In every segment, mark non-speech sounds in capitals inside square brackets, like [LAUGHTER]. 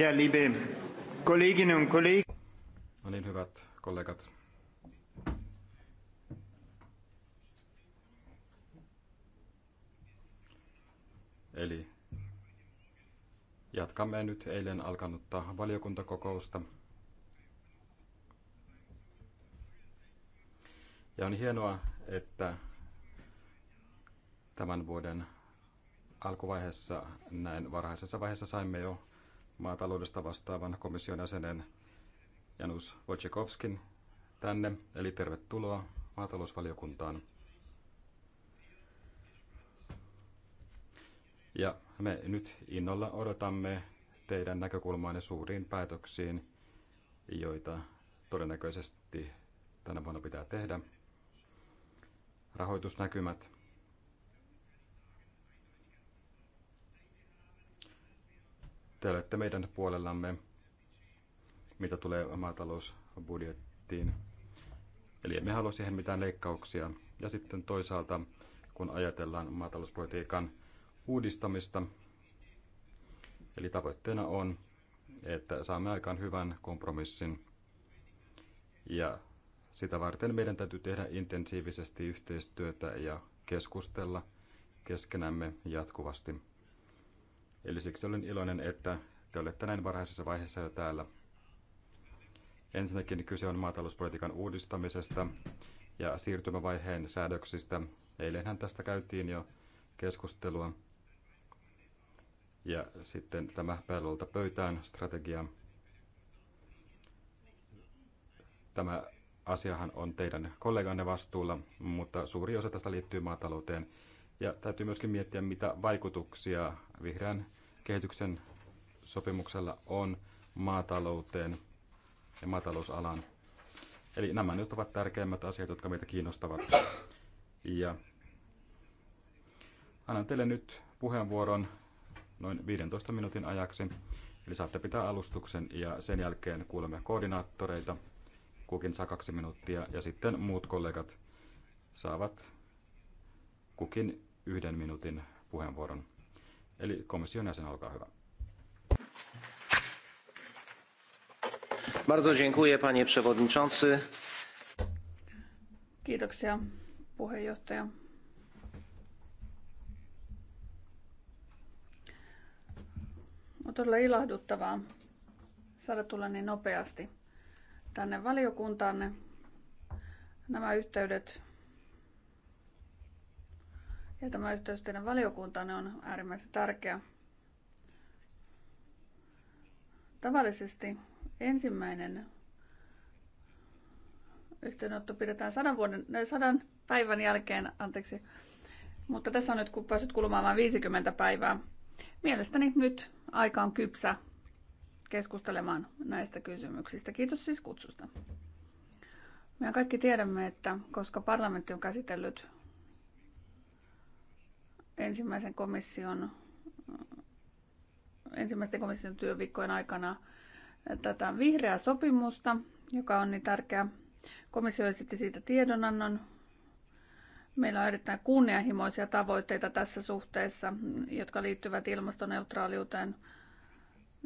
Ja, liebe Kolleginnen und Kollegen. No niin, hyvät kollegat. Eli jatkamme nyt eilen alkanutta valiokuntakokousta. Ja on hienoa, että tämän vuoden alkuvaiheessa, näin varhaisessa vaiheessa saimme jo maataloudesta vastaavan komission jäsenen Janus Wojciechowskin tänne, eli tervetuloa maatalousvaliokuntaan. Ja me nyt innolla odotamme teidän näkökulmaanne suuriin päätöksiin, joita todennäköisesti tänä vuonna pitää tehdä. Rahoitusnäkymät te olette meidän puolellamme, mitä tulee maatalousbudjettiin. Eli emme halua siihen mitään leikkauksia. Ja sitten toisaalta, kun ajatellaan maatalouspolitiikan uudistamista, eli tavoitteena on, että saamme aikaan hyvän kompromissin. Ja sitä varten meidän täytyy tehdä intensiivisesti yhteistyötä ja keskustella keskenämme jatkuvasti. Eli siksi olen iloinen, että te olette näin varhaisessa vaiheessa jo täällä. Ensinnäkin kyse on maatalouspolitiikan uudistamisesta ja siirtymävaiheen säädöksistä. Eilenhän tästä käytiin jo keskustelua. Ja sitten tämä pääluolta pöytään strategia. Tämä asiahan on teidän kolleganne vastuulla, mutta suuri osa tästä liittyy maatalouteen. Ja täytyy myöskin miettiä, mitä vaikutuksia vihreän kehityksen sopimuksella on maatalouteen ja maatalousalaan. Eli nämä nyt ovat tärkeimmät asiat, jotka meitä kiinnostavat. Ja annan teille nyt puheenvuoron noin 15 minuutin ajaksi. Eli saatte pitää alustuksen ja sen jälkeen kuulemme koordinaattoreita. Kukin saa kaksi minuuttia ja sitten muut kollegat saavat kukin yhden minuutin puheenvuoron. Eli komission jäsen, olkaa hyvä. Bardzo dziękuję, panie przewodniczący. Kiitoksia, puheenjohtaja. On todella ilahduttavaa saada tulla niin nopeasti tänne valiokuntaanne. Nämä yhteydet ja tämä yhteys teidän valiokuntaan on äärimmäisen tärkeä. Tavallisesti ensimmäinen yhteydenotto pidetään sadan, vuoden, sadan päivän jälkeen, anteeksi, mutta tässä on nyt kun päässyt kulumaan vain 50 päivää. Mielestäni nyt aika on kypsä keskustelemaan näistä kysymyksistä. Kiitos siis kutsusta. Me kaikki tiedämme, että koska parlamentti on käsitellyt ensimmäisen komission, ensimmäisten komission työviikkojen aikana äh, tätä vihreää sopimusta, joka on niin tärkeä. Komissio esitti siitä tiedonannon. Meillä on erittäin kunnianhimoisia tavoitteita tässä suhteessa, jotka liittyvät ilmastoneutraaliuteen.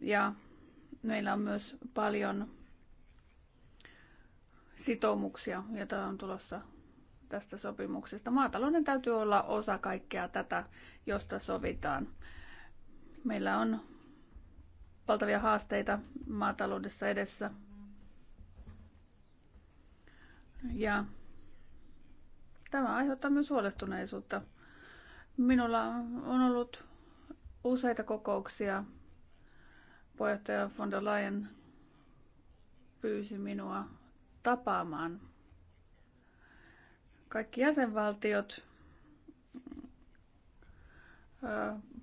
Ja meillä on myös paljon sitoumuksia, joita on tulossa tästä sopimuksesta. Maatalouden täytyy olla osa kaikkea tätä, josta sovitaan. Meillä on valtavia haasteita maataloudessa edessä. Ja tämä aiheuttaa myös huolestuneisuutta. Minulla on ollut useita kokouksia. Puheenjohtaja von der Leyen pyysi minua tapaamaan kaikki jäsenvaltiot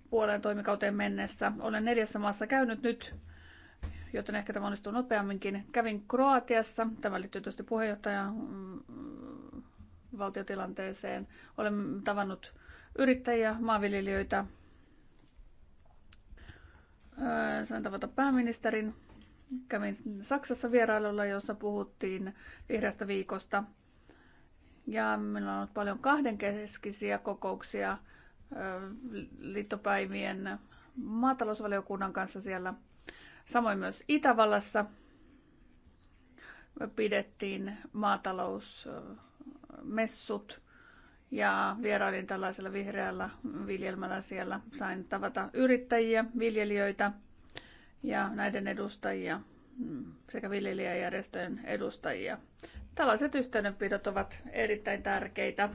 puolen toimikauteen mennessä. Olen neljässä maassa käynyt nyt, joten ehkä tämä onnistuu nopeamminkin. Kävin Kroatiassa, tämä liittyy tietysti puheenjohtajan mm, valtiotilanteeseen. Olen tavannut yrittäjiä, maanviljelijöitä. Sain tavata pääministerin. Kävin Saksassa vierailulla, jossa puhuttiin vihreästä viikosta – ja meillä on ollut paljon kahdenkeskisiä kokouksia liittopäivien maatalousvaliokunnan kanssa siellä. Samoin myös Itävallassa pidettiin maatalousmessut ja vierailin tällaisella vihreällä viljelmällä siellä. Sain tavata yrittäjiä, viljelijöitä ja näiden edustajia mm, sekä viljelijäjärjestöjen edustajia. Tällaiset yhteydenpidot ovat erittäin tärkeitä.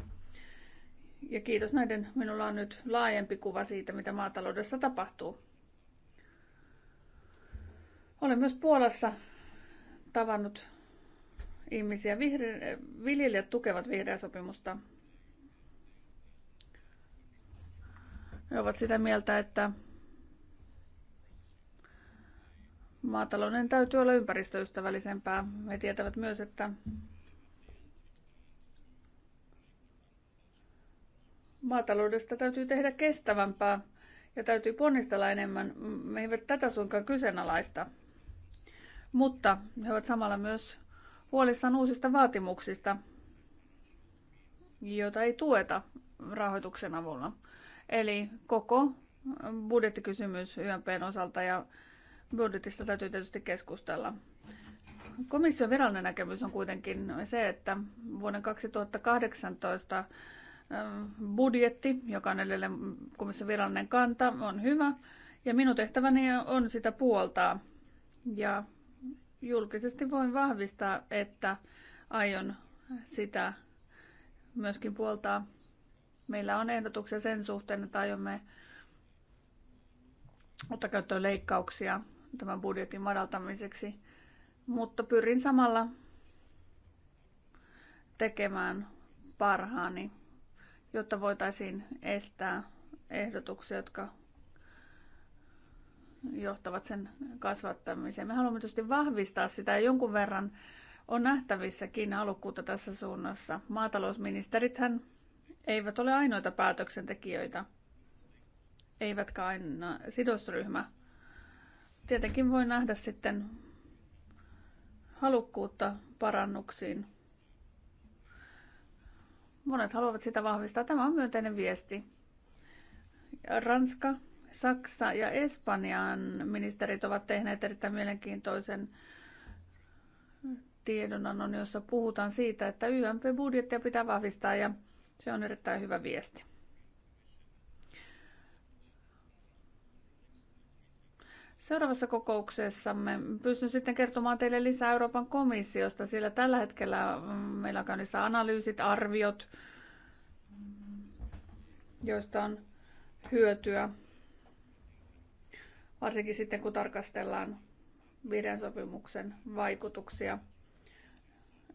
Ja kiitos näiden, minulla on nyt laajempi kuva siitä, mitä maataloudessa tapahtuu. Olen myös Puolassa tavannut ihmisiä. Vihre- viljelijät tukevat vihreää sopimusta. He ovat sitä mieltä, että Maatalouden täytyy olla ympäristöystävällisempää. He tietävät myös, että maataloudesta täytyy tehdä kestävämpää ja täytyy ponnistella enemmän. Me eivät tätä suinkaan kyseenalaista. Mutta he ovat samalla myös huolissaan uusista vaatimuksista, joita ei tueta rahoituksen avulla. Eli koko budjettikysymys YMPn osalta ja budjetista täytyy tietysti keskustella. Komission virallinen näkemys on kuitenkin se, että vuoden 2018 budjetti, joka on edelleen komission virallinen kanta, on hyvä. Ja minun tehtäväni on sitä puoltaa. Ja julkisesti voin vahvistaa, että aion sitä myöskin puoltaa. Meillä on ehdotuksia sen suhteen, että aiomme ottaa käyttöön leikkauksia tämän budjetin madaltamiseksi, mutta pyrin samalla tekemään parhaani, jotta voitaisiin estää ehdotuksia, jotka johtavat sen kasvattamiseen. Me haluamme tietysti vahvistaa sitä ja jonkun verran on nähtävissäkin alukkuutta tässä suunnassa. Maatalousministerithän eivät ole ainoita päätöksentekijöitä, eivätkä aina sidosryhmä. Tietenkin voi nähdä sitten halukkuutta parannuksiin. Monet haluavat sitä vahvistaa. Tämä on myönteinen viesti. Ranska, Saksa ja Espanjan ministerit ovat tehneet erittäin mielenkiintoisen tiedonannon, jossa puhutaan siitä, että YMP-budjettia pitää vahvistaa ja se on erittäin hyvä viesti. Seuraavassa kokouksessamme pystyn sitten kertomaan teille lisää Euroopan komissiosta, sillä tällä hetkellä mm, meillä on käynnissä analyysit, arviot, joista on hyötyä, varsinkin sitten kun tarkastellaan viiden sopimuksen vaikutuksia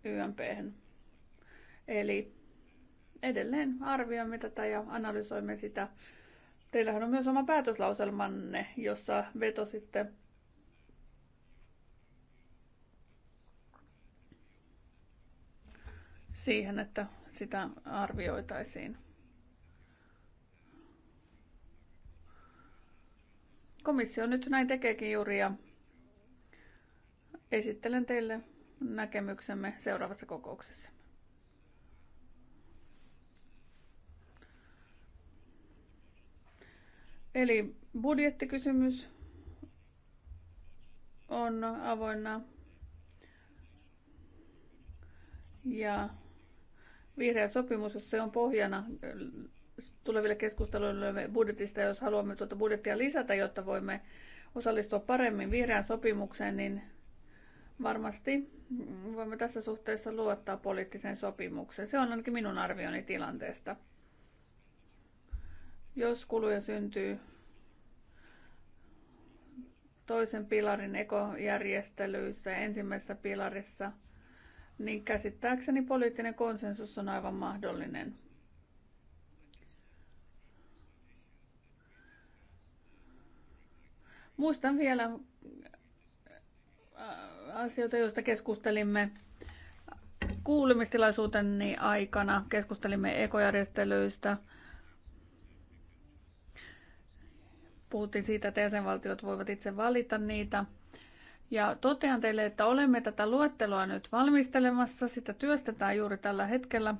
YMP. -hän. Eli edelleen arvioimme tätä ja analysoimme sitä Teillähän on myös oma päätöslauselmanne, jossa vetositte siihen, että sitä arvioitaisiin. Komissio nyt näin tekeekin juuri ja esittelen teille näkemyksemme seuraavassa kokouksessa. Eli budjettikysymys on avoinna. Ja vihreä sopimus, jos se on pohjana tuleville keskusteluille budjetista, jos haluamme tuota budjettia lisätä, jotta voimme osallistua paremmin vihreään sopimukseen, niin varmasti voimme tässä suhteessa luottaa poliittiseen sopimukseen. Se on ainakin minun arvioni tilanteesta. Jos kuluja syntyy toisen pilarin ekojärjestelyissä, ensimmäisessä pilarissa, niin käsittääkseni poliittinen konsensus on aivan mahdollinen. Muistan vielä äh, asioita, joista keskustelimme kuulemistilaisuuteni aikana. Keskustelimme ekojärjestelyistä, Puhuttiin siitä, että jäsenvaltiot voivat itse valita niitä. Ja totean teille, että olemme tätä luetteloa nyt valmistelemassa. Sitä työstetään juuri tällä hetkellä.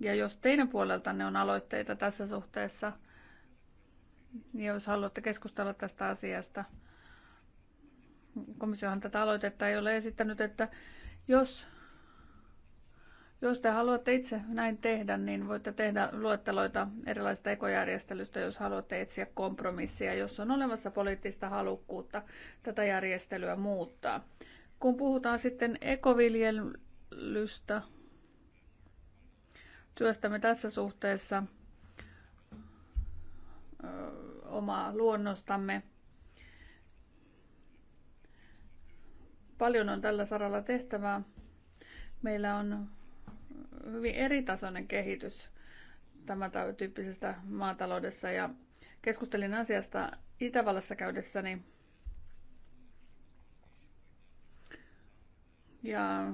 Ja jos teidän puoleltanne on aloitteita tässä suhteessa, niin jos haluatte keskustella tästä asiasta, komissiohan tätä aloitetta ei ole esittänyt, että jos jos te haluatte itse näin tehdä, niin voitte tehdä luetteloita erilaisista ekojärjestelystä, jos haluatte etsiä kompromissia, jos on olemassa poliittista halukkuutta tätä järjestelyä muuttaa. Kun puhutaan sitten ekoviljelystä, työstämme tässä suhteessa omaa luonnostamme. Paljon on tällä saralla tehtävää. Meillä on hyvin eritasoinen kehitys tämä tyyppisestä maataloudessa ja keskustelin asiasta Itävallassa käydessäni. Ja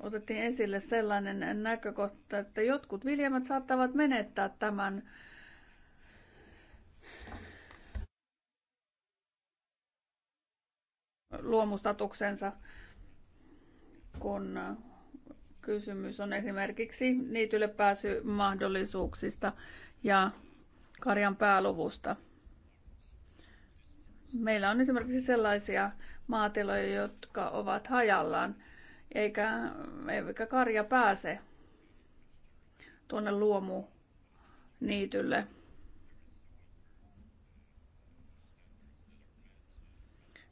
otettiin esille sellainen näkökohta, että jotkut viljelijät saattavat menettää tämän luomustatuksensa, kun Kysymys on esimerkiksi niitylle pääsymahdollisuuksista ja karjan pääluvusta. Meillä on esimerkiksi sellaisia maatiloja, jotka ovat hajallaan, eikä, eikä karja pääse tuonne luomu niitylle.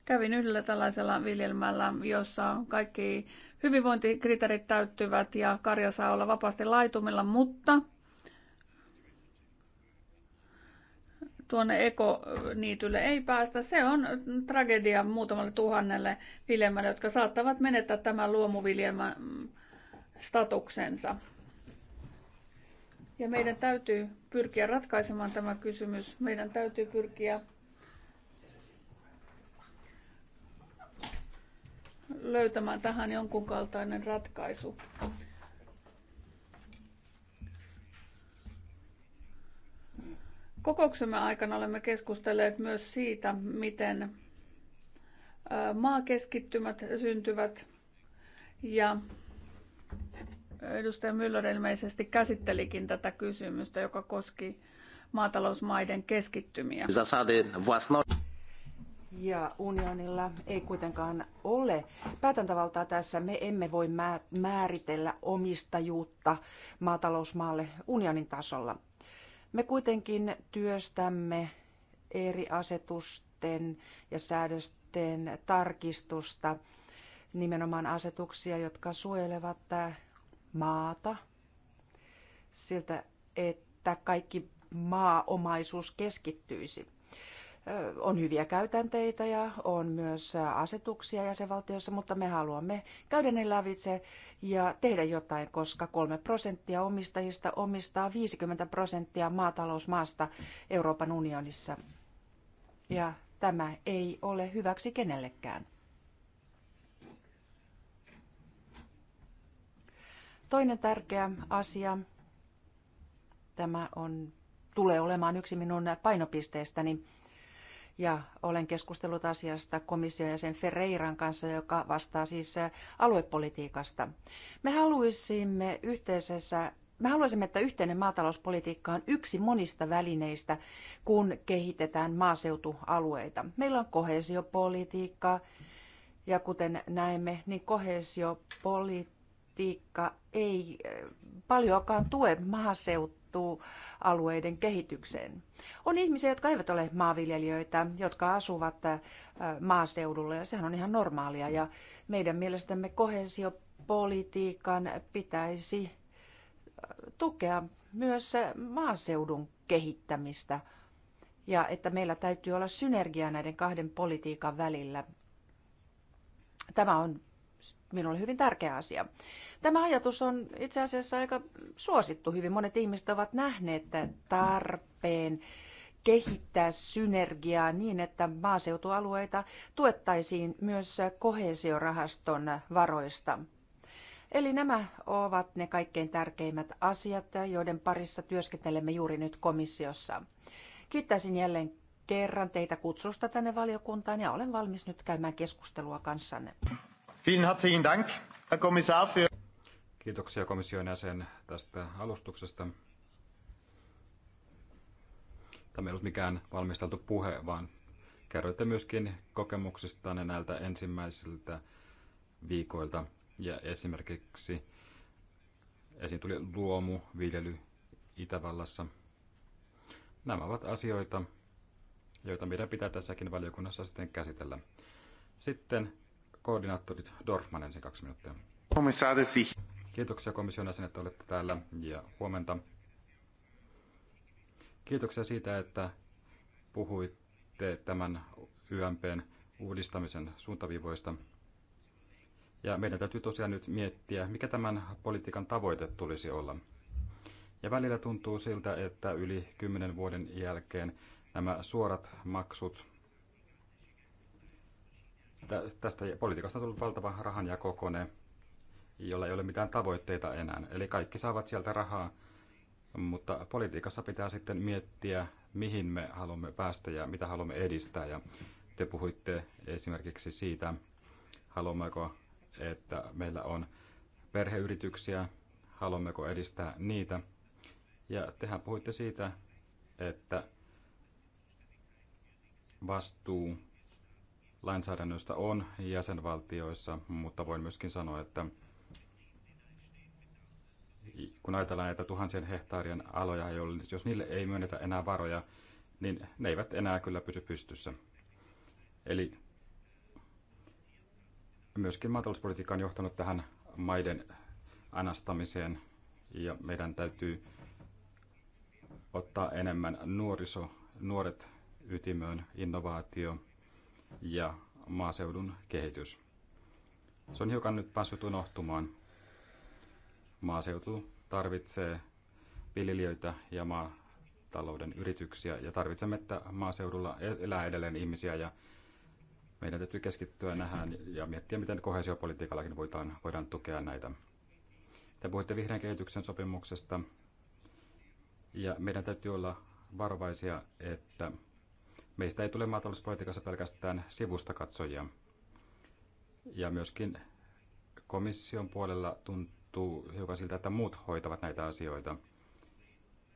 Kävin yhdellä tällaisella viljelmällä, jossa kaikki hyvinvointikriteerit täyttyvät ja karja saa olla vapaasti laitumilla, mutta tuonne ekoniitylle ei päästä. Se on tragedia muutamalle tuhannelle viljelmälle, jotka saattavat menettää tämän luomuviljelmän statuksensa. Ja meidän täytyy pyrkiä ratkaisemaan tämä kysymys. Meidän täytyy pyrkiä löytämään tähän jonkun kaltainen ratkaisu. Kokouksemme aikana olemme keskustelleet myös siitä, miten maakeskittymät syntyvät ja edustaja Müller ilmeisesti käsittelikin tätä kysymystä, joka koski maatalousmaiden keskittymiä. Zasady własności ja unionilla ei kuitenkaan ole päätäntävaltaa tässä. Me emme voi määritellä omistajuutta maatalousmaalle unionin tasolla. Me kuitenkin työstämme eri asetusten ja säädösten tarkistusta, nimenomaan asetuksia, jotka suojelevat maata siltä, että kaikki maaomaisuus keskittyisi on hyviä käytänteitä ja on myös asetuksia jäsenvaltioissa, mutta me haluamme käydä ne lävitse ja tehdä jotain, koska kolme prosenttia omistajista omistaa 50 prosenttia maatalousmaasta Euroopan unionissa. Ja tämä ei ole hyväksi kenellekään. Toinen tärkeä asia, tämä on, tulee olemaan yksi minun painopisteistäni, niin ja olen keskustellut asiasta komission jäsen Ferreiran kanssa, joka vastaa siis aluepolitiikasta. Me haluaisimme yhteisessä me haluaisimme, että yhteinen maatalouspolitiikka on yksi monista välineistä, kun kehitetään maaseutualueita. Meillä on kohesiopolitiikka ja kuten näemme, niin kohesiopolitiikka ei paljoakaan tue maaseutua perustuu alueiden kehitykseen. On ihmisiä, jotka eivät ole maanviljelijöitä, jotka asuvat äh, maaseudulla ja sehän on ihan normaalia. Ja meidän mielestämme kohesiopolitiikan pitäisi äh, tukea myös äh, maaseudun kehittämistä ja että meillä täytyy olla synergia näiden kahden politiikan välillä. Tämä on minulle hyvin tärkeä asia. Tämä ajatus on itse asiassa aika suosittu hyvin. Monet ihmiset ovat nähneet tarpeen kehittää synergiaa niin, että maaseutualueita tuettaisiin myös kohesiorahaston varoista. Eli nämä ovat ne kaikkein tärkeimmät asiat, joiden parissa työskentelemme juuri nyt komissiossa. Kiittäisin jälleen kerran teitä kutsusta tänne valiokuntaan ja olen valmis nyt käymään keskustelua kanssanne. Kiitoksia komission jäsen tästä alustuksesta. Tämä ei ollut mikään valmisteltu puhe, vaan kerroitte myöskin kokemuksistanne näiltä ensimmäisiltä viikoilta. Ja esimerkiksi esiin tuli luomu, viljely Itävallassa. Nämä ovat asioita, joita meidän pitää tässäkin valiokunnassa sitten käsitellä. Sitten koordinaattorit Dorfman ensin kaksi minuuttia. Kiitoksia komission jäsen, että olette täällä ja huomenta. Kiitoksia siitä, että puhuitte tämän YMPn uudistamisen suuntaviivoista. Ja meidän täytyy tosiaan nyt miettiä, mikä tämän politiikan tavoite tulisi olla. Ja välillä tuntuu siltä, että yli kymmenen vuoden jälkeen nämä suorat maksut Tästä politiikasta on tullut valtava rahanjakokone, jolla ei ole mitään tavoitteita enää. Eli kaikki saavat sieltä rahaa, mutta politiikassa pitää sitten miettiä, mihin me haluamme päästä ja mitä haluamme edistää. Ja te puhuitte esimerkiksi siitä, haluammeko, että meillä on perheyrityksiä, haluammeko edistää niitä. Ja tehän puhuitte siitä, että vastuu lainsäädännöstä on jäsenvaltioissa, mutta voin myöskin sanoa, että kun ajatellaan näitä tuhansien hehtaarien aloja, jos niille ei myönnetä enää varoja, niin ne eivät enää kyllä pysy pystyssä. Eli myöskin maatalouspolitiikka on johtanut tähän maiden anastamiseen ja meidän täytyy ottaa enemmän nuoriso, nuoret ytimöön, innovaatio ja maaseudun kehitys. Se on hiukan nyt päässyt unohtumaan. Maaseutu tarvitsee viljelijöitä ja maatalouden yrityksiä ja tarvitsemme, että maaseudulla elää edelleen ihmisiä ja meidän täytyy keskittyä nähään ja miettiä, miten kohesiopolitiikallakin voidaan, voidaan tukea näitä. Te puhuitte vihreän kehityksen sopimuksesta ja meidän täytyy olla varovaisia, että Meistä ei tule maatalouspolitiikassa pelkästään sivusta katsojia. Ja myöskin komission puolella tuntuu hiukan siltä, että muut hoitavat näitä asioita.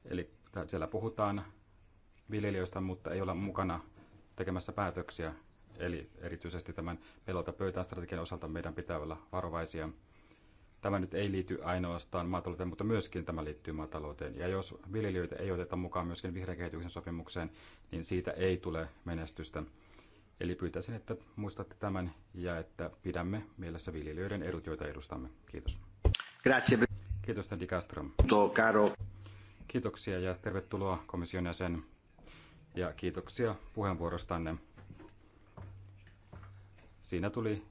Eli siellä puhutaan viljelijöistä, mutta ei olla mukana tekemässä päätöksiä. Eli erityisesti tämän pelota pöytään strategian osalta meidän pitää olla varovaisia – Tämä nyt ei liity ainoastaan maatalouteen, mutta myöskin tämä liittyy maatalouteen. Ja jos viljelijöitä ei oteta mukaan myöskin vihreän kehityksen sopimukseen, niin siitä ei tule menestystä. Eli pyytäisin, että muistatte tämän ja että pidämme mielessä viljelijöiden edut, joita edustamme. Kiitos. Grazie. Kiitos, Tendi Castro. caro. Kiitoksia ja tervetuloa komission jäsen. Ja kiitoksia puheenvuorostanne. Siinä tuli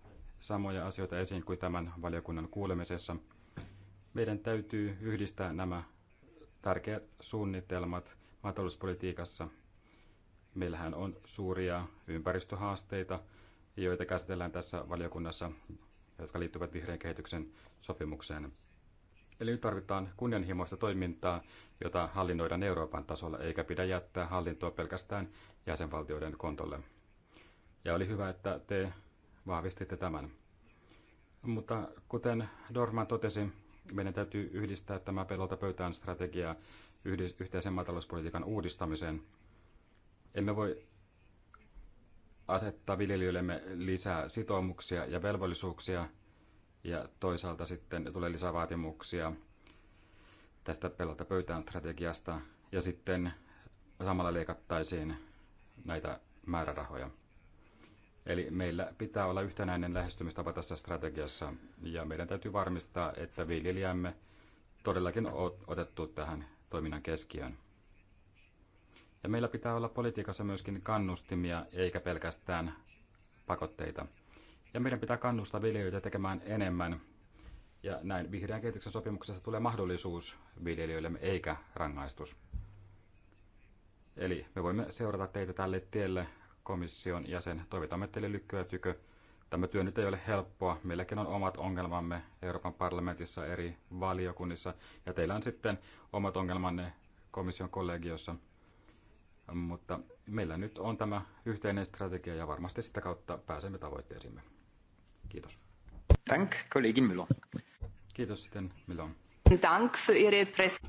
samoja asioita esiin kuin tämän valiokunnan kuulemisessa. Meidän täytyy yhdistää nämä tärkeät suunnitelmat maatalouspolitiikassa. Meillähän on suuria ympäristöhaasteita, joita käsitellään tässä valiokunnassa, jotka liittyvät vihreän kehityksen sopimukseen. Eli nyt tarvitaan kunnianhimoista toimintaa, jota hallinnoidaan Euroopan tasolla, eikä pidä jättää hallintoa pelkästään jäsenvaltioiden kontolle. Ja oli hyvä, että te vahvistitte tämän. Mutta kuten Dorman totesi, meidän täytyy yhdistää tämä pelolta pöytään strategia yhteisen maatalouspolitiikan uudistamiseen. Emme voi asettaa viljelijöillemme lisää sitoumuksia ja velvollisuuksia ja toisaalta sitten tulee lisää vaatimuksia tästä pelolta pöytään strategiasta ja sitten samalla leikattaisiin näitä määrärahoja. Eli meillä pitää olla yhtenäinen lähestymistapa tässä strategiassa ja meidän täytyy varmistaa, että viljelijämme todellakin on otettu tähän toiminnan keskiöön. Ja meillä pitää olla politiikassa myöskin kannustimia eikä pelkästään pakotteita. Ja meidän pitää kannustaa viljelijöitä tekemään enemmän. Ja näin vihreän kehityksen sopimuksessa tulee mahdollisuus viljelijöille eikä rangaistus. Eli me voimme seurata teitä tälle tielle komission jäsen. Toivotamme teille lykkyä tykö. Tämä työ nyt ei ole helppoa. Meilläkin on omat ongelmamme Euroopan parlamentissa eri valiokunnissa ja teillä on sitten omat ongelmanne komission kollegiossa. Mutta meillä nyt on tämä yhteinen strategia ja varmasti sitä kautta pääsemme tavoitteisiimme. Kiitos. Thank, kollegin Müller. Kiitos sitten, Milon. Dank für Ihre Presse.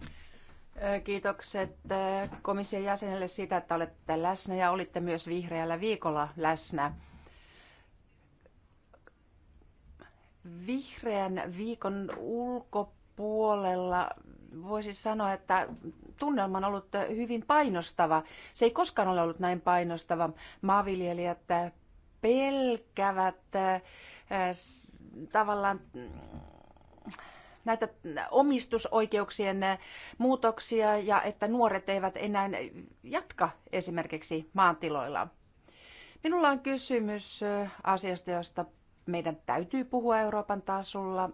Kiitokset eh, komission jäsenelle siitä, että olette läsnä ja olitte myös vihreällä viikolla läsnä. Vihreän viikon ulkopuolella voisi sanoa, että tunnelma on ollut hyvin painostava. Se ei koskaan ole ollut näin painostava. Maanviljelijät pelkävät eh, tavallaan näitä omistusoikeuksien muutoksia ja että nuoret eivät enää jatka esimerkiksi maantiloilla. Minulla on kysymys asiasta, josta meidän täytyy puhua Euroopan tasolla.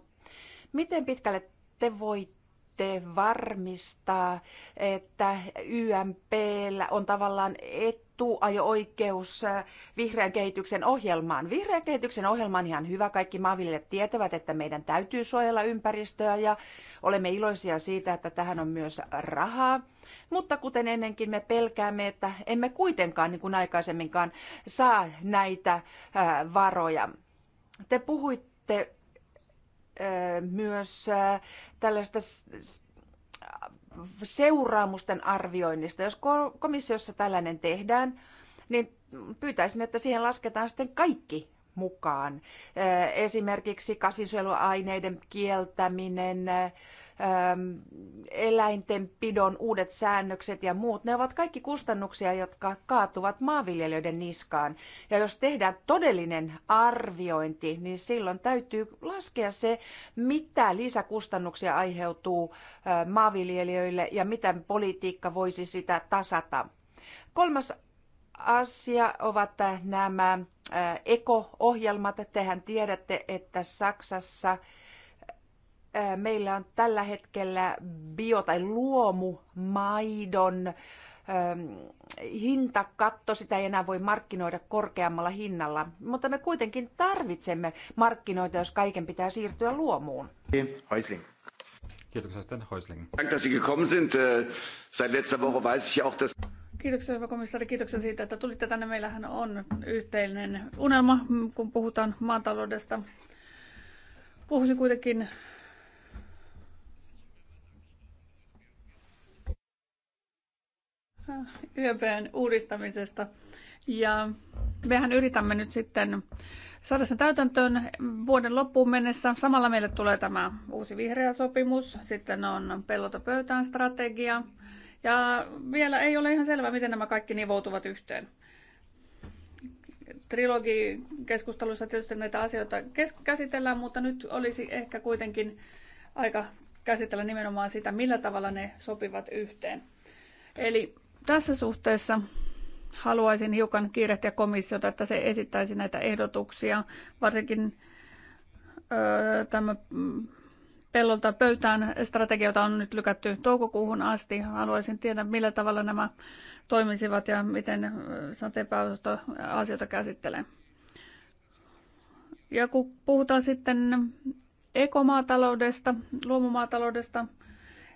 Miten pitkälle te voitte voitte varmistaa, että YMP on tavallaan etuajo-oikeus äh, vihreän kehityksen ohjelmaan? Vihreän kehityksen ohjelma on ihan hyvä. Kaikki maanviljelijät tietävät, että meidän täytyy suojella ympäristöä ja olemme iloisia siitä, että tähän on myös rahaa. Mutta kuten ennenkin me pelkäämme, että emme kuitenkaan niin kuin aikaisemminkaan saa näitä äh, varoja. Te puhuitte myös tällaista seuraamusten arvioinnista. Jos komissiossa tällainen tehdään, niin pyytäisin, että siihen lasketaan sitten kaikki mukaan. Esimerkiksi kasvinsuojeluaineiden kieltäminen, Ähm, eläintenpidon uudet säännökset ja muut, ne ovat kaikki kustannuksia, jotka kaatuvat maanviljelijöiden niskaan. Ja jos tehdään todellinen arviointi, niin silloin täytyy laskea se, mitä lisäkustannuksia aiheutuu äh, maanviljelijöille ja miten politiikka voisi sitä tasata. Kolmas asia ovat nämä äh, eko-ohjelmat. Tehän tiedätte, että Saksassa – meillä on tällä hetkellä bio- tai luomumaidon hintakatto, sitä ei enää voi markkinoida korkeammalla hinnalla, mutta me kuitenkin tarvitsemme markkinoita, jos kaiken pitää siirtyä luomuun. Häusling. Kiitoksia sitten Häusling. Dank, dass Sie gekommen sind. Äh, seit letzter Woche weiß ich auch, dass... Kiitoksia hyvä komissaari, kiitoksia siitä, että tulitte tänne. Meillähän on yhteinen unelma, kun puhutaan maataloudesta. Puhuisin kuitenkin YMPn uudistamisesta. Ja mehän yritämme nyt sitten saada sen täytäntöön vuoden loppuun mennessä. Samalla meille tulee tämä uusi vihreä sopimus, sitten on pellota pöytään strategia. Ja vielä ei ole ihan selvää, miten nämä kaikki nivoutuvat yhteen. Trilogikeskustelussa tietysti näitä asioita käsitellään, mutta nyt olisi ehkä kuitenkin aika käsitellä nimenomaan sitä, millä tavalla ne sopivat yhteen. Eli tässä suhteessa haluaisin hiukan kiirehtiä komissiota, että se esittäisi näitä ehdotuksia, varsinkin tämä mm, pellolta pöytään strategioita on nyt lykätty toukokuuhun asti. Haluaisin tietää, millä tavalla nämä toimisivat ja miten sateenpäivästö asioita käsittelee. Ja kun puhutaan sitten ekomaataloudesta, luomumaataloudesta,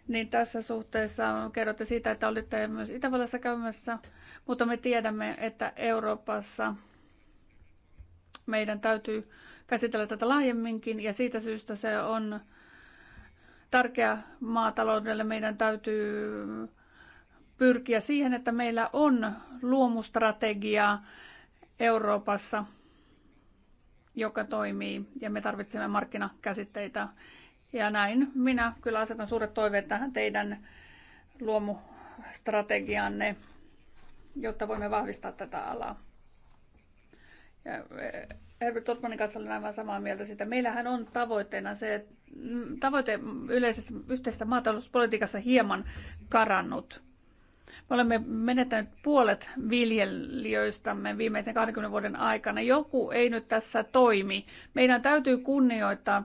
niin tässä suhteessa kerrotte siitä, että olitte myös Itävallassa käymässä, mutta me tiedämme, että Euroopassa meidän täytyy käsitellä tätä laajemminkin ja siitä syystä se on tärkeä maataloudelle. Meidän täytyy pyrkiä siihen, että meillä on luomustrategia Euroopassa, joka toimii ja me tarvitsemme markkinakäsitteitä ja näin minä kyllä asetan suuret toiveet tähän teidän luomustrategianne, jotta voimme vahvistaa tätä alaa. Ja eh, Herbert Torpanin kanssa olen aivan samaa mieltä siitä. Meillähän on tavoitteena se, että mm, tavoite yleisessä yhteistä maatalouspolitiikassa hieman karannut. Me olemme menettäneet puolet viljelijöistämme viimeisen 20 vuoden aikana. Joku ei nyt tässä toimi. Meidän täytyy kunnioittaa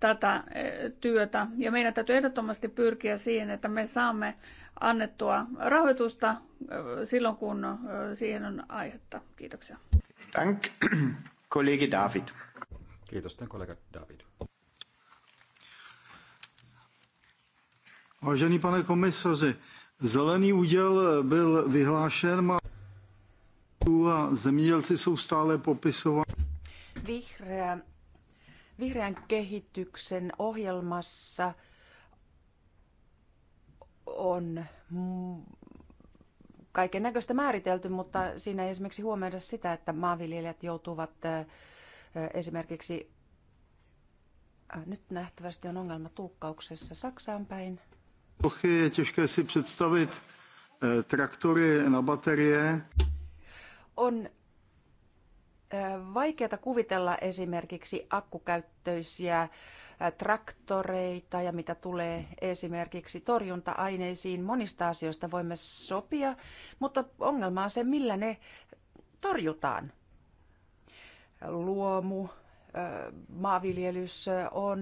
tätä eh, työtä. Ja meidän täytyy ehdottomasti pyrkiä siihen, että me saamme annettua rahoitusta eh, silloin, kun eh, siihen on aihetta. Kiitoksia. Dank, [CLEARS THROAT] kollegi David. Kiitos, kollega David. Vážený pane komisaři, zelený úděl byl vyhlášen a zemědělci jsou stále popisováni. Vihreä Vihreän kehityksen ohjelmassa on kaiken näköistä määritelty, mutta siinä ei esimerkiksi huomioida sitä, että maanviljelijät joutuvat esimerkiksi nyt nähtävästi on ongelma tulkkauksessa Saksaan päin. E, on vaikeata kuvitella esimerkiksi akkukäyttöisiä traktoreita ja mitä tulee esimerkiksi torjunta-aineisiin. Monista asioista voimme sopia, mutta ongelma on se, millä ne torjutaan. Luomu, maanviljelys on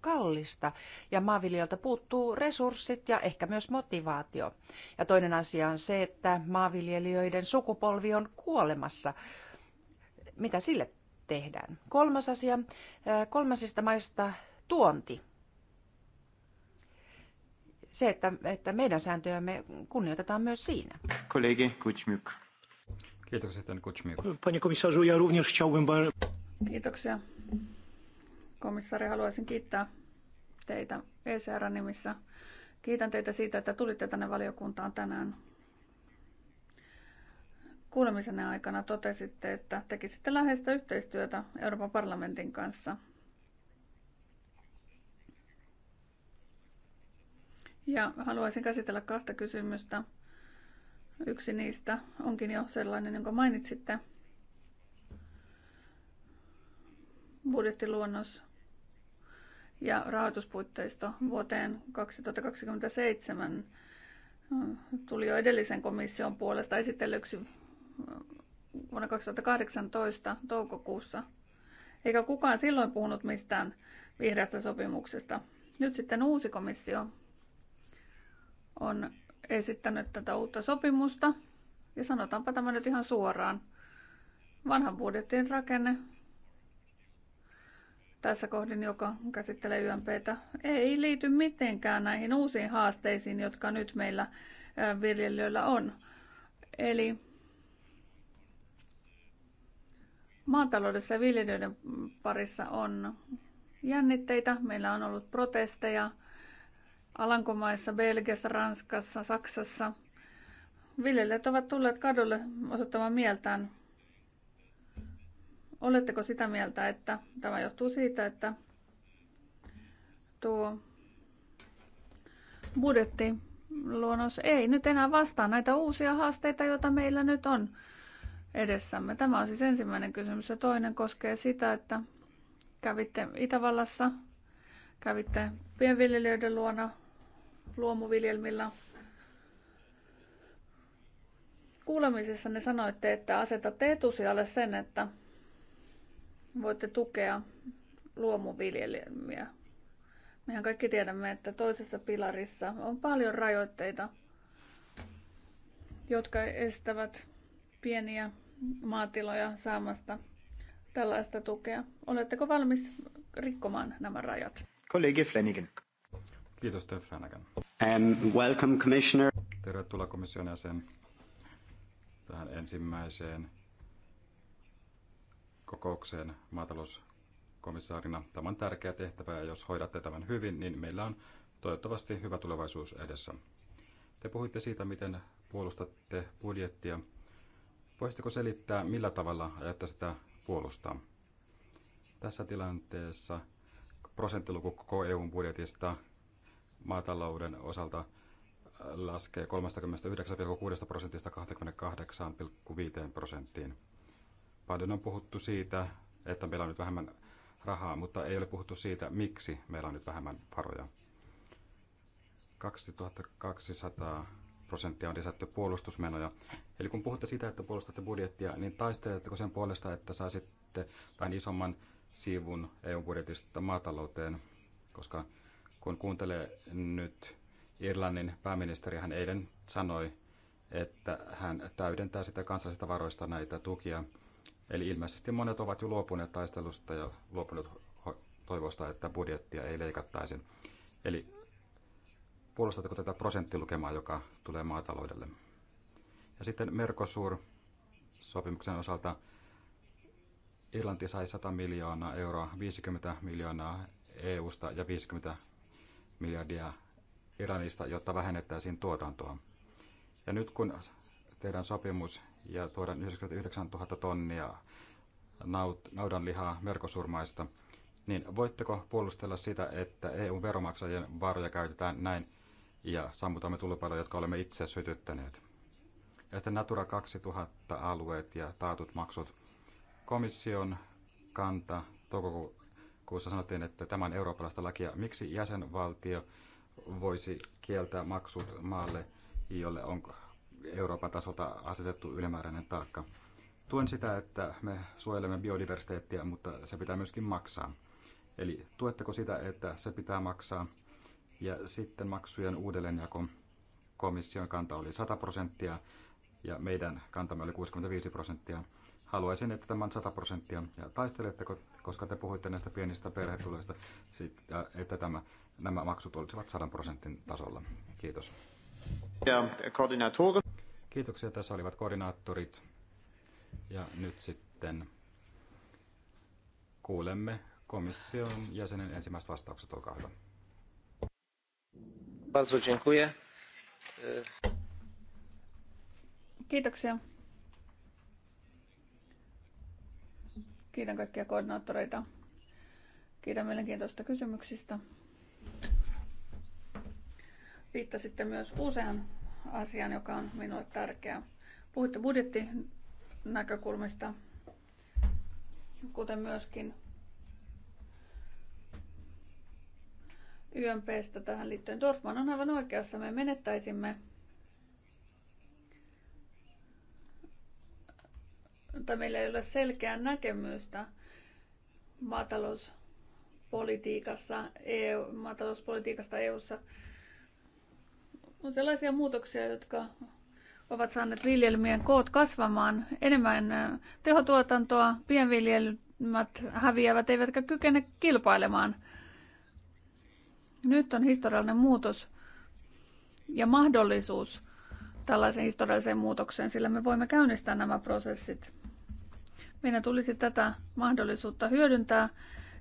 kallista ja maanviljelijöiltä puuttuu resurssit ja ehkä myös motivaatio. Ja toinen asia on se, että maanviljelijöiden sukupolvi on kuolemassa. Mitä sille tehdään? Kolmas asia, äh, kolmasista maista tuonti. Se, että, että meidän sääntöjämme kunnioitetaan myös siinä. Kollegi Kutsmyk. Kiitoksia, Kutsmyk. Pani komisarzu, ja również chciałbym... Kiitoksia. Komissaari, haluaisin kiittää teitä ECR-nimissä. Kiitän teitä siitä, että tulitte tänne valiokuntaan tänään. Kuulemisenne aikana totesitte, että tekisitte läheistä yhteistyötä Euroopan parlamentin kanssa. Ja haluaisin käsitellä kahta kysymystä. Yksi niistä onkin jo sellainen, jonka mainitsitte. Budjettiluonnos ja rahoituspuitteisto vuoteen 2027 tuli jo edellisen komission puolesta esitellyksi äh, vuonna 2018 toukokuussa. Eikä kukaan silloin puhunut mistään vihreästä sopimuksesta. Nyt sitten uusi komissio on esittänyt tätä uutta sopimusta. Ja sanotaanpa tämä nyt ihan suoraan. Vanhan budjetin rakenne tässä kohdin, joka käsittelee YMPtä, ei liity mitenkään näihin uusiin haasteisiin, jotka nyt meillä viljelijöillä on. Eli maataloudessa ja viljelijöiden parissa on jännitteitä. Meillä on ollut protesteja Alankomaissa, Belgiassa, Ranskassa, Saksassa. Viljelijät ovat tulleet kadulle osoittamaan mieltään Oletteko sitä mieltä, että tämä johtuu siitä, että tuo luonnos ei nyt enää vastaa näitä uusia haasteita, joita meillä nyt on edessämme? Tämä on siis ensimmäinen kysymys. Ja toinen koskee sitä, että kävitte Itävallassa, kävitte pienviljelijöiden luona luomuviljelmillä. Kuulemisessa ne sanoitte, että asetatte etusijalle sen, että voitte tukea luomuviljelmiä. Mehän kaikki tiedämme, että toisessa pilarissa on paljon rajoitteita, jotka estävät pieniä maatiloja saamasta tällaista tukea. Oletteko valmis rikkomaan nämä rajat? Kollegi Flanagan. Kiitos, Steph Flanagan. Um, welcome, Commissioner. Tervetuloa komission jäsen tähän ensimmäiseen kokoukseen maatalouskomissaarina. Tämä on tärkeä tehtävä ja jos hoidatte tämän hyvin, niin meillä on toivottavasti hyvä tulevaisuus edessä. Te puhuitte siitä, miten puolustatte budjettia. Voisitteko selittää, millä tavalla ajatte sitä puolustaa? Tässä tilanteessa prosenttiluku koko EUn budjetista maatalouden osalta äh, laskee 39,6 prosentista 28,5 prosenttiin. Paljon on puhuttu siitä, että meillä on nyt vähemmän rahaa, mutta ei ole puhuttu siitä, miksi meillä on nyt vähemmän varoja. 2200 prosenttia on lisätty puolustusmenoja. Eli kun puhutte siitä, että puolustatte budjettia, niin taisteletteko sen puolesta, että saisitte vähän isomman siivun EU-budjetista maatalouteen? Koska kun kuuntelee nyt Irlannin pääministeri, hän eilen sanoi, että hän täydentää sitä kansallisista varoista näitä tukia – Eli ilmeisesti monet ovat jo luopuneet taistelusta ja luopuneet toivosta, että budjettia ei leikattaisi. Eli puolustatteko tätä prosenttilukemaa, joka tulee maataloudelle? Ja sitten Mercosur-sopimuksen osalta Irlanti sai 100 miljoonaa euroa, 50 miljoonaa EUsta ja 50 miljardia Iranista, jotta vähennettäisiin tuotantoa. Ja nyt kun tehdään sopimus ja tuodaan 99 000 tonnia naut, naudanlihaa merkosurmaista, niin voitteko puolustella sitä, että eu veromaksajien varoja käytetään näin ja sammutamme tulipaloja, jotka olemme itse sytyttäneet? Ja sitten Natura 2000-alueet ja taatut maksut. Komission kanta toukokuussa sanottiin, että tämä on eurooppalaista lakia. Miksi jäsenvaltio voisi kieltää maksut maalle, jolle on Euroopan tasolta asetettu ylimääräinen taakka. Tuen sitä, että me suojelemme biodiversiteettiä, mutta se pitää myöskin maksaa. Eli tuetteko sitä, että se pitää maksaa ja sitten maksujen uudelleenjako komission kanta oli 100 prosenttia ja meidän kantamme oli 65 prosenttia. Haluaisin, että tämä on 100 prosenttia. Ja taisteletteko, koska te puhuitte näistä pienistä perhetuloista, että tämä, nämä maksut olisivat 100 prosentin tasolla. Kiitos. Kiitoksia. Tässä olivat koordinaattorit. Ja nyt sitten kuulemme komission jäsenen ensimmäiset vastaukset. Olkaa hyvä. Kiitoksia. Kiitän kaikkia koordinaattoreita. Kiitän mielenkiintoista kysymyksistä. Viittasitte myös usean asian, joka on minulle tärkeä. Puhuitte budjettinäkökulmista, kuten myöskin YMPstä tähän liittyen. Dorfman on aivan oikeassa. Me menettäisimme tai meillä ei ole selkeää näkemystä maatalouspolitiikassa, EU, maatalouspolitiikasta EUssa on sellaisia muutoksia, jotka ovat saaneet viljelmien koot kasvamaan. Enemmän tehotuotantoa, pienviljelmät häviävät eivätkä kykene kilpailemaan. Nyt on historiallinen muutos ja mahdollisuus tällaiseen historialliseen muutokseen, sillä me voimme käynnistää nämä prosessit. Meidän tulisi tätä mahdollisuutta hyödyntää,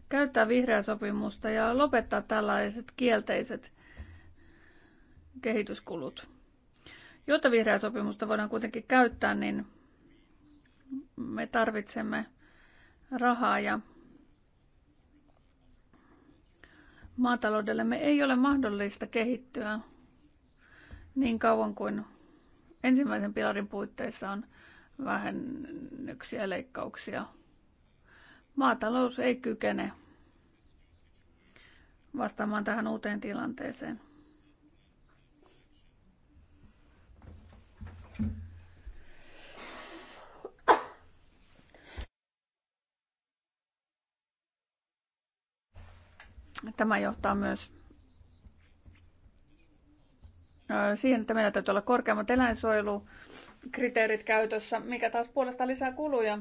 käyttää vihreää sopimusta ja lopettaa tällaiset kielteiset kehityskulut. Jotta vihreää sopimusta voidaan kuitenkin käyttää, niin me tarvitsemme rahaa ja maataloudellemme ei ole mahdollista kehittyä niin kauan kuin ensimmäisen pilarin puitteissa on vähennyksiä ja leikkauksia. Maatalous ei kykene vastaamaan tähän uuteen tilanteeseen. Tämä johtaa myös siihen, että meillä täytyy olla korkeammat eläinsuojelukriteerit käytössä, mikä taas puolesta lisää kuluja.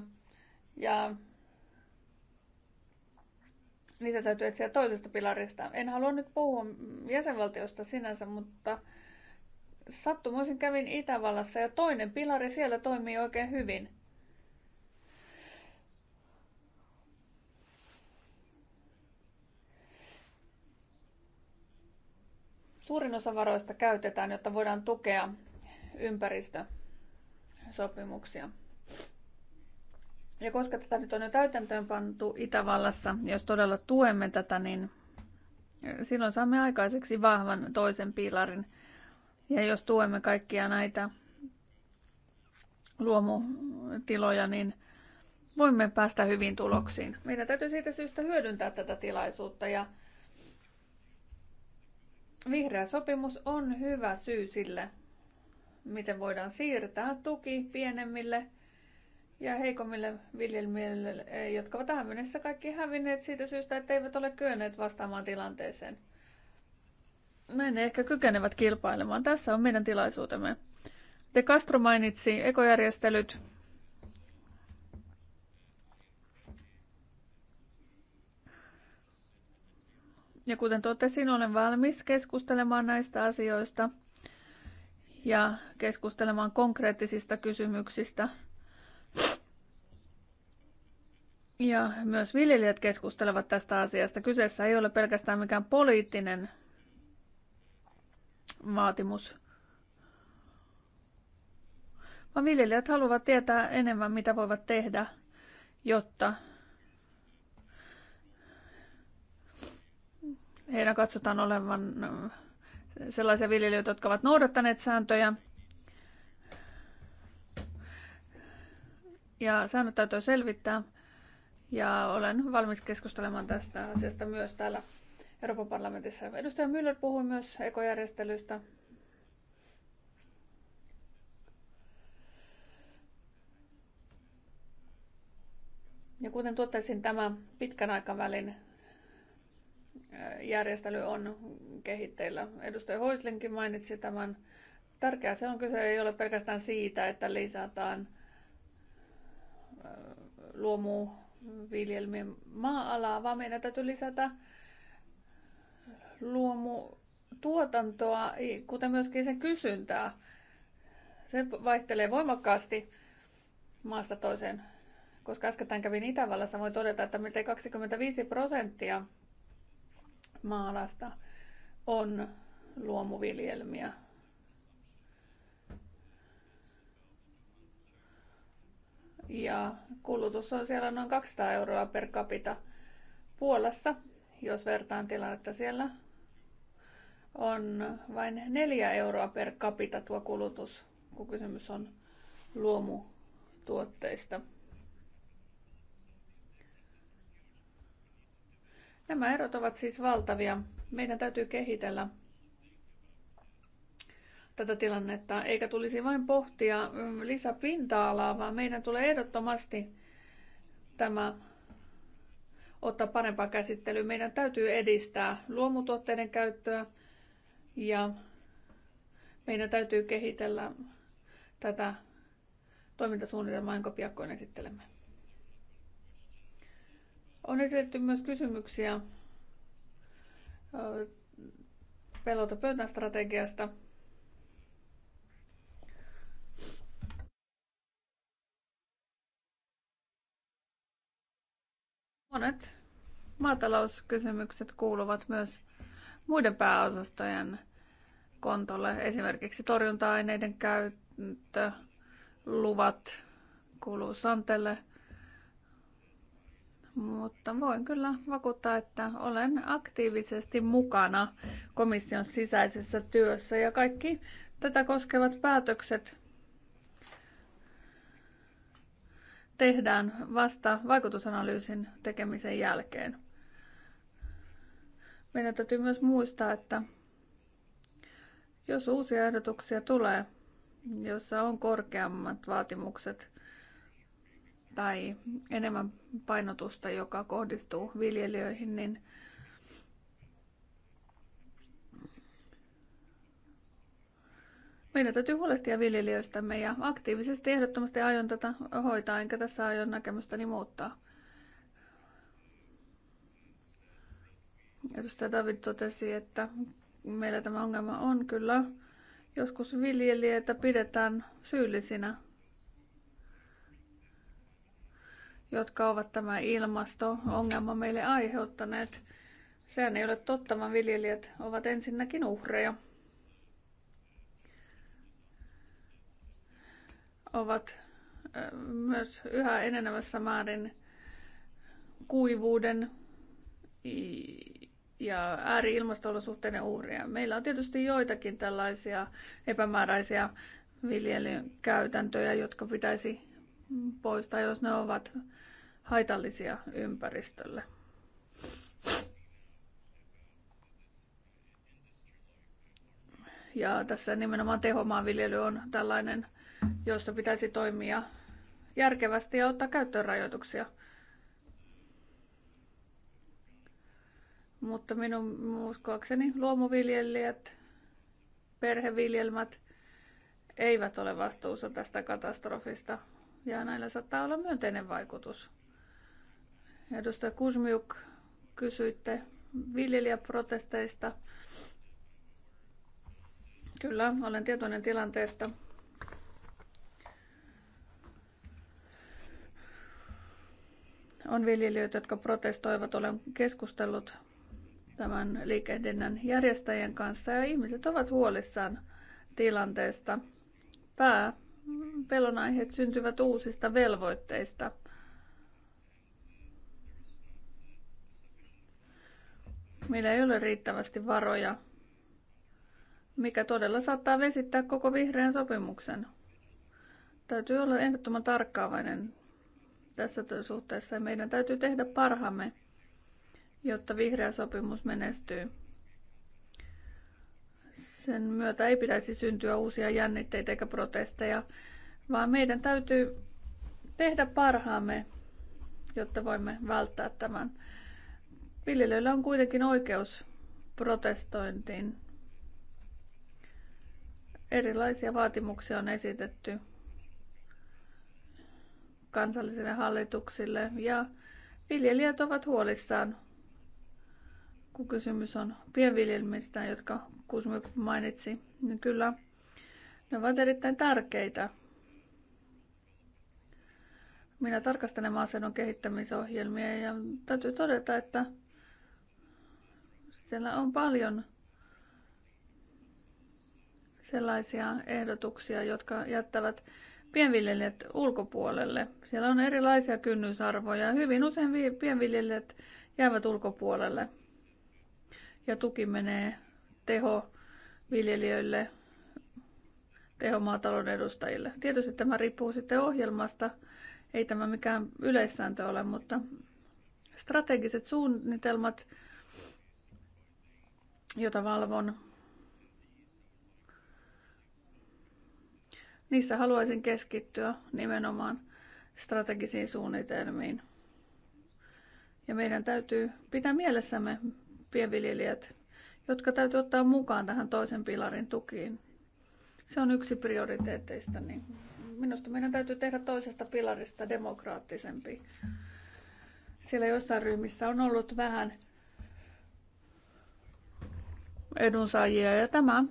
Ja niitä täytyy etsiä toisesta pilarista. En halua nyt puhua jäsenvaltiosta sinänsä, mutta sattumoisin kävin Itävallassa ja toinen pilari siellä toimii oikein hyvin. Suurin osa varoista käytetään, jotta voidaan tukea ympäristösopimuksia. Ja koska tätä nyt on jo täytäntöön pantu Itävallassa, jos todella tuemme tätä, niin silloin saamme aikaiseksi vahvan toisen pilarin. Ja jos tuemme kaikkia näitä luomutiloja, niin voimme päästä hyvin tuloksiin. Meidän täytyy siitä syystä hyödyntää tätä tilaisuutta ja Vihreä sopimus on hyvä syy sille, miten voidaan siirtää tuki pienemmille ja heikommille viljelmille, eh, jotka ovat tähän mennessä kaikki hävinneet siitä syystä, että eivät ole kyenneet vastaamaan tilanteeseen. Näin ne ehkä kykenevät kilpailemaan. Tässä on meidän tilaisuutemme. De Castro mainitsi ekojärjestelyt, Ja kuten totesin, olen valmis keskustelemaan näistä asioista ja keskustelemaan konkreettisista kysymyksistä. Ja myös viljelijät keskustelevat tästä asiasta. Kyseessä ei ole pelkästään mikään poliittinen vaatimus, vaan viljelijät haluavat tietää enemmän, mitä voivat tehdä, jotta Heidän katsotaan olevan äh, sellaisia viljelijöitä, jotka ovat noudattaneet sääntöjä. Ja säännöt täytyy selvittää. Ja olen valmis keskustelemaan tästä asiasta myös täällä Euroopan parlamentissa. Edustaja Müller puhui myös ekojärjestelystä. Ja kuten totesin, tämä pitkän aikavälin järjestely on kehitteillä. Edustaja Hoislinkin mainitsi tämän. Tärkeää se on kyse ei ole pelkästään siitä, että lisätään luomuviljelmien maa-alaa, vaan meidän täytyy lisätä luomutuotantoa, kuten myöskin sen kysyntää. Se vaihtelee voimakkaasti maasta toiseen. Koska äskettäin kävin Itävallassa, voi todeta, että miltei 25 prosenttia maalasta on luomuviljelmiä. Ja kulutus on siellä noin 200 euroa per capita. Puolassa, jos vertaan tilannetta siellä, on vain 4 euroa per capita tuo kulutus, kun kysymys on luomutuotteista. Nämä erot ovat siis valtavia. Meidän täytyy kehitellä tätä tilannetta, eikä tulisi vain pohtia mm, lisäpinta-alaa, vaan meidän tulee ehdottomasti tämä ottaa parempaa käsittelyä. Meidän täytyy edistää luomutuotteiden käyttöä ja meidän täytyy kehitellä tätä toimintasuunnitelmaa, jonka piakkoin esittelemme. On esitetty myös kysymyksiä pelota pöytän strategiasta. Monet maatalouskysymykset kuuluvat myös muiden pääosastojen kontolle, esimerkiksi torjunta-aineiden käyttö, luvat kuuluu Santelle mutta voin kyllä vakuuttaa, että olen aktiivisesti mukana komission sisäisessä työssä ja kaikki tätä koskevat päätökset tehdään vasta vaikutusanalyysin tekemisen jälkeen. Meidän täytyy myös muistaa, että jos uusia ehdotuksia tulee, jossa on korkeammat vaatimukset tai enemmän painotusta, joka kohdistuu viljelijöihin, niin meidän täytyy huolehtia viljelijöistämme ja aktiivisesti ehdottomasti aion tätä hoitaa, enkä tässä aion näkemystäni muuttaa. Edustaja David totesi, että meillä tämä ongelma on kyllä. Joskus viljelijöitä pidetään syyllisinä jotka ovat tämä ilmasto-ongelma meille aiheuttaneet. Sehän ei ole totta, vaan viljelijät ovat ensinnäkin uhreja. Ovat myös yhä enenevässä määrin kuivuuden ja ääri ilmasto uhreja. Meillä on tietysti joitakin tällaisia epämääräisiä viljelykäytäntöjä, jotka pitäisi tai jos ne ovat haitallisia ympäristölle. Ja tässä nimenomaan tehomaanviljely on tällainen, jossa pitäisi toimia järkevästi ja ottaa käyttöön rajoituksia. Mutta minun uskoakseni luomuviljelijät, perheviljelmät eivät ole vastuussa tästä katastrofista, ja näillä saattaa olla myönteinen vaikutus. Edustaja Kusmiuk, kysyitte viljelijäprotesteista. Kyllä, olen tietoinen tilanteesta. On viljelijöitä, jotka protestoivat. Olen keskustellut tämän liikehdinnän järjestäjien kanssa ja ihmiset ovat huolissaan tilanteesta. Pää pelonaiheet syntyvät uusista velvoitteista. Meillä ei ole riittävästi varoja, mikä todella saattaa vesittää koko vihreän sopimuksen. Täytyy olla ehdottoman tarkkaavainen tässä suhteessa ja meidän täytyy tehdä parhaamme, jotta vihreä sopimus menestyy. Sen myötä ei pitäisi syntyä uusia jännitteitä eikä protesteja vaan meidän täytyy tehdä parhaamme, jotta voimme välttää tämän. Viljelijöillä on kuitenkin oikeus protestointiin. Erilaisia vaatimuksia on esitetty kansallisille hallituksille ja viljelijät ovat huolissaan, kun kysymys on pienviljelmistä, jotka Kusmi mainitsi, niin kyllä ne ovat erittäin tärkeitä minä tarkastelen maaseudun kehittämisohjelmia ja täytyy todeta, että siellä on paljon sellaisia ehdotuksia, jotka jättävät pienviljelijät ulkopuolelle. Siellä on erilaisia kynnysarvoja hyvin usein pienviljelijät jäävät ulkopuolelle. Ja tuki menee teho viljelijöille, tehomaatalouden edustajille. Tietysti tämä riippuu sitten ohjelmasta – ei tämä mikään yleissääntö ole, mutta strategiset suunnitelmat, joita valvon, niissä haluaisin keskittyä nimenomaan strategisiin suunnitelmiin. Ja meidän täytyy pitää mielessämme pienviljelijät, jotka täytyy ottaa mukaan tähän toisen pilarin tukiin. Se on yksi prioriteetteista, niin Minusta meidän täytyy tehdä toisesta pilarista demokraattisempi. Siellä jossain ryhmissä on ollut vähän edunsaajia ja tämä,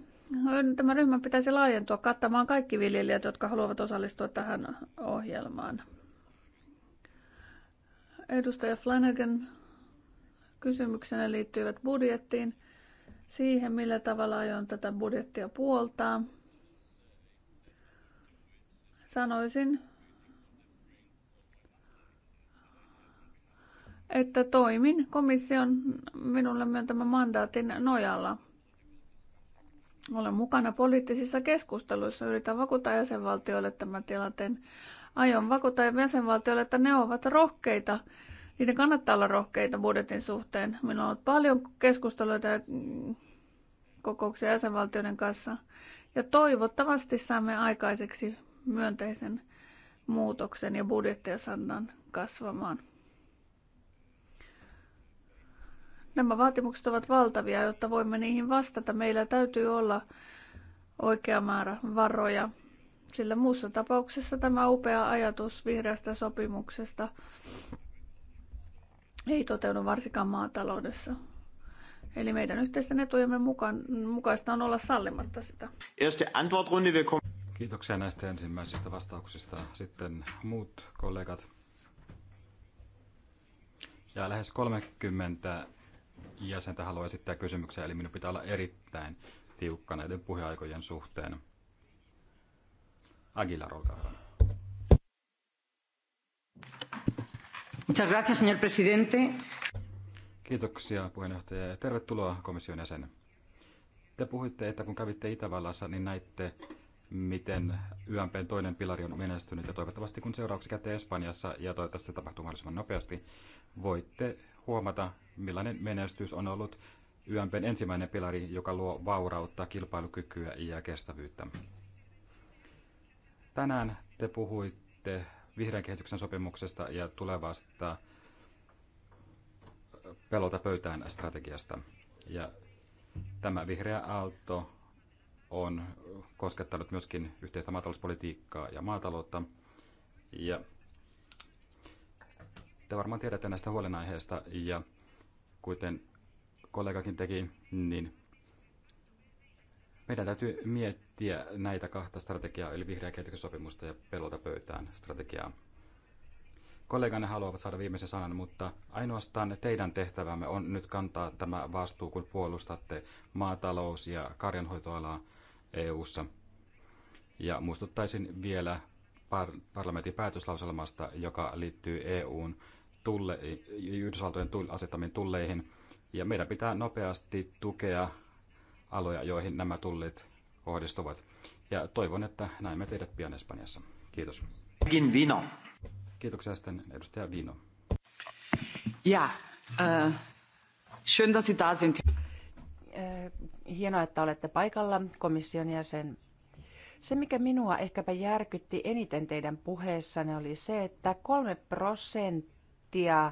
tämä ryhmä pitäisi laajentua kattamaan kaikki viljelijät, jotka haluavat osallistua tähän ohjelmaan. Edustaja Flanagan kysymyksenä liittyivät budjettiin, siihen millä tavalla aion tätä budjettia puoltaa – Sanoisin, että toimin komission minulle myöntämän mandaatin nojalla. Olen mukana poliittisissa keskusteluissa, yritän vakuuttaa jäsenvaltioille tämän tilanteen. Aion vakuuttaa jäsenvaltioille, että ne ovat rohkeita. Niiden kannattaa olla rohkeita budjetin suhteen. Minulla on ollut paljon keskusteluita ja kokouksia jäsenvaltioiden kanssa. Ja toivottavasti saamme aikaiseksi myönteisen muutoksen ja budjettia saadaan kasvamaan. Nämä vaatimukset ovat valtavia, jotta voimme niihin vastata. Meillä täytyy olla oikea määrä varoja, sillä muussa tapauksessa tämä upea ajatus vihreästä sopimuksesta ei toteudu varsinkaan maataloudessa. Eli meidän yhteisten etujemme mukaan, mukaista on olla sallimatta sitä. Kiitoksia näistä ensimmäisistä vastauksista. Sitten muut kollegat. Ja lähes 30 jäsentä haluaa esittää kysymyksiä, eli minun pitää olla erittäin tiukka näiden puheaikojen suhteen. Aguilar, olkaa hyvä. Muchas gracias, señor presidente. Kiitoksia puheenjohtaja ja tervetuloa komission jäsen. Te puhuitte, että kun kävitte Itävallassa, niin näitte miten YMPn toinen pilari on menestynyt ja toivottavasti kun seuraavaksi käytte Espanjassa ja toivottavasti se tapahtuu mahdollisimman nopeasti, voitte huomata, millainen menestys on ollut YMPn ensimmäinen pilari, joka luo vaurautta, kilpailukykyä ja kestävyyttä. Tänään te puhuitte vihreän kehityksen sopimuksesta ja tulevasta pelota pöytään strategiasta. Ja tämä vihreä aalto on koskettanut myöskin yhteistä maatalouspolitiikkaa ja maataloutta. Ja te varmaan tiedätte näistä huolenaiheista ja kuten kollegakin teki, niin meidän täytyy miettiä näitä kahta strategiaa, eli vihreä kehityssopimusta ja pelota pöytään strategiaa. Kolleganne haluavat saada viimeisen sanan, mutta ainoastaan teidän tehtävämme on nyt kantaa tämä vastuu, kun puolustatte maatalous- ja karjanhoitoalaa – EU:ssa. Ja muistuttaisin vielä par- parlamentin päätöslauselmasta, joka liittyy EUn tulle, Yhdysvaltojen tull, asettamiin tulleihin. Ja meidän pitää nopeasti tukea aloja, joihin nämä tullit kohdistuvat. Ja toivon, että näemme teidät pian Espanjassa. Kiitos. Vino. Kiitoksia sitten edustaja Vino. Ja, äh, schön, dass Sie da sind. Hienoa, että olette paikalla, komission jäsen. Se, mikä minua ehkäpä järkytti eniten teidän puheessanne, oli se, että kolme prosenttia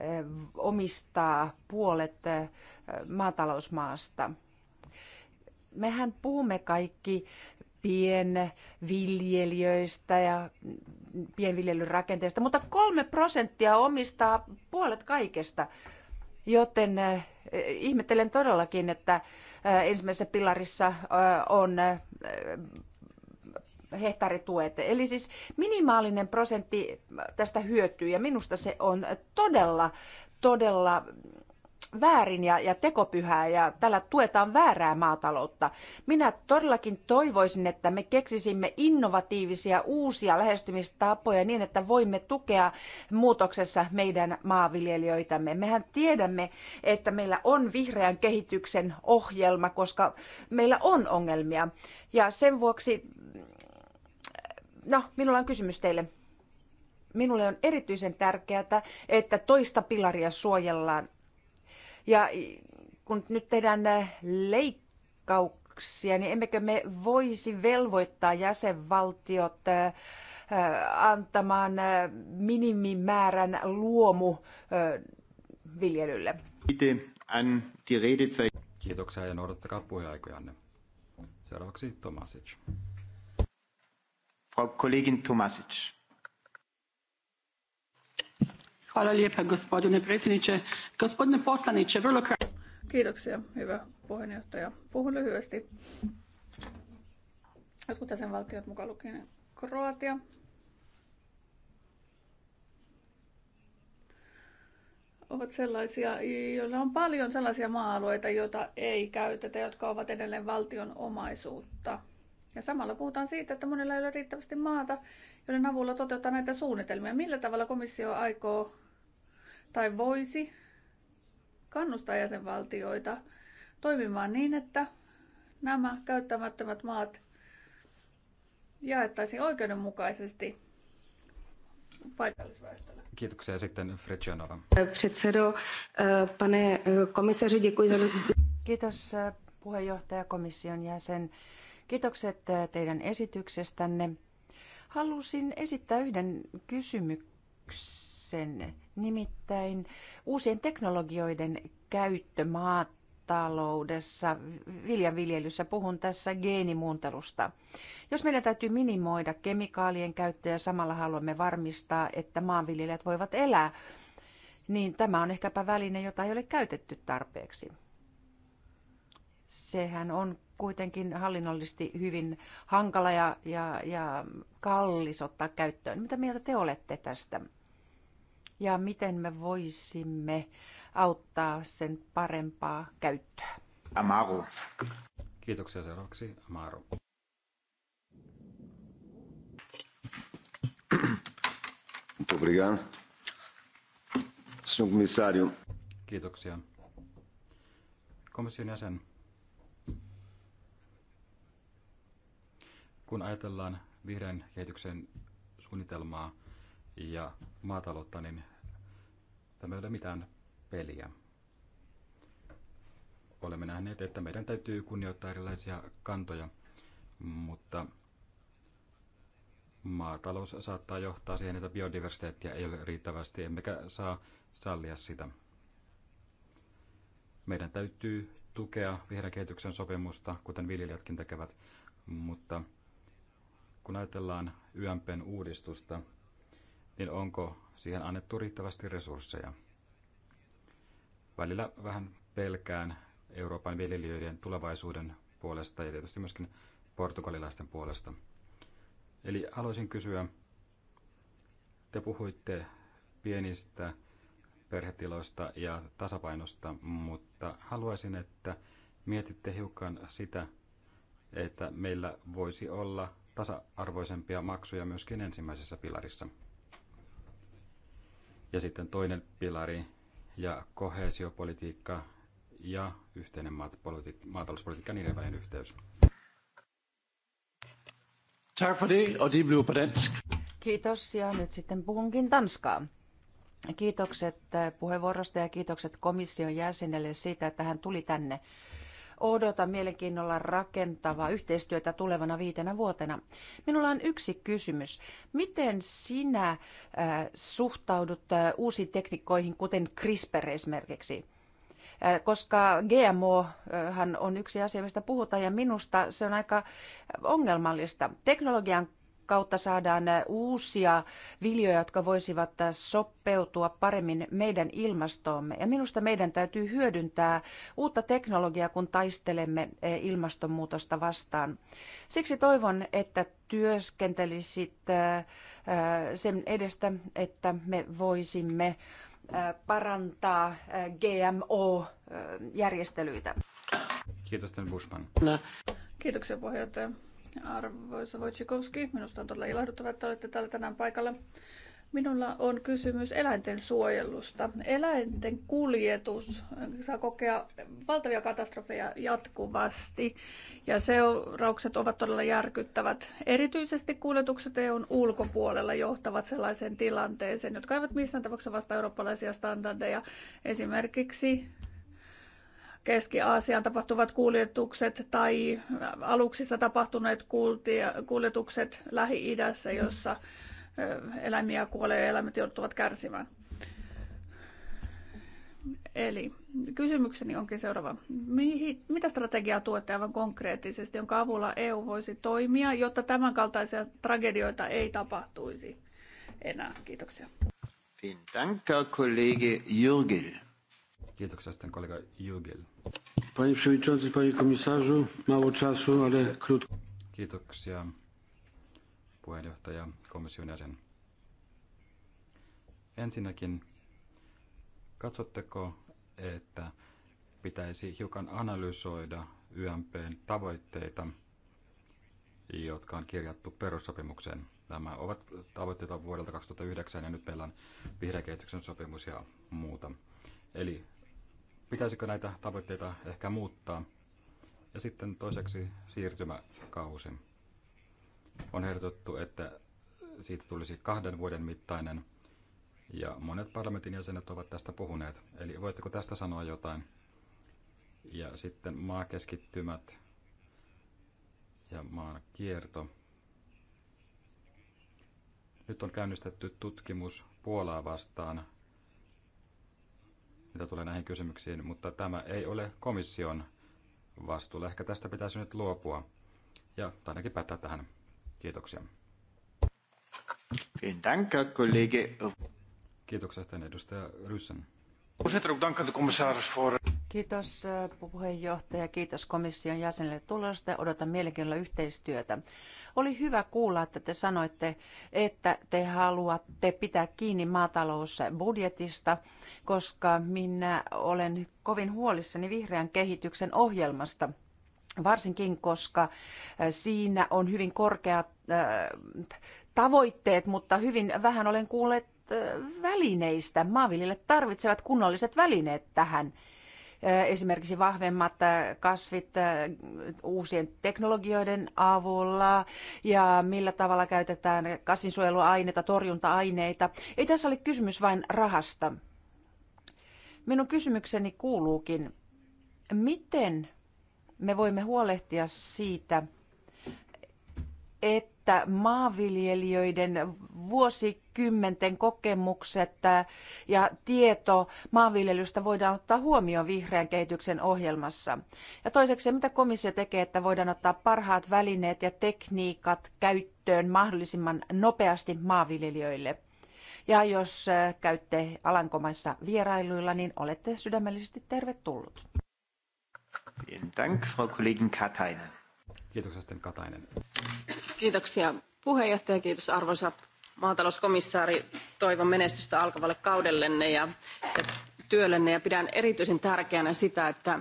eh, omistaa puolet eh, maatalousmaasta. Mehän puhumme kaikki pienviljelijöistä ja pienviljelyrakenteista, mutta kolme prosenttia omistaa puolet kaikesta, joten eh, Eh, ihmettelen todellakin, että eh, ensimmäisessä pilarissa eh, on hehtaarituet. Eli siis minimaalinen prosentti tästä hyötyy ja minusta se on todella, todella väärin ja, ja tekopyhää ja tällä tuetaan väärää maataloutta. Minä todellakin toivoisin, että me keksisimme innovatiivisia uusia lähestymistapoja niin, että voimme tukea muutoksessa meidän maanviljelijöitämme. Mehän tiedämme, että meillä on vihreän kehityksen ohjelma, koska meillä on ongelmia. Ja sen vuoksi, no minulla on kysymys teille minulle on erityisen tärkeää, että toista pilaria suojellaan. Ja kun nyt tehdään eh, leikkauksia, niin emmekö me voisi velvoittaa jäsenvaltiot eh, eh, antamaan minimimäärän luomu viljelylle? Kiitoksia ja noudattakaa puheaikojanne. Seuraavaksi Tomasic. Frau Kollegin Tomasic gospodine predsjedniče. Gospodine poslanie vrlo kratko. hyvä puheenjohtaja. Puhun lyhyesti. Jotkut mukaan lukien Kroatia. ovat sellaisia, joilla on paljon sellaisia maa-alueita, joita ei käytetä, jotka ovat edelleen valtion omaisuutta. Ja samalla puhutaan siitä, että monilla ei ole riittävästi maata, joiden avulla toteuttaa näitä suunnitelmia. Millä tavalla komissio aikoo tai voisi kannustaa jäsenvaltioita toimimaan niin, että nämä käyttämättömät maat jaettaisiin oikeudenmukaisesti paikallisväestölle. Kiitoksia sitten Fritjanova. Předsedo, eh, pane eh, komissaari, děkuji za... Kiitos eh, puheenjohtaja komission jäsen. Kiitokset teidän esityksestänne. Halusin esittää yhden kysymyksen sen, nimittäin uusien teknologioiden käyttö maataloudessa, viljanviljelyssä, puhun tässä geenimuuntelusta. Jos meidän täytyy minimoida kemikaalien käyttöä ja samalla haluamme varmistaa, että maanviljelijät voivat elää, niin tämä on ehkäpä väline, jota ei ole käytetty tarpeeksi. Sehän on kuitenkin hallinnollisesti hyvin hankala ja, ja, ja kallis ottaa käyttöön. Mitä mieltä te olette tästä? ja miten me voisimme auttaa sen parempaa käyttöä. Amaru. Kiitoksia seuraavaksi Amaru. Obrigado. Senhor Comissário. Kiitoksia. Komission jäsen. Kun ajatellaan vihreän kehityksen suunnitelmaa ja maataloutta, niin tämä ei ole mitään peliä. Olemme nähneet, että meidän täytyy kunnioittaa erilaisia kantoja, mutta maatalous saattaa johtaa siihen, että biodiversiteettiä ei ole riittävästi, emmekä saa sallia sitä. Meidän täytyy tukea vihreän kehityksen sopimusta, kuten viljelijätkin tekevät, mutta kun ajatellaan YMPn uudistusta, niin onko siihen annettu riittävästi resursseja? Välillä vähän pelkään Euroopan viljelijöiden tulevaisuuden puolesta ja tietysti myöskin portugalilaisten puolesta. Eli haluaisin kysyä, te puhuitte pienistä perhetiloista ja tasapainosta, mutta haluaisin, että mietitte hiukan sitä, että meillä voisi olla tasa-arvoisempia maksuja myöskin ensimmäisessä pilarissa. Ja sitten toinen pilari ja kohesiopolitiikka ja yhteinen maatalouspolitiikka niiden välinen yhteys. Tak for det, og det på dansk. Kiitos ja nyt sitten puhunkin tanskaa. Kiitokset äh, puheenvuorosta ja kiitokset komission jäsenelle siitä, että hän tuli tänne odotan mielenkiinnolla rakentavaa yhteistyötä tulevana viitenä vuotena. Minulla on yksi kysymys. Miten sinä äh, suhtaudut äh, uusiin tekniikoihin, kuten CRISPR esimerkiksi? Äh, koska GMO on yksi asia, mistä puhutaan, ja minusta se on aika ongelmallista. Teknologian kautta saadaan uusia viljoja, jotka voisivat sopeutua paremmin meidän ilmastoomme. Ja minusta meidän täytyy hyödyntää uutta teknologiaa, kun taistelemme ilmastonmuutosta vastaan. Siksi toivon, että työskentelisit sen edestä, että me voisimme parantaa GMO-järjestelyitä. Kiitos, Ten Bushman. Kiitoksia puheenjohtaja. Arvoisa Wojcikowski, minusta on todella ilahduttavaa, että olette täällä tänään paikalla. Minulla on kysymys eläinten suojelusta. Eläinten kuljetus saa kokea valtavia katastrofeja jatkuvasti ja seuraukset ovat todella järkyttävät. Erityisesti kuljetukset EUn ulkopuolella johtavat sellaiseen tilanteeseen, jotka eivät missään tapauksessa vasta eurooppalaisia standardeja. Esimerkiksi Keski-Aasiaan tapahtuvat kuljetukset tai aluksissa tapahtuneet kuljetukset Lähi-idässä, mm. jossa eläimiä kuolee ja eläimet joutuvat kärsimään. Eli kysymykseni onkin seuraava. mitä strategiaa tuette aivan konkreettisesti, jonka avulla EU voisi toimia, jotta tämänkaltaisia tragedioita ei tapahtuisi enää? Kiitoksia. Vielen Dank, Kollege Jürgel. Kiitoksia sitten kollega Jugil. Panie przewodniczący, panie komisarzu, mało czasu, ale krótko. Kiitoksia puheenjohtaja, komission jäsen. Ensinnäkin, katsotteko, että pitäisi hiukan analysoida YMPn tavoitteita, jotka on kirjattu perussopimukseen? Nämä ovat tavoitteita vuodelta 2009 ja nyt meillä on vihreän kehityksen sopimus ja muuta. Eli Pitäisikö näitä tavoitteita ehkä muuttaa? Ja sitten toiseksi siirtymäkausi. On ehdotettu, että siitä tulisi kahden vuoden mittainen, ja monet parlamentin jäsenet ovat tästä puhuneet. Eli voitteko tästä sanoa jotain? Ja sitten maakeskittymät ja maan kierto. Nyt on käynnistetty tutkimus Puolaa vastaan mitä tulee näihin kysymyksiin, mutta tämä ei ole komission vastuulla. Ehkä tästä pitäisi nyt luopua ja ainakin päättää tähän. Kiitoksia. Kiitoksia sitten edustaja Ryssen. Kiitoksia, ook dank Kiitos puheenjohtaja, kiitos komission jäsenille tulosta ja odotan mielenkiinnolla yhteistyötä. Oli hyvä kuulla, että te sanoitte, että te haluatte pitää kiinni maatalousbudjetista, koska minä olen kovin huolissani vihreän kehityksen ohjelmasta. Varsinkin, koska siinä on hyvin korkeat tavoitteet, mutta hyvin vähän olen kuullut välineistä. Maanviljelijät tarvitsevat kunnolliset välineet tähän – Äh, esimerkiksi vahvemmat äh, kasvit äh, uusien teknologioiden avulla ja millä tavalla käytetään kasvinsuojeluaineita, torjunta-aineita. Ei tässä ole kysymys vain rahasta. Minun kysymykseni kuuluukin, miten me voimme huolehtia siitä, että maanviljelijöiden vuosikymmenten kokemukset äh, ja tieto maanviljelystä voidaan ottaa huomioon vihreän kehityksen ohjelmassa? Ja toiseksi, mitä komissio tekee, että voidaan ottaa parhaat välineet ja tekniikat käyttöön mahdollisimman nopeasti maanviljelijöille? Ja jos äh, käytte Alankomaissa vierailuilla, niin olette sydämellisesti tervetullut. Vielen Dank, Frau Kollegin Katainen. Kiitoksia sitten Katainen. Kiitoksia puheenjohtaja, kiitos arvoisa maatalouskomissaari. Toivon menestystä alkavalle kaudellenne ja, ja työllenne ja pidän erityisen tärkeänä sitä, että,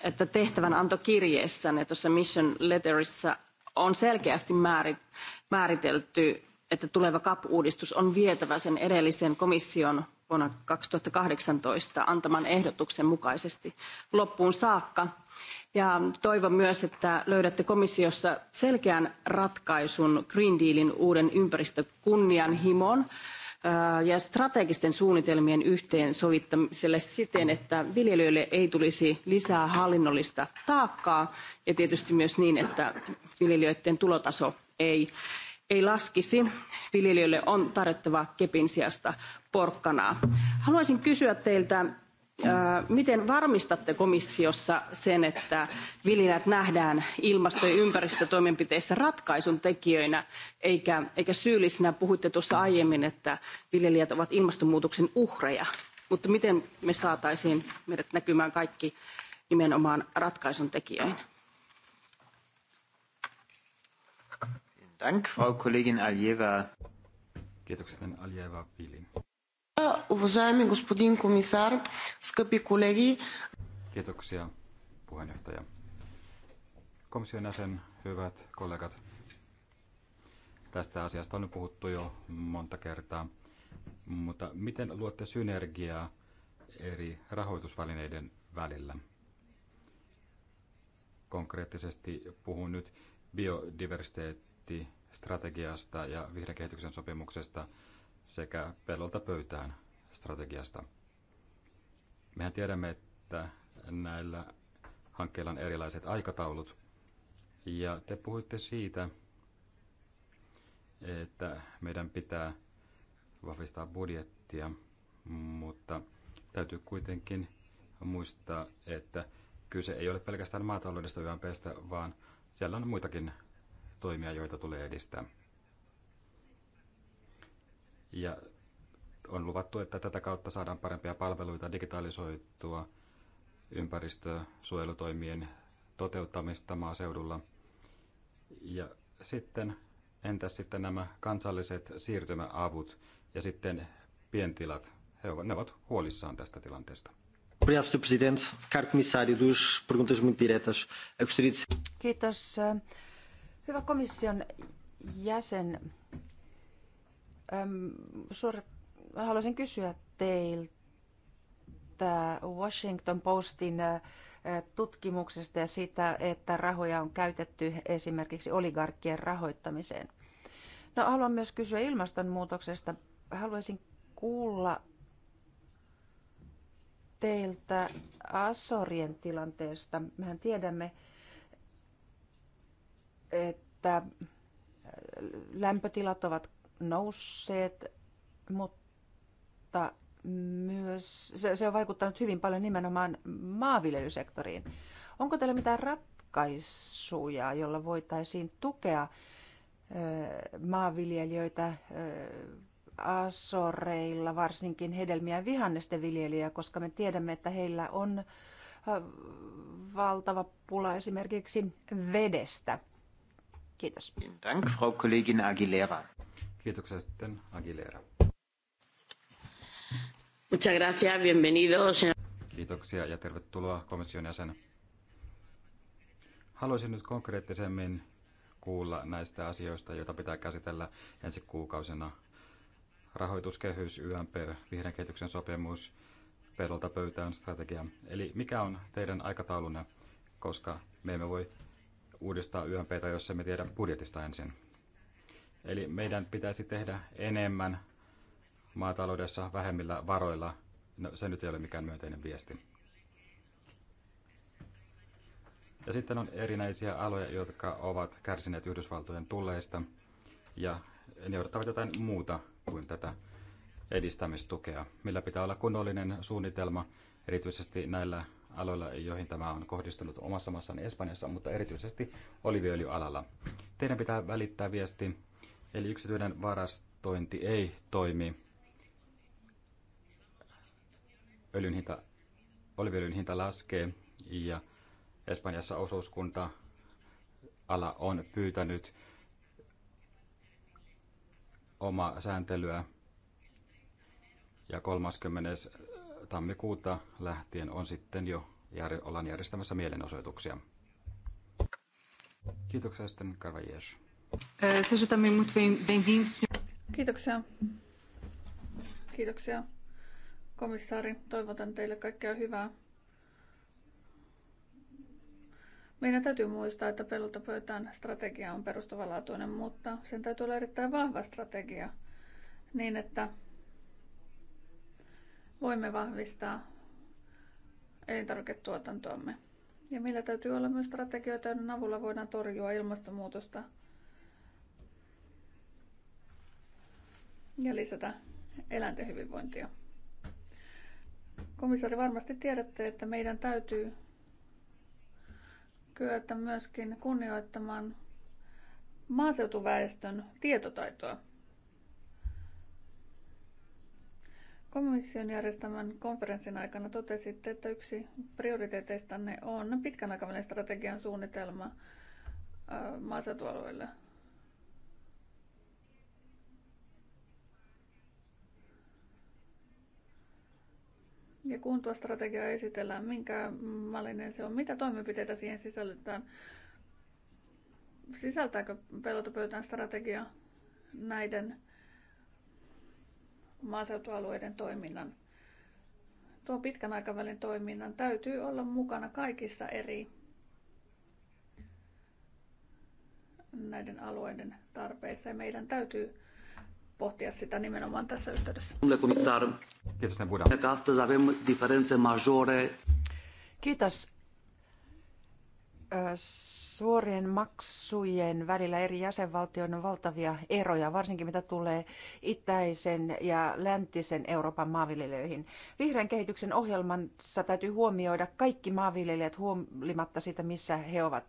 että tehtävän antokirjeessänne tuossa Mission Letterissa on selkeästi määrit, määritelty, että tuleva CAP-uudistus on vietävä sen edellisen komission vuonna 2018 antaman ehdotuksen mukaisesti loppuun saakka ja toivon myös, että löydätte komissiossa selkeän ratkaisun Green Dealin uuden ympäristökunnianhimon äh, ja strategisten suunnitelmien yhteensovittamiselle siten, että viljelijöille ei tulisi lisää hallinnollista taakkaa ja tietysti myös niin, että viljelijöiden tulotaso ei, ei laskisi. Viljelijöille on tarjottava kepin sijasta porkkanaa. Haluaisin kysyä teiltä Miten varmistatte komissiossa sen, että viljelijät nähdään ilmasto- ja ympäristötoimenpiteissä ratkaisun tekijöinä eikä, eikä syyllisinä? Puhuitte tuossa aiemmin, että viljelijät ovat ilmastonmuutoksen uhreja, mutta miten me saataisiin meidät näkymään kaikki nimenomaan ratkaisun tekijöinä? Dank, Frau Kollegin Aljeva. Kiitokset, Aljeva Pilin. Уважаеми господин комисар, скъпи колеги. Kiitoksia puheenjohtaja. Komission jäsen, hyvät kollegat. Tästä asiasta on puhuttu jo monta kertaa, mutta miten luotte synergiaa eri rahoitusvälineiden välillä? Konkreettisesti puhun nyt biodiversiteettistrategiasta ja vihreän kehityksen sopimuksesta – sekä pellolta pöytään strategiasta. Mehän tiedämme, että näillä hankkeilla on erilaiset aikataulut. Ja te puhuitte siitä, että meidän pitää vahvistaa budjettia, mutta täytyy kuitenkin muistaa, että kyse ei ole pelkästään maataloudesta YMPstä, vaan siellä on muitakin toimia, joita tulee edistää. Ja on luvattu, että tätä kautta saadaan parempia palveluita, digitalisoitua ympäristösuojelutoimien toteuttamista maaseudulla. Ja sitten entäs sitten nämä kansalliset siirtymäavut ja sitten pientilat? He ovat, ne ovat huolissaan tästä tilanteesta. Kiitos. Hyvä komission jäsen, äm, suor... haluaisin kysyä teiltä Washington Postin tutkimuksesta ja sitä, että rahoja on käytetty esimerkiksi oligarkkien rahoittamiseen. No, haluan myös kysyä ilmastonmuutoksesta. Haluaisin kuulla teiltä Asorien tilanteesta. Mehän tiedämme, että lämpötilat ovat nousseet, mutta myös se, se on vaikuttanut hyvin paljon nimenomaan maanviljelysektoriin. Onko teillä mitään ratkaisuja, jolla voitaisiin tukea maanviljelijöitä Asoreilla, varsinkin hedelmiä vihannesten viljelijöitä, koska me tiedämme, että heillä on valtava pula esimerkiksi vedestä. Kiitos. Dank, Frau Kollegin Aguilera. Kiitoksia sitten Aguilera. Muchas gracias, bienvenidos. Kiitoksia ja tervetuloa komission jäsen. Haluaisin nyt konkreettisemmin kuulla näistä asioista, joita pitää käsitellä ensi kuukausina. Rahoituskehys, YMP, vihreän kehityksen sopimus, pelolta pöytään strategia. Eli mikä on teidän aikataulunne, koska me emme voi uudistaa YMPtä, jos emme tiedä budjetista ensin. Eli meidän pitäisi tehdä enemmän maataloudessa vähemmillä varoilla. No, se nyt ei ole mikään myönteinen viesti. Ja sitten on erinäisiä aloja, jotka ovat kärsineet Yhdysvaltojen tulleista ja ne odottavat jotain muuta kuin tätä edistämistukea, millä pitää olla kunnollinen suunnitelma, erityisesti näillä aloilla, joihin tämä on kohdistunut omassa maassani Espanjassa, mutta erityisesti oliviöljyalalla. Teidän pitää välittää viesti Eli yksityinen varastointi ei toimi. Öljyn hinta, oliviöljyn hinta laskee ja Espanjassa osuuskunta ala on pyytänyt omaa sääntelyä ja 30. tammikuuta lähtien on sitten jo ollaan järjestämässä mielenosoituksia. Kiitoksia sitten Karvajes. Eh, seja também muito bem-vindo, Kiitoksia. Kiitoksia, komissaari. Toivotan teille kaikkea hyvää. Meidän täytyy muistaa, että pelolta pöytään strategia on perustavanlaatuinen, mutta sen täytyy olla erittäin vahva strategia niin, että voimme vahvistaa elintarviketuotantoamme. Ja meillä täytyy olla myös strategioita, joiden avulla voidaan torjua ilmastonmuutosta – ja lisätä eläinten hyvinvointia. Komissaari, varmasti tiedätte, että meidän täytyy kyetä myöskin kunnioittamaan maaseutuväestön tietotaitoa. Komission järjestämän konferenssin aikana totesitte, että yksi prioriteeteistanne on pitkän aikavälin strategian suunnitelma maaseutualueille Ja kun tuo strategia esitellään, minkä mallinen se on, mitä toimenpiteitä siihen sisällytetään, sisältääkö pelotopöytään strategia näiden maaseutualueiden toiminnan? Tuo pitkän aikavälin toiminnan täytyy olla mukana kaikissa eri näiden alueiden tarpeissa ja meidän täytyy pohtia sitä nimenomaan tässä yhteydessä. Kiitos, Että astăzi avem diferențe majore. Kiitos. Suorien maksujen välillä eri jäsenvaltioiden on valtavia eroja, varsinkin mitä tulee itäisen ja läntisen Euroopan maanviljelijöihin. Vihreän kehityksen ohjelmassa täytyy huomioida kaikki maanviljelijät huolimatta siitä, missä he ovat.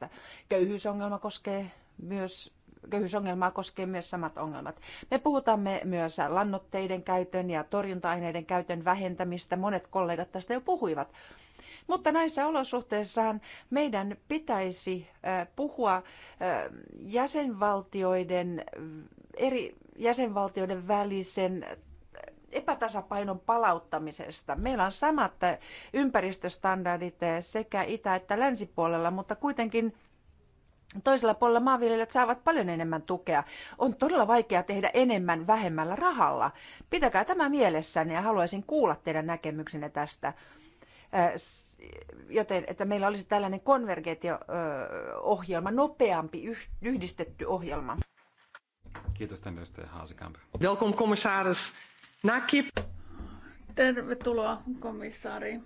Köyhyysongelma koskee myös köyhyysongelmaa koskee myös samat ongelmat. Me puhutamme myös lannoitteiden käytön ja torjunta-aineiden käytön vähentämistä. Monet kollegat tästä jo puhuivat. Mutta näissä olosuhteissahan meidän pitäisi puhua jäsenvaltioiden, eri jäsenvaltioiden välisen epätasapainon palauttamisesta. Meillä on samat ympäristöstandardit sekä itä- että länsipuolella, mutta kuitenkin Toisella puolella maanviljelijät saavat paljon enemmän tukea. On todella vaikea tehdä enemmän vähemmällä rahalla. Pitäkää tämä mielessäni ja haluaisin kuulla teidän näkemyksenne tästä. Joten, että meillä olisi tällainen konvergentio ohjelma nopeampi yhdistetty ohjelma. Kiitos tänne edustaja Haasikamp. Welkom commissaris Nakip. Tervetuloa komissaari.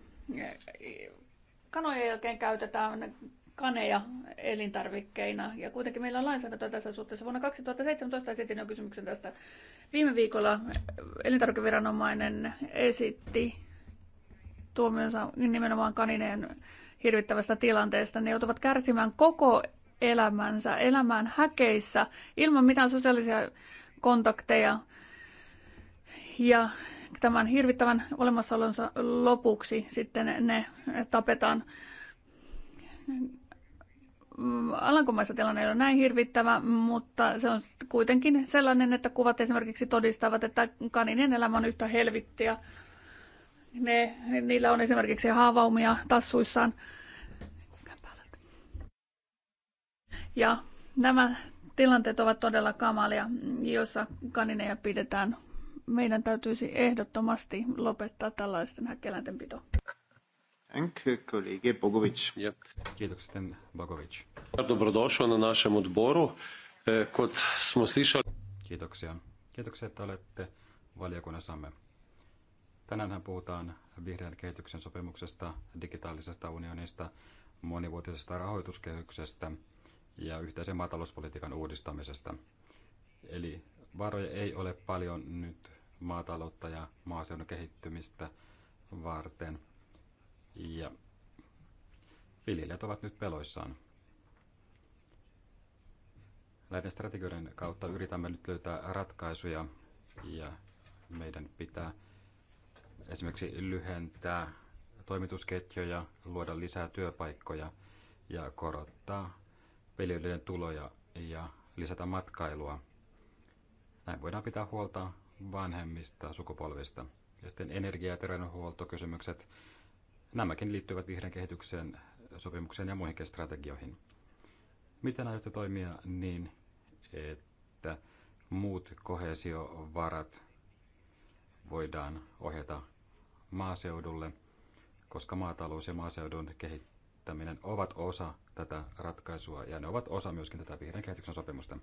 Kanojen jälkeen käytetään kaneja elintarvikkeina. Ja kuitenkin meillä on lainsäädäntö tässä suhteessa. Vuonna 2017 esitin jo kysymyksen tästä. Viime viikolla elintarvikeviranomainen esitti tuomionsa nimenomaan kanineen hirvittävästä tilanteesta. Ne joutuvat kärsimään koko elämänsä, elämään häkeissä, ilman mitään sosiaalisia kontakteja. Ja tämän hirvittävän olemassaolonsa lopuksi sitten ne tapetaan Alankomaissa tilanne ei ole näin hirvittävä, mutta se on kuitenkin sellainen, että kuvat esimerkiksi todistavat, että kaninien elämä on yhtä helvittiä. Ne, niillä on esimerkiksi haavaumia tassuissaan. Ja nämä tilanteet ovat todella kamalia, joissa kanineja pidetään. Meidän täytyisi ehdottomasti lopettaa tällaisten häkkeläinten pito. Thank kolege Bogovic. Yep. Kiitokset sitten Bogović. Dobrodošao na našem odboru. E, kot smo slišali... Kiitoksia. Kiitoksia, että olette valiokunnassamme. Tänäänhän puhutaan vihreän kehityksen sopimuksesta, digitaalisesta unionista, monivuotisesta rahoituskehyksestä ja yhteisen maatalouspolitiikan uudistamisesta. Eli varoja ei ole paljon nyt maataloutta ja maaseudun kehittymistä varten – ja viljelijät ovat nyt peloissaan. Näiden strategioiden kautta yritämme nyt löytää ratkaisuja ja meidän pitää esimerkiksi lyhentää toimitusketjuja, luoda lisää työpaikkoja ja korottaa viljelijöiden tuloja ja lisätä matkailua. Näin voidaan pitää huolta vanhemmista sukupolvista. Ja sitten energia- ja terveydenhuoltokysymykset Nämäkin liittyvät vihreän kehitykseen, sopimukseen ja muihinkin strategioihin. Miten aiotte toimia niin, että muut kohesiovarat voidaan ohjata maaseudulle, koska maatalous ja maaseudun kehittäminen ovat osa tätä ratkaisua ja ne ovat osa myöskin tätä vihreän kehityksen sopimusta.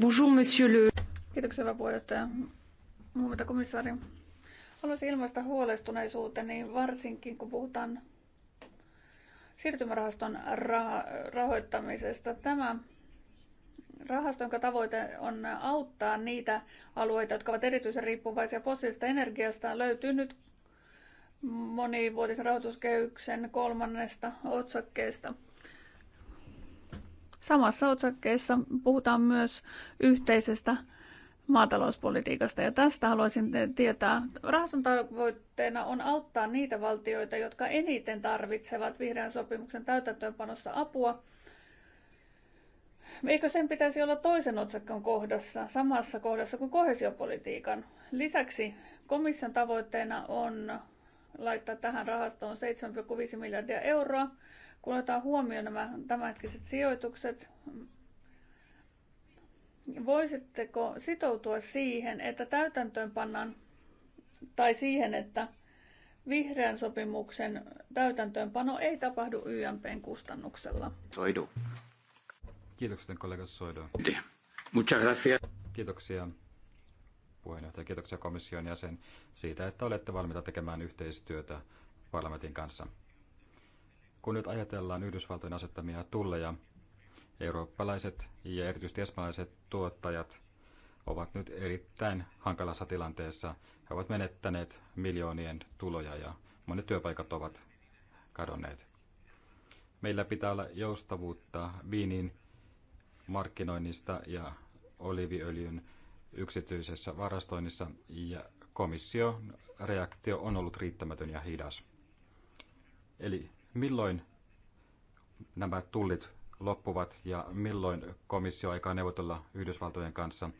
Bonjour, monsieur le... Kiitoksia, hyvä puheenjohtaja. Huomenta komissaari. Haluaisin ilmaista huolestuneisuuteni, niin varsinkin kun puhutaan siirtymärahaston rah- rahoittamisesta. Tämä rahasto, jonka tavoite on auttaa niitä alueita, jotka ovat erityisen riippuvaisia fossiilisesta energiasta, löytyy nyt monivuotisen rahoituskehyksen kolmannesta otsakkeesta. Samassa otsakkeessa puhutaan myös yhteisestä maatalouspolitiikasta. Ja tästä haluaisin tietää. Rahaston tavoitteena on auttaa niitä valtioita, jotka eniten tarvitsevat vihreän sopimuksen täytäntöönpanossa apua. Eikö sen pitäisi olla toisen otsakon kohdassa, samassa kohdassa kuin kohesiopolitiikan? Lisäksi komission tavoitteena on laittaa tähän rahastoon 7,5 miljardia euroa. Kun otetaan huomioon nämä tämänhetkiset sijoitukset, voisitteko sitoutua siihen, että täytäntöön pannaan, tai siihen, että vihreän sopimuksen täytäntöönpano ei tapahdu YMPn kustannuksella? Soidu. Kiitoksia kollega Soidu. Muchas gracias. Kiitoksia puheenjohtaja, kiitoksia komission jäsen siitä, että olette valmiita tekemään yhteistyötä parlamentin kanssa. Kun nyt ajatellaan Yhdysvaltojen asettamia tulleja, Eurooppalaiset ja erityisesti espanjalaiset tuottajat ovat nyt erittäin hankalassa tilanteessa. He ovat menettäneet miljoonien tuloja ja monet työpaikat ovat kadonneet. Meillä pitää olla joustavuutta viinin markkinoinnista ja oliiviöljyn yksityisessä varastoinnissa ja komission reaktio on ollut riittämätön ja hidas. Eli milloin nämä tullit loppuvat ja milloin komissio aikaa neuvotella Yhdysvaltojen kanssa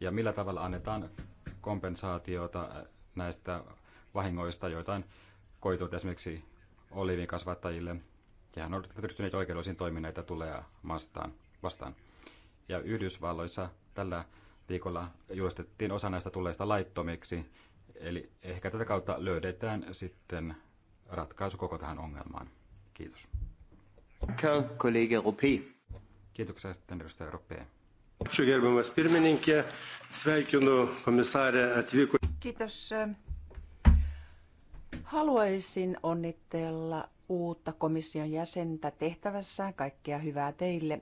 ja millä tavalla annetaan kompensaatiota äh, näistä vahingoista, joita on koitut esimerkiksi olivin kasvattajille. Ja hän on ryhtynyt oikeudellisiin toimineita tulee vastaan. vastaan. Ja Yhdysvalloissa tällä viikolla julistettiin osa näistä tulleista laittomiksi, eli ehkä tätä kautta löydetään sitten ratkaisu koko tähän ongelmaan. Kiitos. Kollega Kiitoksia sitten edustaja Ropi. Kiitos. Haluaisin onnitella uutta komission jäsentä tehtävässään. Kaikkea hyvää teille.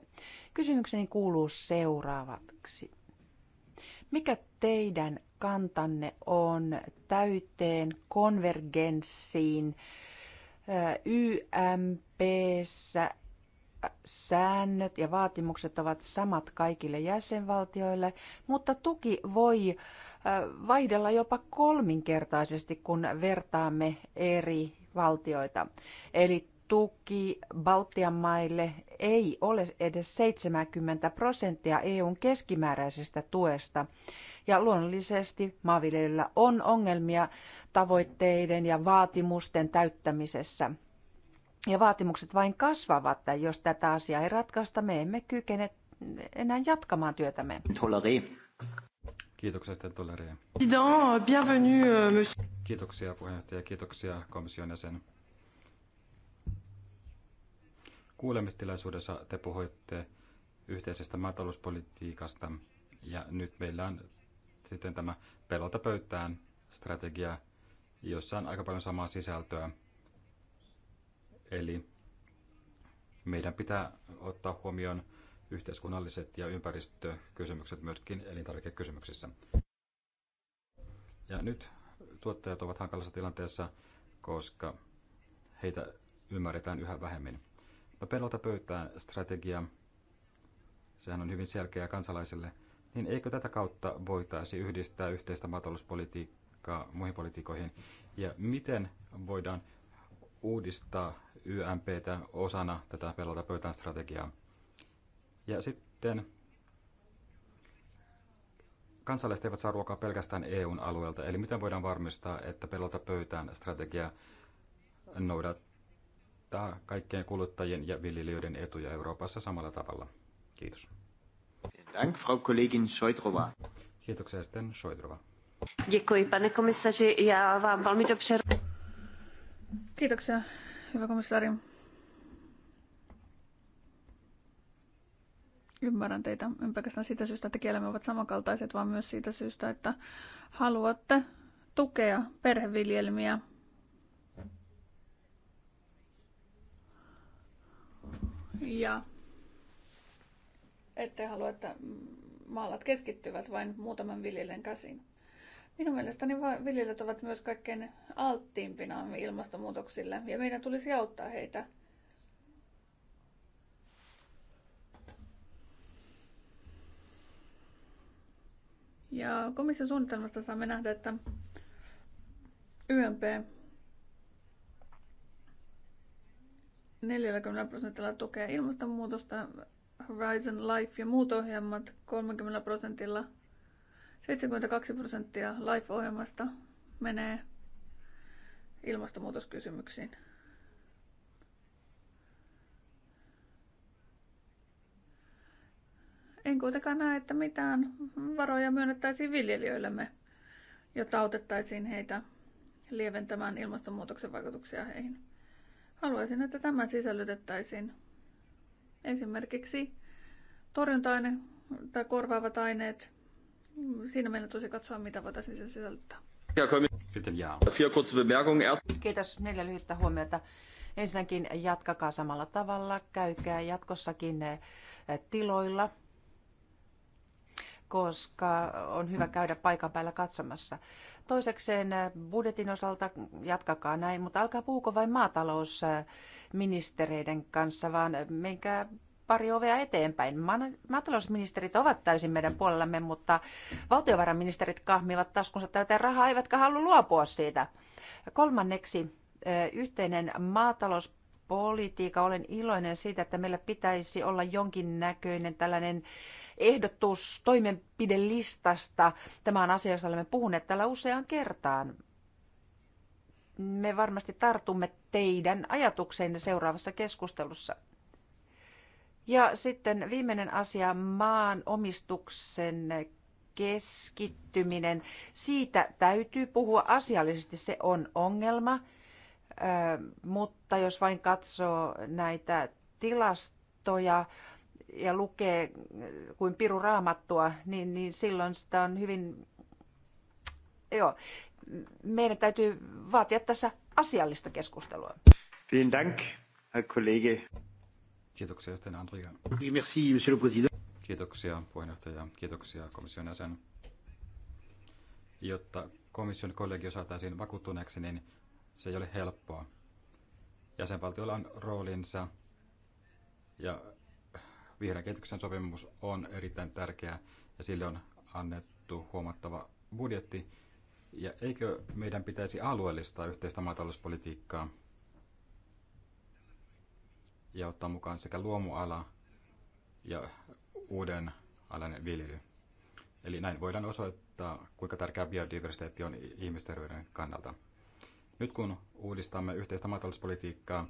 Kysymykseni kuuluu seuraavaksi. Mikä teidän kantanne on täyteen konvergenssiin YMP EPssä säännöt ja vaatimukset ovat samat kaikille jäsenvaltioille, mutta tuki voi vaihdella jopa kolminkertaisesti, kun vertaamme eri valtioita. Eli tuki Baltian maille ei ole edes 70 prosenttia EUn keskimääräisestä tuesta. Ja luonnollisesti maanviljelijöillä on ongelmia tavoitteiden ja vaatimusten täyttämisessä – ja vaatimukset vain kasvavat, että jos tätä asiaa ei ratkaista, me emme kykene enää jatkamaan työtämme. Tolerii. Kiitoksia sitten Tolerii. bienvenue, euh, monsieur. Kiitoksia puheenjohtaja, kiitoksia komission jäsen. Kuulemistilaisuudessa te puhuitte yhteisestä maatalouspolitiikasta ja nyt meillä on sitten tämä pelota pöytään strategia, jossa on aika paljon samaa sisältöä – Eli meidän pitää ottaa huomioon yhteiskunnalliset ja ympäristökysymykset myöskin elintarvikekysymyksissä. Ja nyt tuottajat ovat hankalassa tilanteessa, koska heitä ymmärretään yhä vähemmin. No pelota pöytään strategia, sehän on hyvin selkeä kansalaisille, niin eikö tätä kautta voitaisi yhdistää yhteistä maatalouspolitiikkaa muihin politiikoihin? Ja miten voidaan uudistaa YMPtä osana tätä pelota pöytään strategiaa. Ja sitten kansalaiset eivät saa ruokaa pelkästään EUn alueelta, eli miten voidaan varmistaa, että pelota pöytään strategia noudattaa kaikkien kuluttajien ja viljelijöiden etuja Euroopassa samalla tavalla? Kiitos. Dank, Frau Kollegin Šojdrova. Kiitoksia sitten Šojdrova. Děkuji, pane komisaři, já vám velmi dobře... Kiitoksia, hyvä komissaari. Ymmärrän teitä, en pelkästään siitä syystä, että kielemme ovat samankaltaiset, vaan myös siitä syystä, että haluatte tukea perheviljelmiä. Ja ette halua, että maalat keskittyvät vain muutaman viljelijän käsiin. Minun mielestäni viljelijät ovat myös kaikkein alttiimpina ilmastonmuutoksille ja meidän tulisi auttaa heitä. Ja komission suunnitelmasta saamme nähdä, että YMP 40 prosentilla tukee ilmastonmuutosta, Horizon Life ja muut ohjelmat 30 prosentilla – 72 prosenttia LIFE-ohjelmasta menee ilmastonmuutoskysymyksiin. En kuitenkaan näe, että mitään varoja myönnettäisiin viljelijöillemme, jotta autettaisiin heitä lieventämään ilmastonmuutoksen vaikutuksia heihin. Haluaisin, että tämä sisällytettäisiin esimerkiksi torjunta-aine tai korvaavat aineet siinä meillä tosi katsoa, mitä voitaisiin sen sisältää. Kiitos. Neljä lyhyttä huomiota. Ensinnäkin jatkakaa samalla tavalla, käykää jatkossakin eh, tiloilla, koska on hyvä käydä paikan päällä katsomassa. Toisekseen eh, budjetin osalta jatkakaa näin, mutta alkaa puuko vain maatalousministereiden kanssa, vaan menkää pari ovea eteenpäin. Maatalousministerit ovat täysin meidän puolellamme, mutta valtiovarainministerit kahmivat taskunsa täyteen rahaa, eivätkä halua luopua siitä. Kolmanneksi yhteinen maatalouspolitiikka. Olen iloinen siitä, että meillä pitäisi olla jonkinnäköinen tällainen ehdotus toimenpidelistasta. Tämä on asia, josta olemme puhuneet täällä useaan kertaan me varmasti tartumme teidän ajatukseenne seuraavassa keskustelussa. Ja sitten viimeinen asia, maan omistuksen keskittyminen. Siitä täytyy puhua asiallisesti, se on ongelma. Mutta jos vain katsoo näitä tilastoja ja lukee kuin piru raamattua, niin, niin silloin sitä on hyvin... Joo, meidän täytyy vaatia tässä asiallista keskustelua. Vielen Dank, Herr Kollege. Kiitoksia sitten Andrea. Merci, monsieur le président. Kiitoksia puheenjohtaja, kiitoksia komission jäsen. Jotta komission kollegio saataisiin vakuuttuneeksi, niin se ei ole helppoa. Jäsenvaltiolla on roolinsa ja vihreän kehityksen sopimus on erittäin tärkeä ja sille on annettu huomattava budjetti. Ja eikö meidän pitäisi alueellistaa yhteistä maatalouspolitiikkaa? ja ottaa mukaan sekä luomuala ja uuden alan viljely. Eli näin voidaan osoittaa, kuinka tärkeä biodiversiteetti on ihmisterveyden kannalta. Nyt kun uudistamme yhteistä maatalouspolitiikkaa,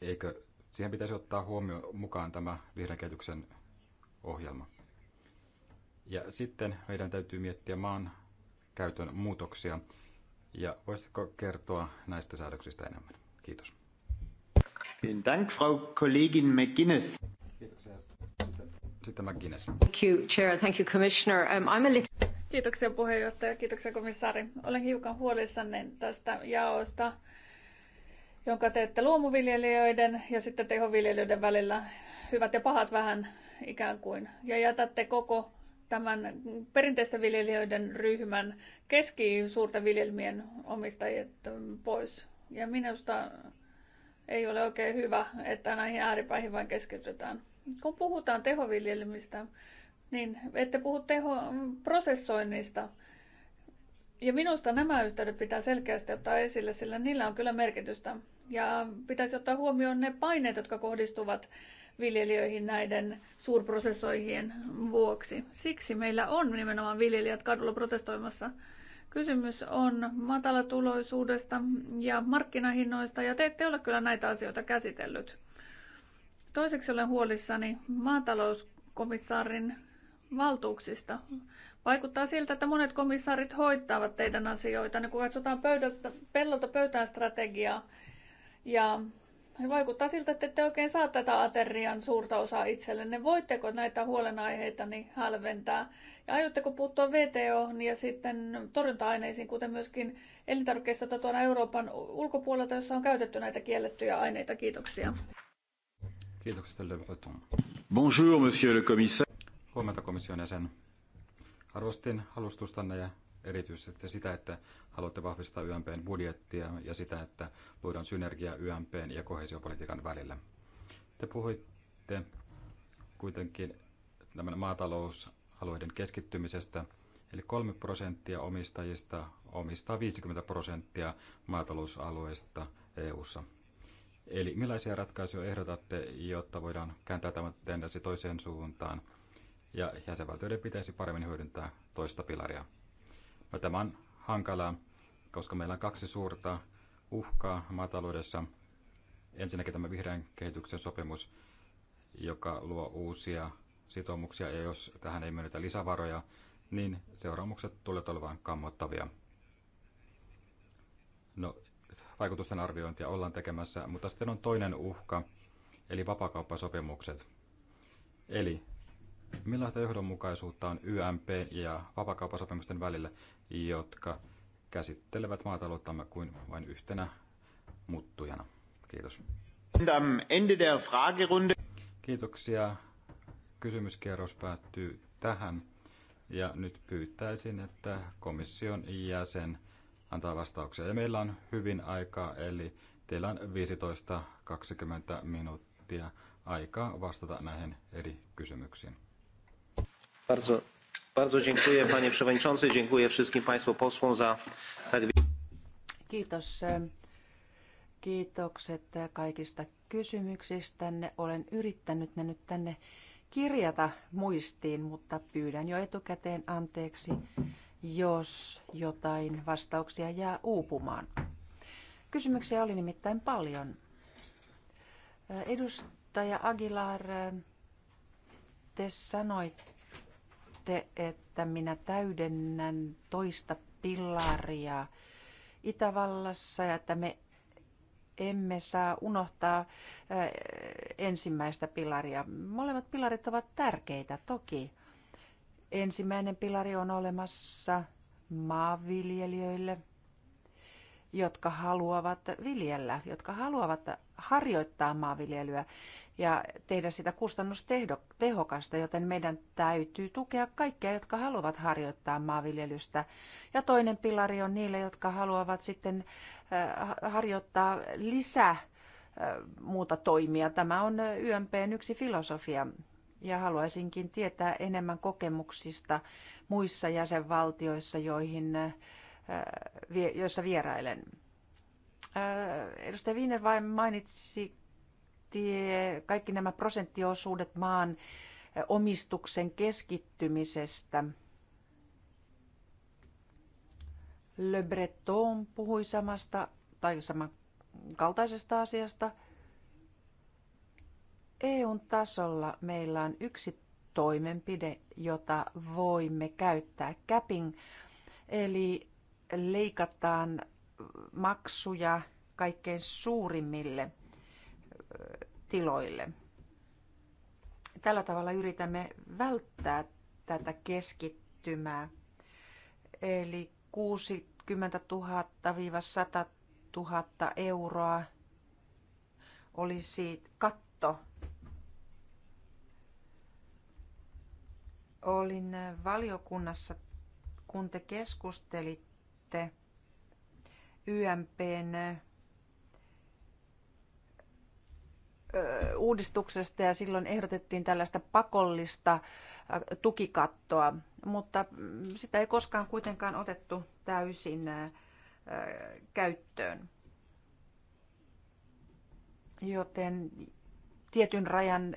eikö siihen pitäisi ottaa huomioon mukaan tämä vihreän kehityksen ohjelma? Ja sitten meidän täytyy miettiä maan käytön muutoksia. Ja voisitko kertoa näistä säädöksistä enemmän? Kiitos. Dank, Frau Kollegin McGuinness. Kiitoksia. Sitten, sitten McGuinness. Thank you, Chair. Thank you, Commissioner. Um, I'm a little... Kiitoksia puheenjohtaja, kiitoksia komissaari. Olen hiukan huolissanne tästä jaosta, jonka teette luomuviljelijöiden ja sitten tehoviljelijöiden välillä hyvät ja pahat vähän ikään kuin. Ja jätätte koko tämän perinteisten viljelijöiden ryhmän keski-suurten viljelmien omistajat pois. Ja minusta ei ole oikein hyvä, että näihin ääripäihin vain keskitytään. Kun puhutaan tehoviljelmistä, niin ette puhu teho prosessoinnista. Ja minusta nämä yhteydet pitää selkeästi ottaa esille, sillä niillä on kyllä merkitystä. Ja pitäisi ottaa huomioon ne paineet, jotka kohdistuvat viljelijöihin näiden suurprosessoihin vuoksi. Siksi meillä on nimenomaan viljelijät kadulla protestoimassa Kysymys on matalatuloisuudesta ja markkinahinnoista, ja te ette ole kyllä näitä asioita käsitellyt. Toiseksi olen huolissani maatalouskomissaarin valtuuksista. Vaikuttaa siltä, että monet komissaarit hoittavat teidän asioita, niin kun katsotaan pöydältä, pellolta pöytään strategiaa ja Vaikuttaa siltä, että ette oikein saa tätä aterian suurta osaa itsellenne. Voitteko näitä huolenaiheita niin hälventää? Ja aiotteko puuttua VTO ja sitten torjunta-aineisiin, kuten myöskin elintarvikkeista tuona Euroopan ulkopuolelta, jossa on käytetty näitä kiellettyjä aineita? Kiitoksia. Kiitoksia, Le Breton. Bonjour, monsieur le commissaire. Huomenta komission jäsen. Arvostin alustustanne ja erityisesti sitä, että haluatte vahvistaa YMPn budjettia ja sitä, että luodaan synergiaa YMPn ja kohesiopolitiikan välillä. Te puhuitte kuitenkin tämän maatalousalueiden keskittymisestä, eli 3 prosenttia omistajista omistaa 50 prosenttia maatalousalueista EU:ssa. Eli millaisia ratkaisuja ehdotatte, jotta voidaan kääntää tämä tendenssi toiseen suuntaan ja jäsenvaltioiden pitäisi paremmin hyödyntää toista pilaria? No, tämä on hankalaa, koska meillä on kaksi suurta uhkaa maataloudessa. Ensinnäkin tämä vihreän kehityksen sopimus, joka luo uusia sitoumuksia, ja jos tähän ei myönnetä lisävaroja, niin seuraamukset tulevat olemaan kammottavia. No, vaikutusten arviointia ollaan tekemässä, mutta sitten on toinen uhka, eli vapakauppasopimukset. Eli Millaista johdonmukaisuutta on YMP ja vapakauppasopimusten välillä, jotka käsittelevät maatalouttamme kuin vain yhtenä muuttujana? Kiitos. Kiitoksia. Kysymyskierros päättyy tähän. Ja nyt pyytäisin, että komission jäsen antaa vastauksia. Ja meillä on hyvin aikaa, eli teillä on 15-20 minuuttia aikaa vastata näihin eri kysymyksiin. Bardzo, bardzo dziękuję panie przewodniczący, dziękuję wszystkim państwu posłom za tak... Kiitos. Kiitokset e, kaikista kysymyksistänne. Olen yrittänyt ne nyt tänne kirjata muistiin, mutta pyydän jo etukäteen anteeksi, jos jotain vastauksia jää uupumaan. Kysymyksiä oli nimittäin paljon. Edustaja Aguilar, te sanoitte, näette, että minä täydennän toista pilaria Itävallassa ja että me emme saa unohtaa eh, ensimmäistä pilaria. Molemmat pilarit ovat tärkeitä toki. Ensimmäinen pilari on olemassa maanviljelijöille, jotka haluavat viljellä, jotka haluavat harjoittaa maanviljelyä ja tehdä sitä kustannustehokasta, joten meidän täytyy tukea kaikkia, jotka haluavat harjoittaa maanviljelystä. Ja toinen pilari on niille, jotka haluavat sitten äh, harjoittaa lisää äh, muuta toimia. Tämä on YMPn yksi filosofia ja haluaisinkin tietää enemmän kokemuksista muissa jäsenvaltioissa, joihin, äh, joissa vierailen. Äh, edustaja Wiener vain mainitsi kaikki nämä prosenttiosuudet maan äh, omistuksen keskittymisestä. Le Breton puhui samasta tai samankaltaisesta asiasta. EUn tasolla meillä on yksi toimenpide, jota voimme käyttää, capping, eli leikataan maksuja kaikkein suurimmille tiloille. Tällä tavalla yritämme välttää tätä keskittymää. Eli 60 000-100 000 euroa olisi katto. Olin valiokunnassa, kun te keskustelitte YMPn uudistuksesta ja silloin ehdotettiin tällaista pakollista tukikattoa, mutta mm, sitä ei koskaan kuitenkaan otettu täysin käyttöön. Joten tietyn rajan,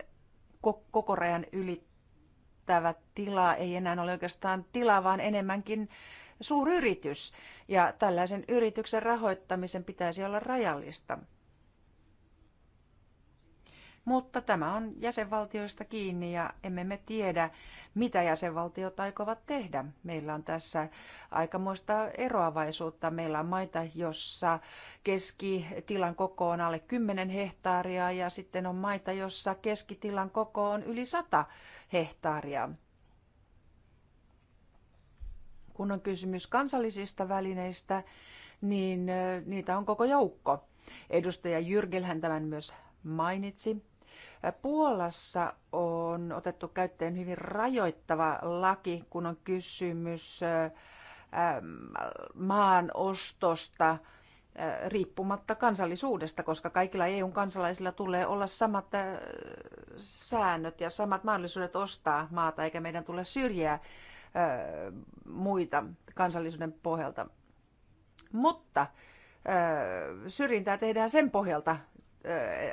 koko rajan ylittävä tila ei enää ole oikeastaan tila, vaan enemmänkin suuryritys ja tällaisen yrityksen rahoittamisen pitäisi olla rajallista. Mutta tämä on jäsenvaltioista kiinni ja emme me tiedä, mitä jäsenvaltiot aikovat tehdä. Meillä on tässä aikamoista eroavaisuutta. Meillä on maita, jossa keskitilan koko on alle 10 hehtaaria ja sitten on maita, jossa keskitilan koko on yli 100 hehtaaria. Kun on kysymys kansallisista välineistä, niin niitä on koko joukko. Edustaja Jyrgilhän tämän myös mainitsi. Puolassa on otettu käyttöön hyvin rajoittava laki, kun on kysymys maan ostosta riippumatta kansallisuudesta, koska kaikilla eu kansalaisilla tulee olla samat säännöt ja samat mahdollisuudet ostaa maata, eikä meidän tule syrjää muita kansallisuuden pohjalta. Mutta syrjintää tehdään sen pohjalta,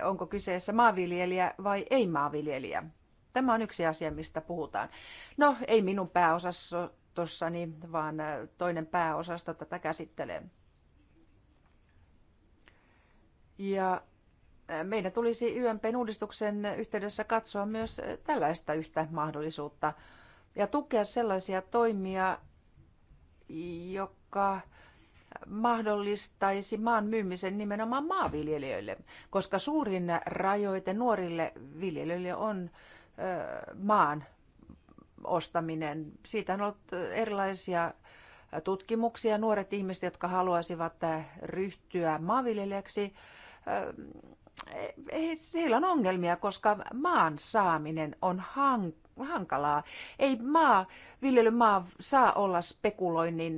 onko kyseessä maanviljelijä vai ei maanviljelijä. Tämä on yksi asia, mistä puhutaan. No, ei minun pääosastossani, vaan toinen pääosasto tätä käsittelee. Ja meidän tulisi YMPn uudistuksen yhteydessä katsoa myös tällaista yhtä mahdollisuutta – ja tukea sellaisia toimia, joka mahdollistaisi maan myymisen nimenomaan maanviljelijöille, koska suurin rajoite nuorille viljelijöille on maan ostaminen. Siitä on ollut erilaisia tutkimuksia. Nuoret ihmiset, jotka haluaisivat ryhtyä maanviljelijäksi, heillä on ongelmia, koska maan saaminen on hank hankalaa. Ei maa, viljelymaa saa olla spekuloinnin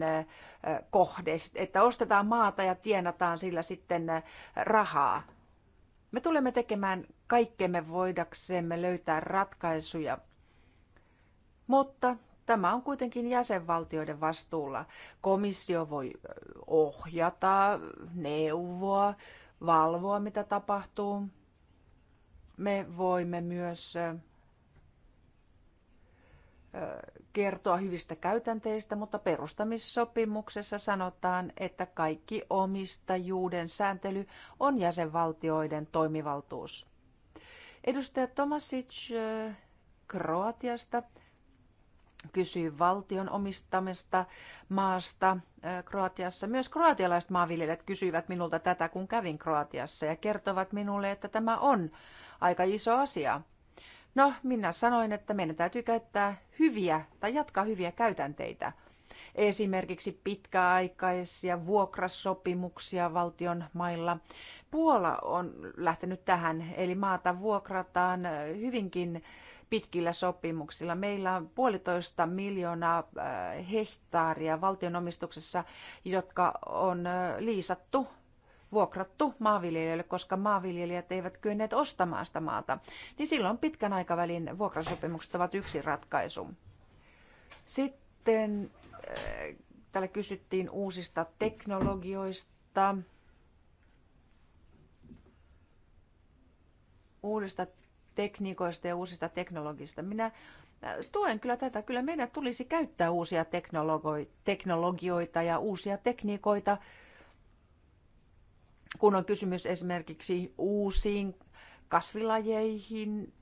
kohde, että ostetaan maata ja tienataan sillä sitten rahaa. Me tulemme tekemään kaikkemme voidaksemme löytää ratkaisuja. Mutta Tämä on kuitenkin jäsenvaltioiden vastuulla. Komissio voi ohjata, neuvoa, valvoa, mitä tapahtuu. Me voimme myös kertoa hyvistä käytänteistä, mutta perustamissopimuksessa sanotaan, että kaikki omistajuuden sääntely on jäsenvaltioiden toimivaltuus. Edustaja Tomasic Kroatiasta kysyi valtion omistamista maasta Kroatiassa. Myös kroatialaiset maanviljelijät kysyivät minulta tätä, kun kävin Kroatiassa ja kertovat minulle, että tämä on aika iso asia – No, minä sanoin, että meidän täytyy käyttää hyviä tai jatkaa hyviä käytänteitä. Esimerkiksi pitkäaikaisia vuokrasopimuksia valtion mailla. Puola on lähtenyt tähän, eli maata vuokrataan hyvinkin pitkillä sopimuksilla. Meillä on puolitoista miljoonaa äh, hehtaaria valtionomistuksessa, jotka on äh, liisattu vuokrattu maanviljelijöille, koska maanviljelijät eivät kyenneet ostamaan sitä maata, niin silloin pitkän aikavälin vuokrasopimukset ovat yksi ratkaisu. Sitten äh, täällä kysyttiin uusista teknologioista, uudesta tekniikoista ja uusista teknologista. Minä äh, tuen kyllä tätä. Kyllä meidän tulisi käyttää uusia teknologioita ja uusia tekniikoita kun on kysymys esimerkiksi uusiin kasvilajeihin,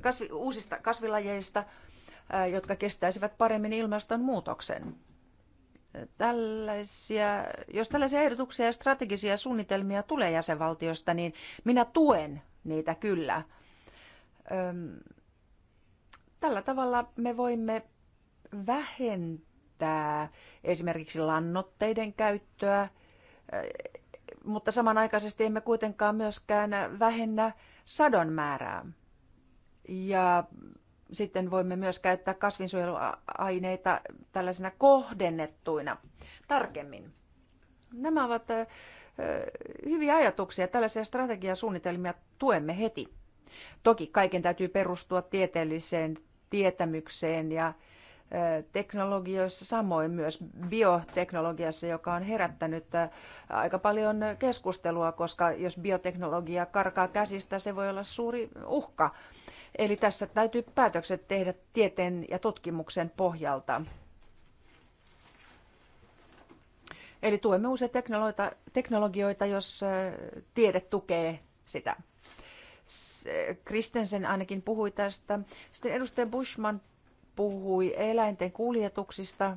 kasvi, uusista kasvilajeista, jotka kestäisivät paremmin ilmastonmuutoksen. Tällaisia, jos tällaisia ehdotuksia ja strategisia suunnitelmia tulee jäsenvaltiosta, niin minä tuen niitä kyllä. Tällä tavalla me voimme vähentää esimerkiksi lannoitteiden käyttöä mutta samanaikaisesti emme kuitenkaan myöskään vähennä sadon määrää. Ja sitten voimme myös käyttää kasvinsuojeluaineita tällaisina kohdennettuina tarkemmin. Nämä ovat hyviä ajatuksia. Tällaisia strategiasuunnitelmia tuemme heti. Toki kaiken täytyy perustua tieteelliseen tietämykseen ja teknologioissa, samoin myös bioteknologiassa, joka on herättänyt aika paljon keskustelua, koska jos bioteknologia karkaa käsistä, se voi olla suuri uhka. Eli tässä täytyy päätökset tehdä tieteen ja tutkimuksen pohjalta. Eli tuemme uusia teknologioita, jos tiede tukee sitä. Kristensen ainakin puhui tästä. Sitten edustaja Bushman puhui eläinten kuljetuksista.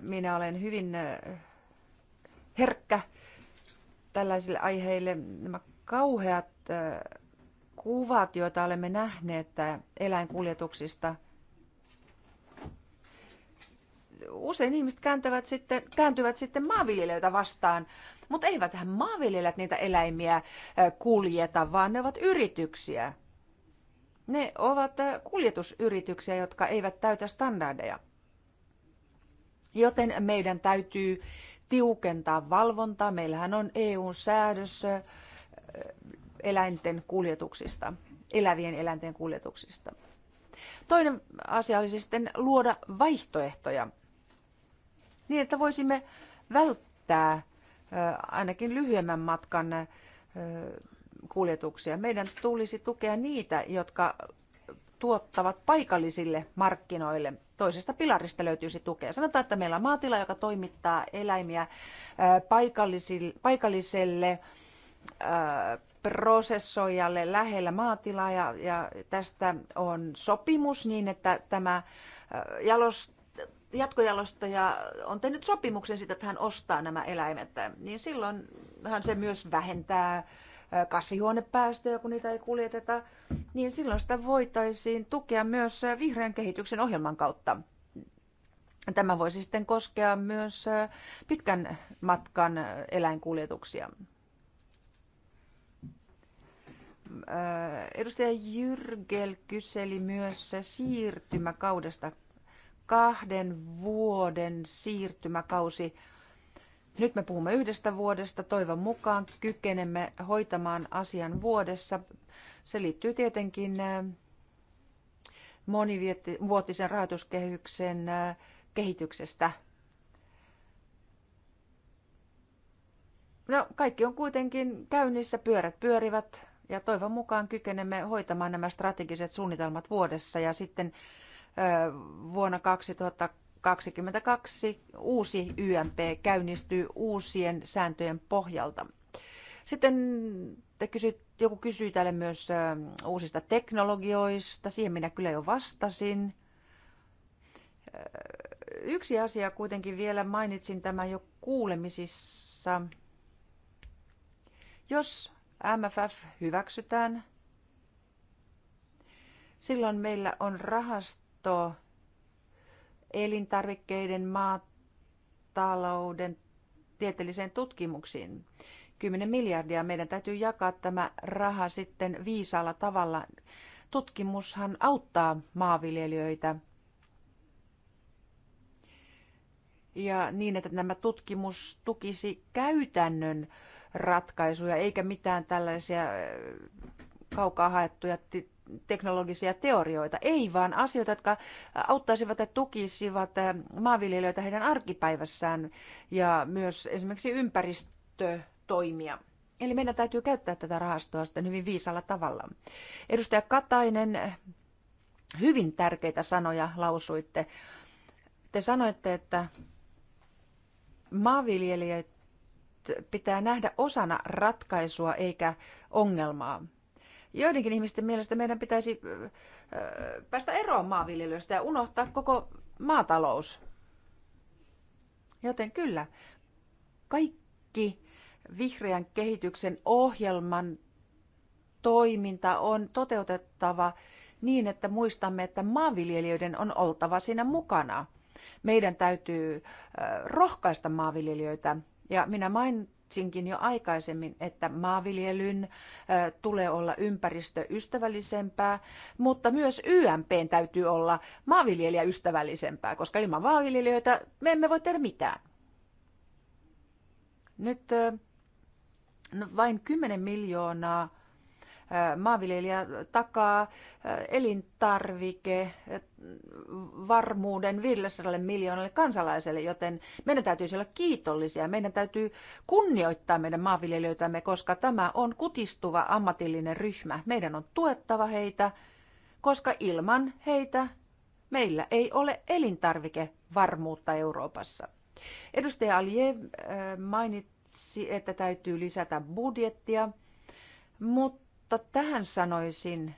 Minä olen hyvin herkkä tällaisille aiheille. Nämä kauheat kuvat, joita olemme nähneet eläinkuljetuksista, usein ihmiset kääntyvät sitten, kääntyvät sitten maanviljelijöitä vastaan, mutta eivät hän maanviljelijät niitä eläimiä kuljeta, vaan ne ovat yrityksiä. Ne ovat äh, kuljetusyrityksiä, jotka eivät täytä standardeja. Joten meidän täytyy tiukentaa valvontaa. Meillähän on EU-säädös äh, eläinten kuljetuksista, elävien eläinten kuljetuksista. Toinen asia olisi siis sitten luoda vaihtoehtoja niin, että voisimme välttää äh, ainakin lyhyemmän matkan kuljetuksia. Meidän tulisi tukea niitä, jotka tuottavat paikallisille markkinoille. Toisesta pilarista löytyisi tukea. Sanotaan, että meillä on maatila, joka toimittaa eläimiä äh, paikalliselle äh, prosessoijalle lähellä maatilaa ja, ja tästä on sopimus niin, että tämä äh, jalost, jatkojalostaja on tehnyt sopimuksen siitä, että hän ostaa nämä eläimet, niin silloin hän se myös vähentää kasvihuonepäästöjä, kun niitä ei kuljeteta, niin silloin sitä voitaisiin tukea myös vihreän kehityksen ohjelman kautta. Tämä voisi sitten koskea myös pitkän matkan eläinkuljetuksia. Edustaja Jyrgel kyseli myös siirtymäkaudesta kahden vuoden siirtymäkausi nyt me puhumme yhdestä vuodesta, toivon mukaan kykenemme hoitamaan asian vuodessa. Se liittyy tietenkin äh, monivuotisen rahoituskehyksen äh, kehityksestä. No, kaikki on kuitenkin käynnissä, pyörät pyörivät ja toivon mukaan kykenemme hoitamaan nämä strategiset suunnitelmat vuodessa ja sitten äh, vuonna 2020 22 uusi YMP käynnistyy uusien sääntöjen pohjalta. Sitten te kysyt, joku kysyi täällä myös uusista teknologioista. Siihen minä kyllä jo vastasin. Yksi asia kuitenkin vielä mainitsin tämä jo kuulemisissa. Jos MFF hyväksytään, silloin meillä on rahasto elintarvikkeiden maatalouden tieteelliseen tutkimuksiin. 10 miljardia. Meidän täytyy jakaa tämä raha sitten viisaalla tavalla. Tutkimushan auttaa maanviljelijöitä ja niin, että nämä tutkimus tukisi käytännön ratkaisuja, eikä mitään tällaisia äh, kaukaa haettuja teknologisia teorioita, ei vaan asioita, jotka auttaisivat ja tukisivat eh, maanviljelijöitä heidän arkipäivässään ja myös esimerkiksi ympäristötoimia. Eli meidän täytyy käyttää tätä rahastoa sitten hyvin viisalla tavalla. Edustaja Katainen, eh, hyvin tärkeitä sanoja lausuitte. Te sanoitte, että maanviljelijät pitää nähdä osana ratkaisua eikä ongelmaa. Joidenkin ihmisten mielestä meidän pitäisi päästä eroon maanviljelystä ja unohtaa koko maatalous. Joten kyllä, kaikki vihreän kehityksen ohjelman toiminta on toteutettava niin, että muistamme, että maanviljelijöiden on oltava siinä mukana. Meidän täytyy rohkaista maanviljelijöitä. Ja minä main, mainitsinkin jo aikaisemmin, että maanviljelyn tulee olla ympäristöystävällisempää, mutta myös YMP täytyy olla maanviljelijäystävällisempää, koska ilman maanviljelijöitä me emme voi tehdä mitään. Nyt no, vain 10 miljoonaa maanviljelijä takaa elintarvike varmuuden 500 miljoonalle kansalaiselle, joten meidän täytyisi olla kiitollisia. Meidän täytyy kunnioittaa meidän maanviljelijöitämme, koska tämä on kutistuva ammatillinen ryhmä. Meidän on tuettava heitä, koska ilman heitä meillä ei ole elintarvikevarmuutta Euroopassa. Edustaja Alje mainitsi, että täytyy lisätä budjettia, mutta mutta tähän sanoisin,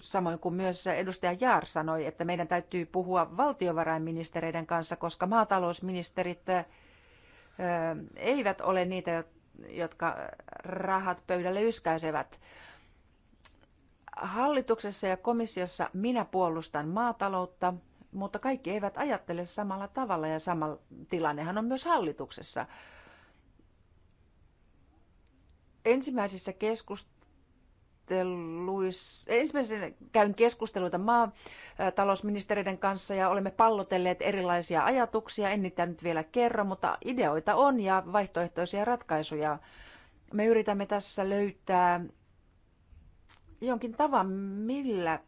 samoin kuin myös edustaja Jaar sanoi, että meidän täytyy puhua valtiovarainministereiden kanssa, koska maatalousministerit eivät ole niitä, jotka rahat pöydälle yskäisevät. Hallituksessa ja komissiossa minä puolustan maataloutta, mutta kaikki eivät ajattele samalla tavalla ja sama tilannehan on myös hallituksessa. Ensimmäisissä keskusteluissa keskusteluissa, ensimmäisenä käyn keskusteluita talousministeriöiden kanssa ja olemme pallotelleet erilaisia ajatuksia. En niitä nyt vielä kerro, mutta ideoita on ja vaihtoehtoisia ratkaisuja. Me yritämme tässä löytää jonkin tavan, millä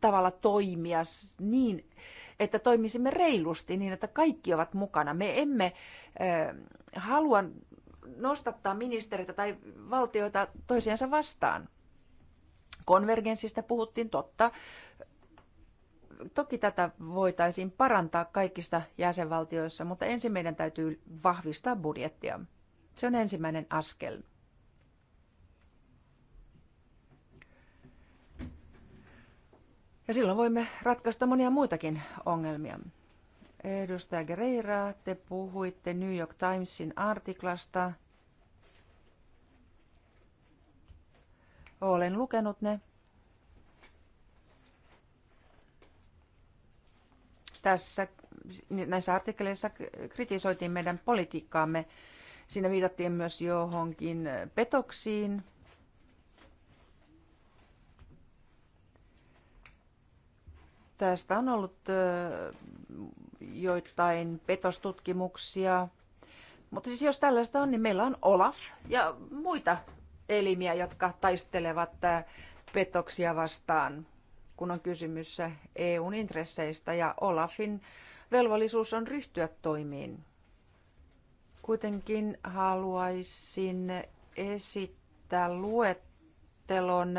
tavalla toimia niin, että toimisimme reilusti niin, että kaikki ovat mukana. Me emme äh, halua nostattaa ministeritä tai valtioita toisiansa vastaan. Konvergenssistä puhuttiin totta. Toki tätä voitaisiin parantaa kaikista jäsenvaltioissa, mutta ensin meidän täytyy vahvistaa budjettia. Se on ensimmäinen askel. Ja silloin voimme ratkaista monia muitakin ongelmia. Edustaja Greira, te puhuitte New York Timesin artiklasta, Olen lukenut ne. Tässä näissä artikkeleissa kritisoitiin meidän politiikkaamme. Siinä viitattiin myös johonkin petoksiin. Tästä on ollut joitain petostutkimuksia. Mutta siis jos tällaista on, niin meillä on Olaf ja muita elimiä, jotka taistelevat äh, petoksia vastaan, kun on kysymys EUn intresseistä ja Olafin velvollisuus on ryhtyä toimiin. Kuitenkin haluaisin esittää luettelon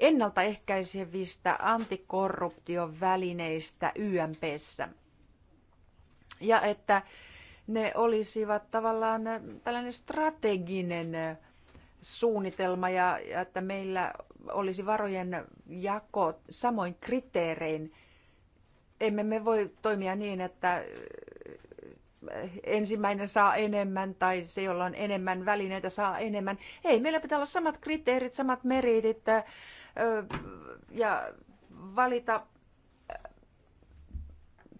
ennaltaehkäisevistä antikorruption välineistä YMPssä. Ja että ne olisivat tavallaan tällainen strateginen suunnitelma ja, ja että meillä olisi varojen jako samoin kriteerein. Emme me voi toimia niin, että eh, ensimmäinen saa enemmän tai se, jolla on enemmän välineitä, saa enemmän. Ei, meillä pitää olla samat kriteerit, samat meritit eh, ja valita eh,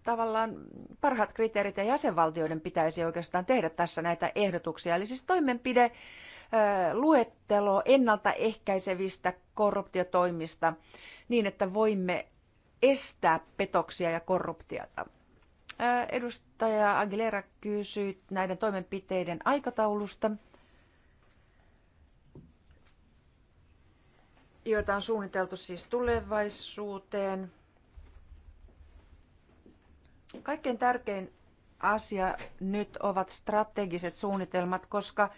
tavallaan parhaat kriteerit ja jäsenvaltioiden pitäisi oikeastaan tehdä tässä näitä ehdotuksia. Eli siis toimenpide luettelo ennaltaehkäisevistä korruptiotoimista niin, että voimme estää petoksia ja korruptiota. Edustaja Aguilera kysyi näiden toimenpiteiden aikataulusta, joita on suunniteltu siis tulevaisuuteen. Kaikkein tärkein asia nyt ovat strategiset suunnitelmat, koska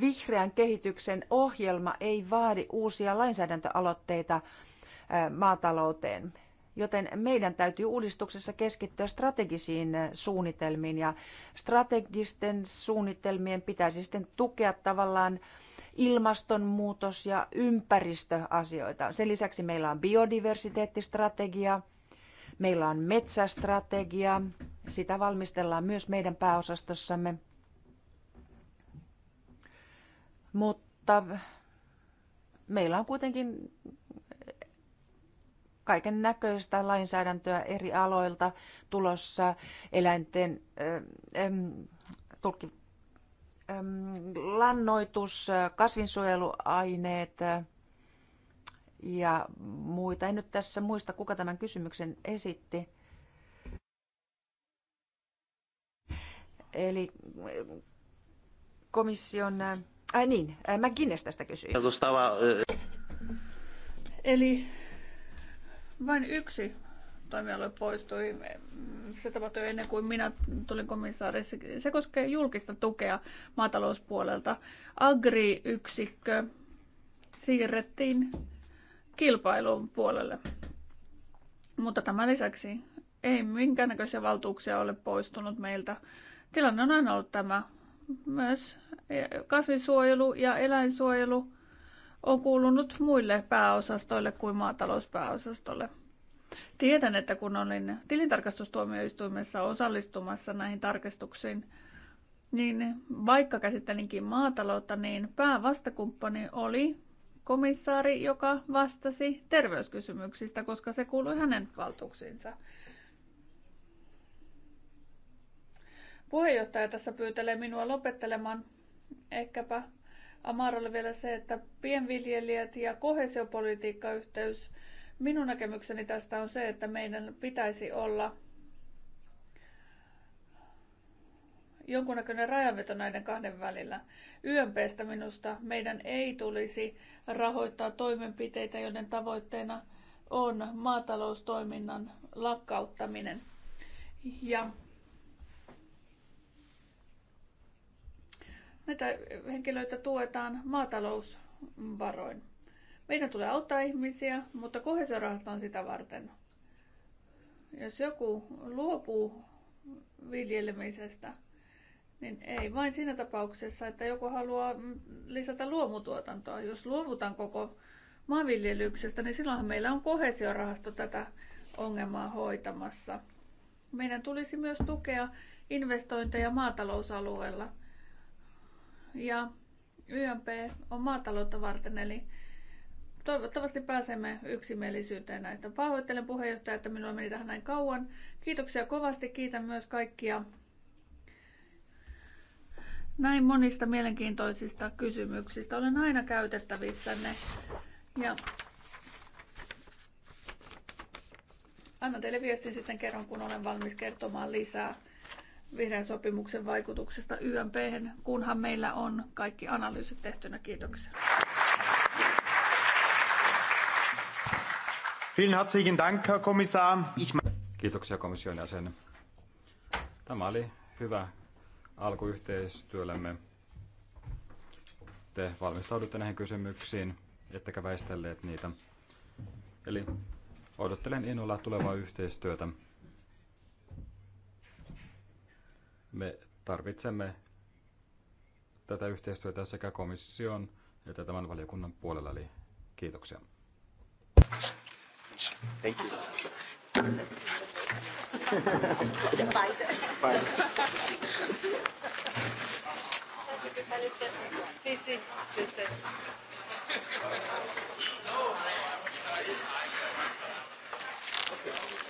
vihreän kehityksen ohjelma ei vaadi uusia lainsäädäntöaloitteita äh, maatalouteen, joten meidän täytyy uudistuksessa keskittyä strategisiin äh, suunnitelmiin ja strategisten suunnitelmien pitäisi sitten tukea tavallaan ilmastonmuutos- ja ympäristöasioita. Sen lisäksi meillä on biodiversiteettistrategia, meillä on metsästrategia, sitä valmistellaan myös meidän pääosastossamme – mutta meillä on kuitenkin kaiken näköistä lainsäädäntöä eri aloilta tulossa eläinten ähm, ähm, ähm lannoitus, kasvinsuojeluaineet äh, ja muita. En nyt tässä muista, kuka tämän kysymyksen esitti. Eli äh, komission äh, Ai niin, äh, Guinness tästä kysyi. Äh, Eli vain yksi toimialue poistui. Se tapahtui ennen kuin minä tulin komissaari. Se koskee julkista tukea maatalouspuolelta. Agri-yksikkö siirrettiin kilpailun puolelle. Mutta tämän lisäksi ei minkäännäköisiä valtuuksia ole poistunut meiltä. Tilanne on aina ollut tämä myös e, kasvisuojelu ja eläinsuojelu on kuulunut muille pääosastoille kuin maatalouspääosastolle. Tiedän, että kun olin tilintarkastustuomioistuimessa osallistumassa näihin tarkastuksiin, niin vaikka käsittelinkin maataloutta, niin päävastakumppani oli komissaari, joka vastasi terveyskysymyksistä, koska se kuului hänen valtuuksiinsa. Puheenjohtaja tässä pyytelee minua lopettelemaan. Ehkäpä Amarolle vielä se, että pienviljelijät ja kohesiopolitiikkayhteys, minun näkemykseni tästä on se, että meidän pitäisi olla jonkunnäköinen rajanveto näiden kahden välillä. YMPstä minusta meidän ei tulisi rahoittaa toimenpiteitä, joiden tavoitteena on maataloustoiminnan lakkauttaminen. Ja Näitä henkilöitä tuetaan maatalousvaroin. Meidän tulee auttaa ihmisiä, mutta kohesiorahasto on sitä varten. Jos joku luopuu viljelemisestä, niin ei vain siinä tapauksessa, että joku haluaa lisätä luomutuotantoa. Jos luovutaan koko maanviljelyksestä, niin silloinhan meillä on kohesiorahasto tätä ongelmaa hoitamassa. Meidän tulisi myös tukea investointeja maatalousalueella – ja YMP on maataloutta varten, eli toivottavasti pääsemme yksimielisyyteen näistä. Pahoittelen puheenjohtaja, että minulla meni tähän näin kauan. Kiitoksia kovasti, kiitän myös kaikkia näin monista mielenkiintoisista kysymyksistä. Olen aina käytettävissänne ja annan teille viestin sitten kerran, kun olen valmis kertomaan lisää vihreän sopimuksen vaikutuksesta YMP, kunhan meillä on kaikki analyysit tehtynä. Kiitoksia. Vielen herzlichen Dank, Herr Kommissar. Ich... Kiitoksia komission jäsen. Tämä oli hyvä alku yhteistyöllemme. Te valmistaudutte näihin kysymyksiin, ettekä väistelleet niitä. Eli odottelen innolla tulevaa yhteistyötä. Me tarvitsemme tätä yhteistyötä sekä komission että tämän valiokunnan puolella, eli kiitoksia. Thank you.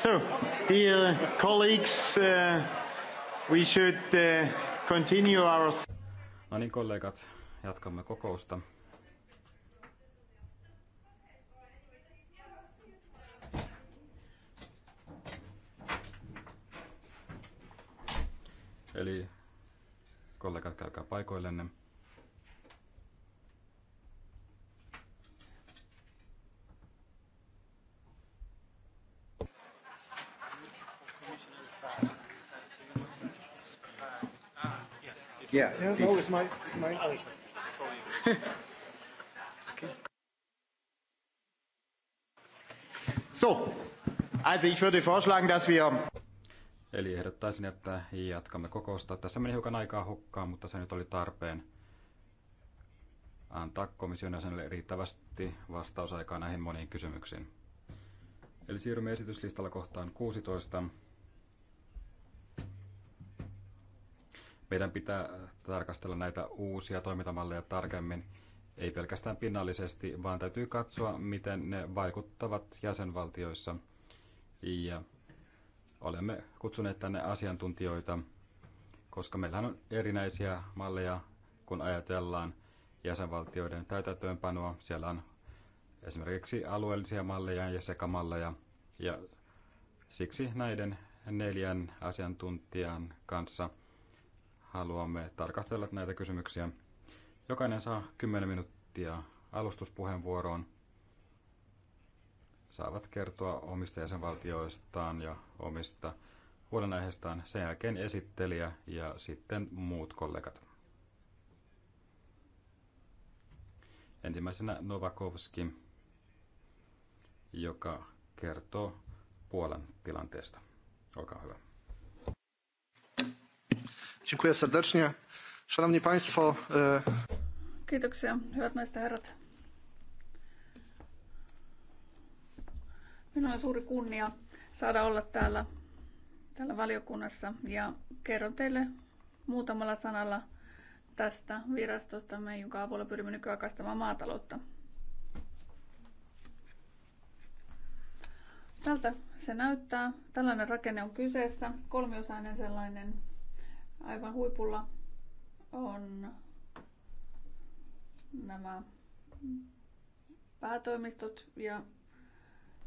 So, dear colleagues, uh, we should uh, continue our... No niin, kollegat, jatkamme kokousta. Yeah, no, it's So, also ich würde vorschlagen, dass wir... Eli ehdottaisin, että jatkamme kokousta. Tässä meni hiukan aikaa hukkaan, mutta se nyt oli tarpeen antaa komission jäsenelle riittävästi vastausaikaa näihin moniin kysymyksiin. Eli siirrymme esityslistalla kohtaan 16. Meidän pitää tarkastella näitä uusia toimintamalleja tarkemmin, ei pelkästään pinnallisesti, vaan täytyy katsoa, miten ne vaikuttavat jäsenvaltioissa. Ja olemme kutsuneet tänne asiantuntijoita, koska meillähän on erinäisiä malleja, kun ajatellaan jäsenvaltioiden täytäntöönpanoa. Siellä on esimerkiksi alueellisia malleja ja sekamalleja. Ja siksi näiden neljän asiantuntijan kanssa haluamme tarkastella näitä kysymyksiä. Jokainen saa 10 minuuttia alustuspuheenvuoroon. Saavat kertoa omista jäsenvaltioistaan ja omista huolenaiheistaan, sen jälkeen esittelijä ja sitten muut kollegat. Ensimmäisenä Novakovski, joka kertoo Puolan tilanteesta. Olkaa hyvä. Dziękuję serdecznie. Szanowni Państwo. E, Kiitoksia, hyvät naiset ja herrat. Minulla on suuri kunnia saada olla täällä, täällä valiokunnassa ja kerron teille muutamalla sanalla tästä virastosta, jonka avulla pyrimme nykyaikaistamaan maataloutta. Tältä se näyttää. Tällainen rakenne on kyseessä, kolmiosainen sellainen aivan huipulla on nämä päätoimistot ja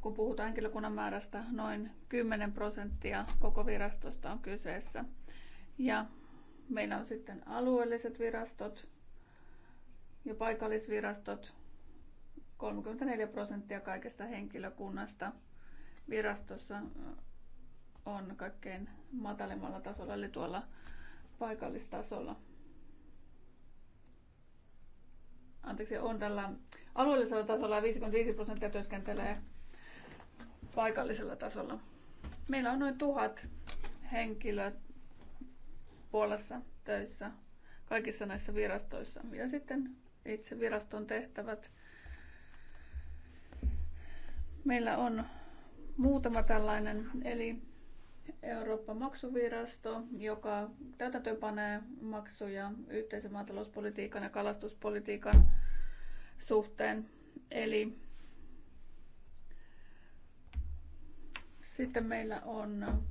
kun puhutaan henkilökunnan määrästä, noin 10 prosenttia koko virastosta on kyseessä. Ja meillä on sitten alueelliset virastot ja paikallisvirastot, 34 prosenttia kaikesta henkilökunnasta virastossa on kaikkein matalimmalla tasolla, eli tuolla paikallistasolla. Anteeksi, on tällä alueellisella tasolla ja 55 prosenttia työskentelee paikallisella tasolla. Meillä on noin tuhat henkilöä Puolassa töissä kaikissa näissä virastoissa. Ja sitten itse viraston tehtävät. Meillä on muutama tällainen, eli Euroopan maksuvirasto, joka täytäntöönpanee maksuja yhteisen maatalouspolitiikan ja kalastuspolitiikan suhteen. Eli sitten meillä on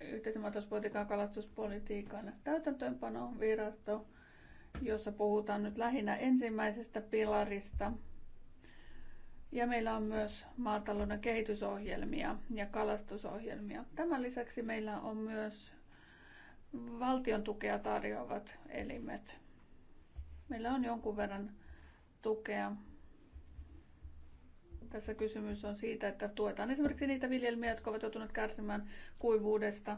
yhteisen maatalouspolitiikan ja kalastuspolitiikan täytäntöönpanovirasto, jossa puhutaan nyt lähinnä ensimmäisestä pilarista – ja meillä on myös maatalouden kehitysohjelmia ja kalastusohjelmia. Tämän lisäksi meillä on myös valtion tukea tarjoavat elimet. Meillä on jonkun verran tukea. Tässä kysymys on siitä, että tuetaan esimerkiksi niitä viljelmiä, jotka ovat joutuneet kärsimään kuivuudesta.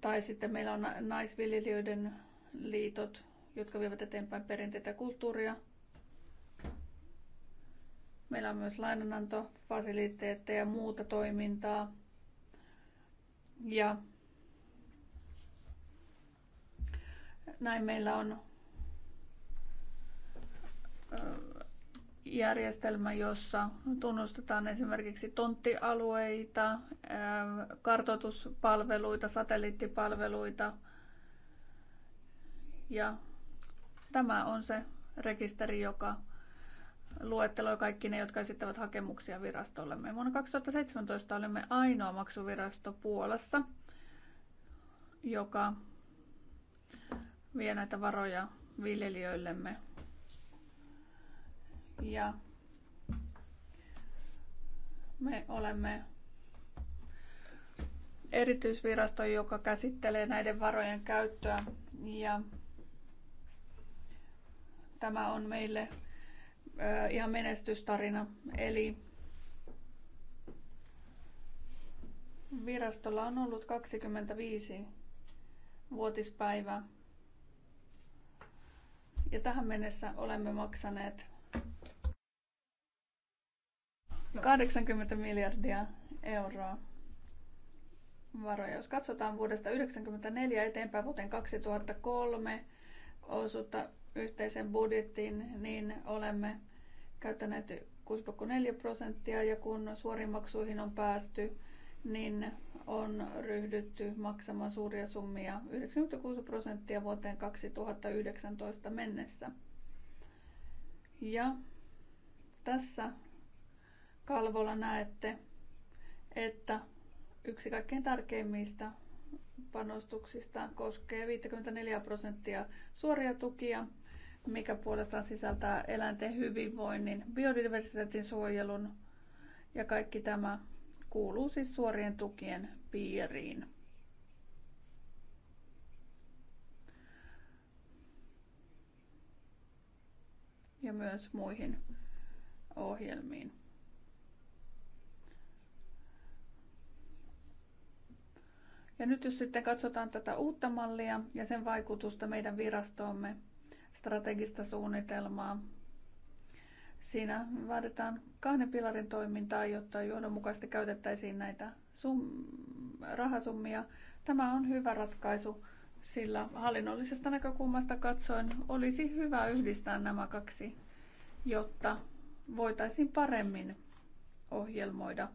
Tai sitten meillä on naisviljelijöiden liitot, jotka vievät eteenpäin perinteitä ja kulttuuria – Meillä on myös lainanantofasiliteetteja ja muuta toimintaa. Ja näin meillä on järjestelmä, jossa tunnustetaan esimerkiksi tonttialueita, kartoituspalveluita, satelliittipalveluita. Ja tämä on se rekisteri, joka luetteloi kaikki ne, jotka esittävät hakemuksia virastollemme. Vuonna 2017 olemme ainoa maksuvirasto Puolassa, joka vie näitä varoja viljelijöillemme. Ja me olemme erityisvirasto, joka käsittelee näiden varojen käyttöä ja tämä on meille ihan menestystarina. Eli virastolla on ollut 25 vuotispäivää. Ja tähän mennessä olemme maksaneet 80 miljardia euroa varoja. Jos katsotaan vuodesta 1994 eteenpäin vuoteen 2003 osuutta yhteisen budjettiin, niin olemme käyttäneet 6,4 prosenttia ja kun suoriin maksuihin on päästy, niin on ryhdytty maksamaan suuria summia 96 prosenttia vuoteen 2019 mennessä. Ja tässä kalvolla näette, että yksi kaikkein tärkeimmistä panostuksista koskee 54 prosenttia suoria tukia mikä puolestaan sisältää eläinten hyvinvoinnin, biodiversiteetin suojelun ja kaikki tämä kuuluu siis suorien tukien piiriin. Ja myös muihin ohjelmiin. Ja nyt jos sitten katsotaan tätä uutta mallia ja sen vaikutusta meidän virastoomme, strategista suunnitelmaa. Siinä vaaditaan kahden pilarin toimintaa, jotta johdonmukaisesti käytettäisiin näitä sum- rahasummia. Tämä on hyvä ratkaisu, sillä hallinnollisesta näkökulmasta katsoen olisi hyvä yhdistää nämä kaksi, jotta voitaisiin paremmin ohjelmoida,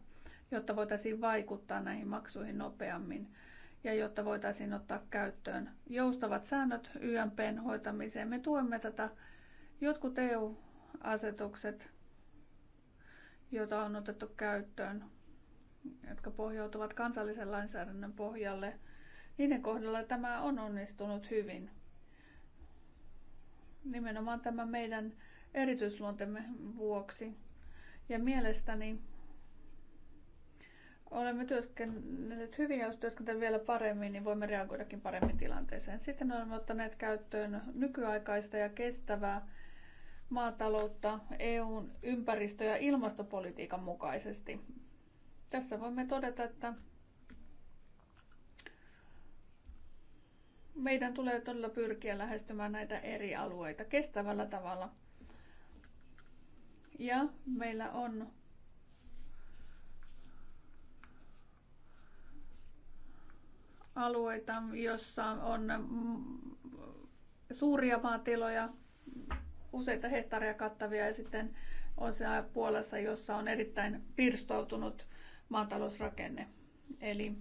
jotta voitaisiin vaikuttaa näihin maksuihin nopeammin ja jotta voitaisiin ottaa käyttöön joustavat säännöt YMPn hoitamiseen. Me tuemme tätä. Jotkut EU-asetukset, joita on otettu käyttöön, jotka pohjautuvat kansallisen lainsäädännön pohjalle, niiden kohdalla tämä on onnistunut hyvin. Nimenomaan tämä meidän erityisluontemme vuoksi. Ja mielestäni olemme työskennelleet hyvin ja jos työskentelemme vielä paremmin, niin voimme reagoidakin paremmin tilanteeseen. Sitten olemme ottaneet käyttöön nykyaikaista ja kestävää maataloutta EUn ympäristö- ja ilmastopolitiikan mukaisesti. Tässä voimme todeta, että meidän tulee todella pyrkiä lähestymään näitä eri alueita kestävällä tavalla. Ja meillä on alueita, jossa on mm, suuria maatiloja, useita hehtaaria kattavia ja sitten on se puolessa, jossa on erittäin pirstoutunut maatalousrakenne. Eli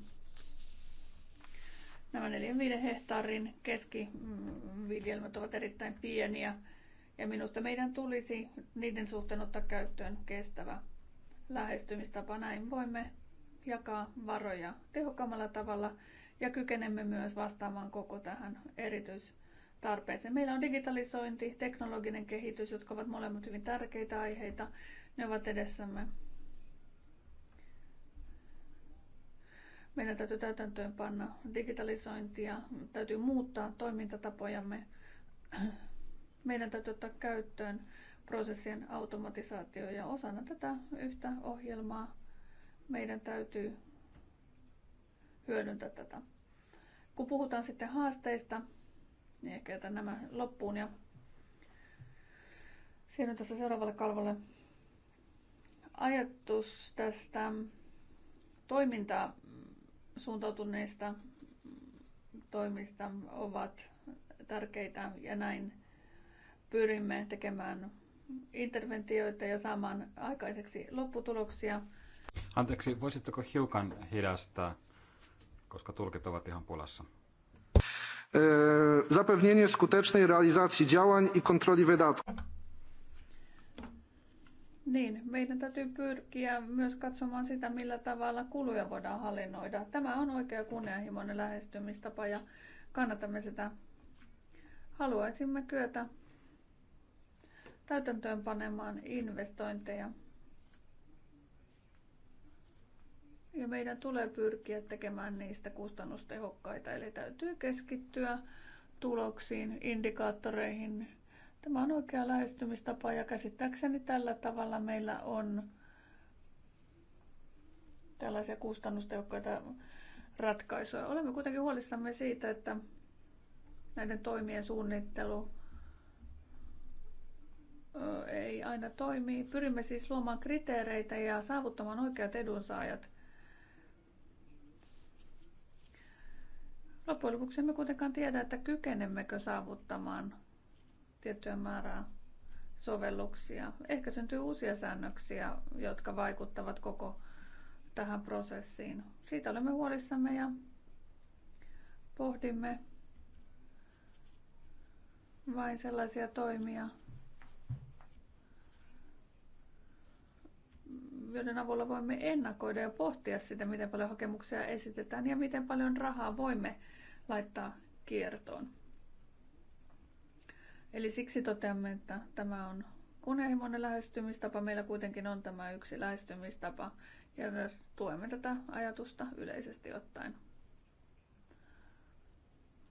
nämä 4-5 hehtaarin keskiviljelmät ovat erittäin pieniä ja minusta meidän tulisi niiden suhteen ottaa käyttöön kestävä lähestymistapa. Näin voimme jakaa varoja tehokkaammalla tavalla ja kykenemme myös vastaamaan koko tähän erityistarpeeseen. Meillä on digitalisointi, teknologinen kehitys, jotka ovat molemmat hyvin tärkeitä aiheita. Ne ovat edessämme. Meidän täytyy täytäntöön panna digitalisointia, täytyy muuttaa toimintatapojamme. Meidän täytyy ottaa käyttöön prosessien automatisaatio ja osana tätä yhtä ohjelmaa meidän täytyy hyödyntää tätä. Kun puhutaan sitten haasteista, niin ehkä jätän nämä loppuun ja siirryn tässä seuraavalle kalvolle. Ajatus tästä toimintaa suuntautuneista toimista ovat tärkeitä ja näin pyrimme tekemään interventioita ja saamaan aikaiseksi lopputuloksia. Anteeksi, voisitteko hiukan hidastaa? koska tulkit ovat ihan pulassa. E, zapewnienie skutecznej realizacji działań i kontroli wydatków. Niin, meidän täytyy pyrkiä myös katsomaan sitä, millä tavalla kuluja voidaan hallinnoida. Tämä on oikea kunnianhimoinen lähestymistapa ja kannatamme sitä. Haluaisimme kyetä täytäntöön panemaan investointeja Ja meidän tulee pyrkiä tekemään niistä kustannustehokkaita, eli täytyy keskittyä tuloksiin, indikaattoreihin. Tämä on oikea lähestymistapa ja käsittääkseni tällä tavalla meillä on tällaisia kustannustehokkaita ratkaisuja. Olemme kuitenkin huolissamme siitä, että näiden toimien suunnittelu ei aina toimi. Pyrimme siis luomaan kriteereitä ja saavuttamaan oikeat edunsaajat. Loppujen lopuksi emme kuitenkaan tiedä, että kykenemmekö saavuttamaan tiettyä määrää sovelluksia. Ehkä syntyy uusia säännöksiä, jotka vaikuttavat koko tähän prosessiin. Siitä olemme huolissamme ja pohdimme vain sellaisia toimia, arvioiden avulla voimme ennakoida ja pohtia sitä, miten paljon hakemuksia esitetään ja miten paljon rahaa voimme laittaa kiertoon. Eli siksi toteamme, että tämä on kunnianhimoinen lähestymistapa. Meillä kuitenkin on tämä yksi lähestymistapa ja tuemme tätä ajatusta yleisesti ottaen.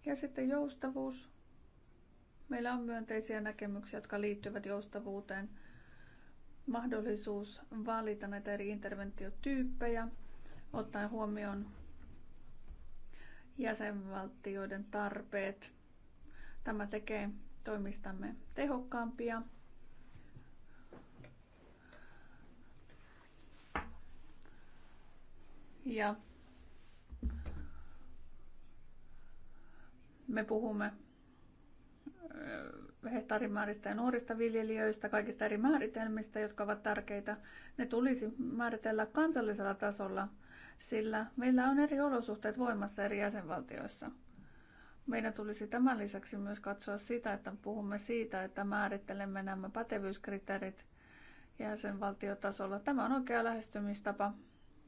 Ja sitten joustavuus. Meillä on myönteisiä näkemyksiä, jotka liittyvät joustavuuteen – mahdollisuus valita näitä eri interventiotyyppejä ottaen huomioon jäsenvaltioiden tarpeet. Tämä tekee toimistamme tehokkaampia. Ja me puhumme hehtaarimääristä ja nuorista viljelijöistä, kaikista eri määritelmistä, jotka ovat tärkeitä. Ne tulisi määritellä kansallisella tasolla, sillä meillä on eri olosuhteet voimassa eri jäsenvaltioissa. Meidän tulisi tämän lisäksi myös katsoa sitä, että puhumme siitä, että määrittelemme nämä pätevyyskriteerit jäsenvaltiotasolla. Tämä on oikea lähestymistapa.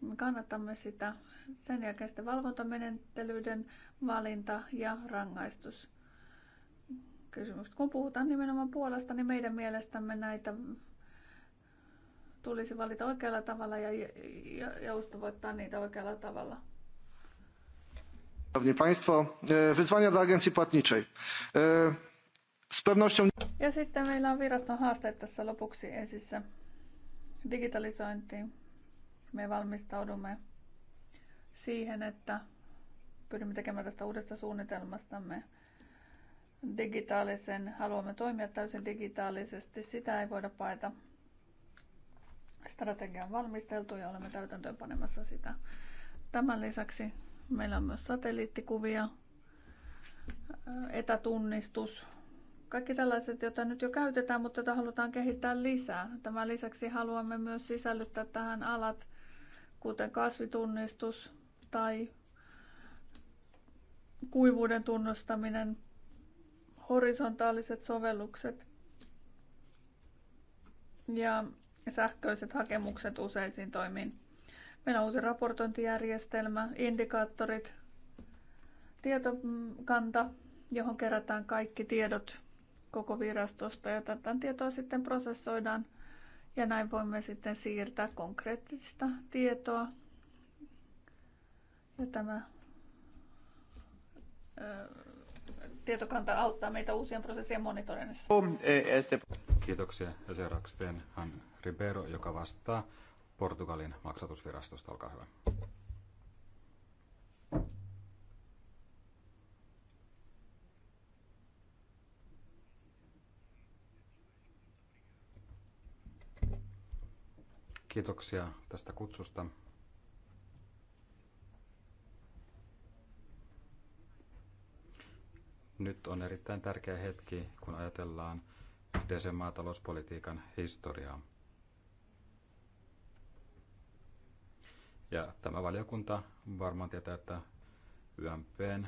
Me kannatamme sitä. Sen jälkeen sitten valvontamenettelyiden valinta ja rangaistus kysymykset. Kun puhutaan nimenomaan Puolasta, niin meidän mielestämme näitä tulisi valita oikealla tavalla ja joustavoittaa niitä oikealla tavalla. E, e, ja sitten meillä on viraston haasteet tässä lopuksi esissä. digitalisointiin. Me valmistaudumme siihen, että pyrimme tekemään tästä uudesta suunnitelmastamme digitaalisen, haluamme toimia täysin digitaalisesti, sitä ei voida paeta. Strategia on valmisteltu ja olemme täytäntöön panemassa sitä. Tämän lisäksi meillä on myös satelliittikuvia, etätunnistus, kaikki tällaiset, joita nyt jo käytetään, mutta joita halutaan kehittää lisää. Tämän lisäksi haluamme myös sisällyttää tähän alat, kuten kasvitunnistus tai kuivuuden tunnustaminen, horisontaaliset sovellukset ja sähköiset hakemukset useisiin toimiin. Meillä on uusi raportointijärjestelmä, indikaattorit, tietokanta, johon kerätään kaikki tiedot koko virastosta ja tätä tietoa sitten prosessoidaan ja näin voimme sitten siirtää konkreettista tietoa. Ja tämä ö, tietokanta auttaa meitä uusien prosessien monitoroinnissa. Kiitoksia. Ja seuraavaksi teen Han Ribeiro, joka vastaa Portugalin maksatusvirastosta. Olkaa hyvä. Kiitoksia tästä kutsusta. Nyt on erittäin tärkeä hetki, kun ajatellaan yhteisen maatalouspolitiikan historiaa. Ja tämä valiokunta varmaan tietää, että YMPn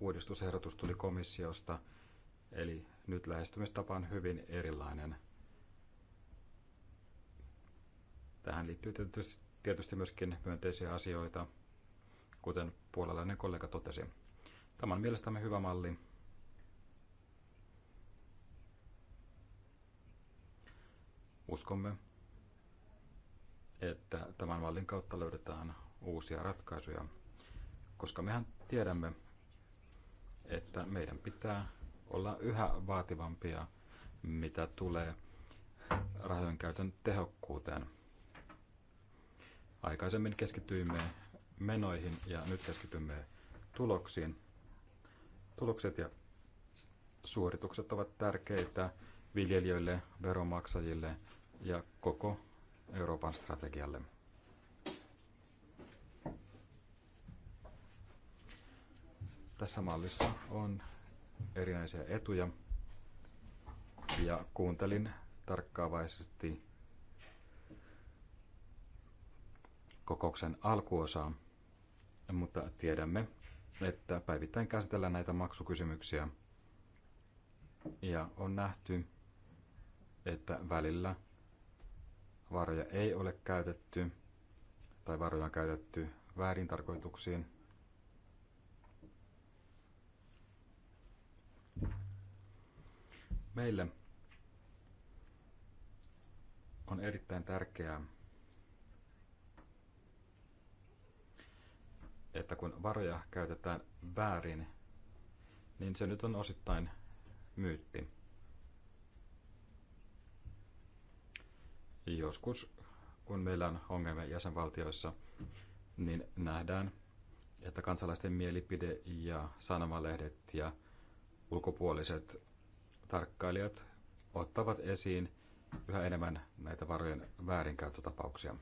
uudistusehdotus tuli komissiosta, eli nyt lähestymistapa on hyvin erilainen. Tähän liittyy tietysti, myöskin myönteisiä asioita, kuten puolalainen kollega totesi. Tämä on mielestämme hyvä malli, Uskomme, että tämän mallin kautta löydetään uusia ratkaisuja, koska mehän tiedämme, että meidän pitää olla yhä vaativampia, mitä tulee rahojen käytön tehokkuuteen. Aikaisemmin keskityimme menoihin ja nyt keskitymme tuloksiin. Tulokset ja suoritukset ovat tärkeitä viljelijöille, veromaksajille, ja koko Euroopan strategialle. Tässä mallissa on erinäisiä etuja ja kuuntelin tarkkaavaisesti kokouksen alkuosaa, mutta tiedämme, että päivittäin käsitellään näitä maksukysymyksiä ja on nähty, että välillä – varoja ei ole käytetty tai varoja on käytetty väärin tarkoituksiin. Meille on erittäin tärkeää, että kun varoja käytetään väärin, niin se nyt on osittain myytti. joskus, kun meillä on ongelmia jäsenvaltioissa, niin nähdään, että kansalaisten mielipide ja sanomalehdet ja ulkopuoliset tarkkailijat ottavat esiin yhä enemmän näitä varojen väärinkäyttötapauksia.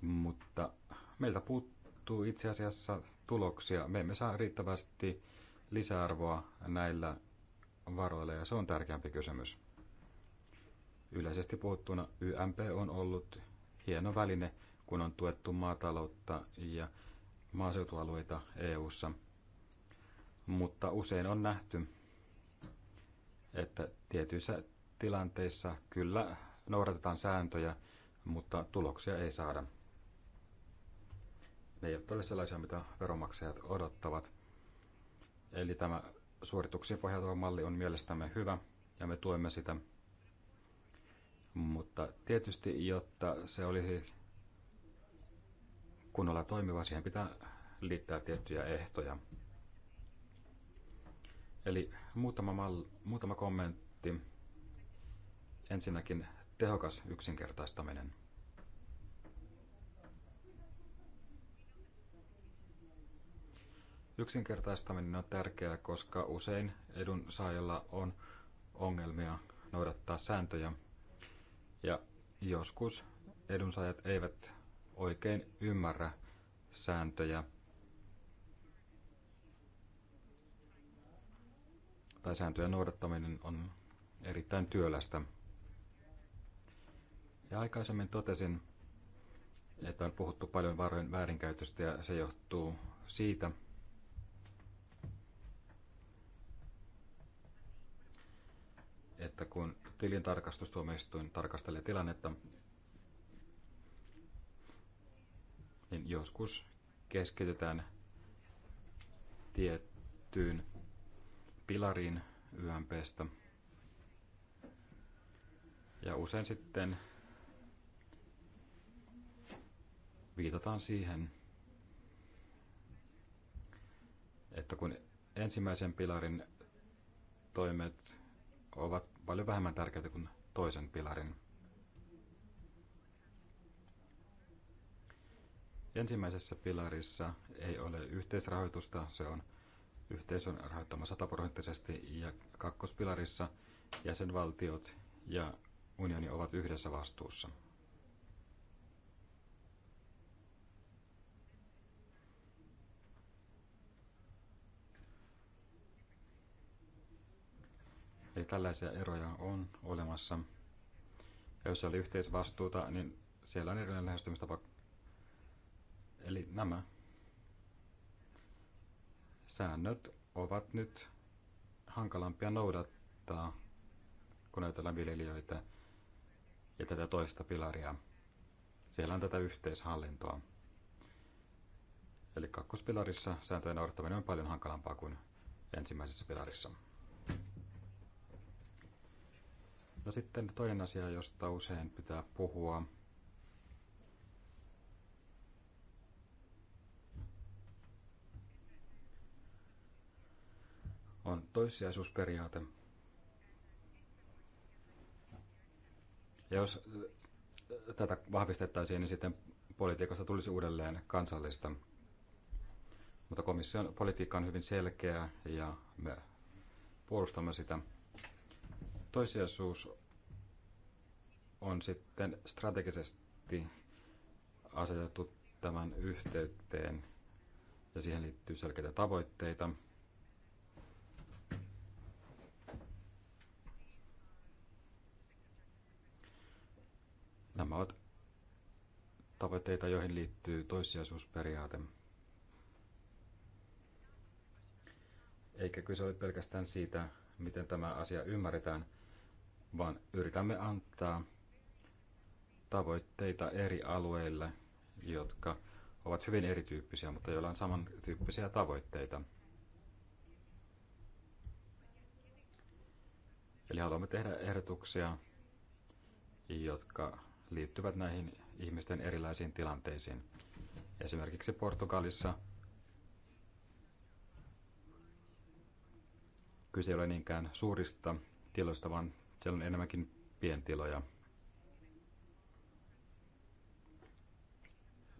Mutta meiltä puuttuu itse asiassa tuloksia. Me emme saa riittävästi lisäarvoa näillä varoilla ja se on tärkeämpi kysymys. Yleisesti puhuttuna YMP on ollut hieno väline, kun on tuettu maataloutta ja maaseutualueita EU:ssa. Mutta usein on nähty, että tietyissä tilanteissa kyllä noudatetaan sääntöjä, mutta tuloksia ei saada. Ne eivät ole sellaisia, mitä veronmaksajat odottavat. Eli tämä suorituksiin pohjautuva malli on mielestämme hyvä ja me tuemme sitä – mutta tietysti, jotta se olisi kunnolla toimiva, siihen pitää liittää tiettyjä ehtoja. Eli muutama, mal, muutama kommentti. Ensinnäkin tehokas yksinkertaistaminen. Yksinkertaistaminen on tärkeää, koska usein edunsaajilla on ongelmia noudattaa sääntöjä ja joskus edunsaajat eivät oikein ymmärrä sääntöjä tai sääntöjen noudattaminen on erittäin työlästä. Ja aikaisemmin totesin, että on puhuttu paljon varojen väärinkäytöstä ja se johtuu siitä, että kun tilintarkastustuomioistuin tarkastelee tilannetta, niin joskus keskitytään tiettyyn pilariin YMPstä. Ja usein sitten viitataan siihen, että kun ensimmäisen pilarin toimet ovat paljon vähemmän tärkeitä kuin toisen pilarin. Ensimmäisessä pilarissa ei ole yhteisrahoitusta, se on yhteisön rahoittama sataprosenttisesti, ja kakkospilarissa jäsenvaltiot ja unioni ovat yhdessä vastuussa. tällaisia eroja on olemassa. Ja jos oli yhteisvastuuta, niin siellä on erilainen lähestymistapa. Eli nämä säännöt ovat nyt hankalampia noudattaa, kun ajatellaan viljelijöitä ja tätä toista pilaria. Siellä on tätä yhteishallintoa. Eli kakkospilarissa sääntöjen noudattaminen on paljon hankalampaa kuin ensimmäisessä pilarissa. No sitten toinen asia, josta usein pitää puhua, on toissijaisuusperiaate. Ja jos äh, tätä vahvistettaisiin, niin sitten politiikasta tulisi uudelleen kansallista. Mutta komission politiikka on hyvin selkeä ja me puolustamme sitä. Toissijaisuus on sitten strategisesti asetettu tämän yhteyteen ja siihen liittyy selkeitä tavoitteita. Nämä ovat tavoitteita, joihin liittyy toissijaisuusperiaate. Eikä kyse ole pelkästään siitä, miten tämä asia ymmärretään – vaan yritämme antaa tavoitteita eri alueille, jotka ovat hyvin erityyppisiä, mutta joilla on samantyyppisiä tavoitteita. Eli haluamme tehdä ehdotuksia, jotka liittyvät näihin ihmisten erilaisiin tilanteisiin. Esimerkiksi Portugalissa kyse ei ole niinkään suurista tiloista, vaan siellä on enemmänkin pientiloja.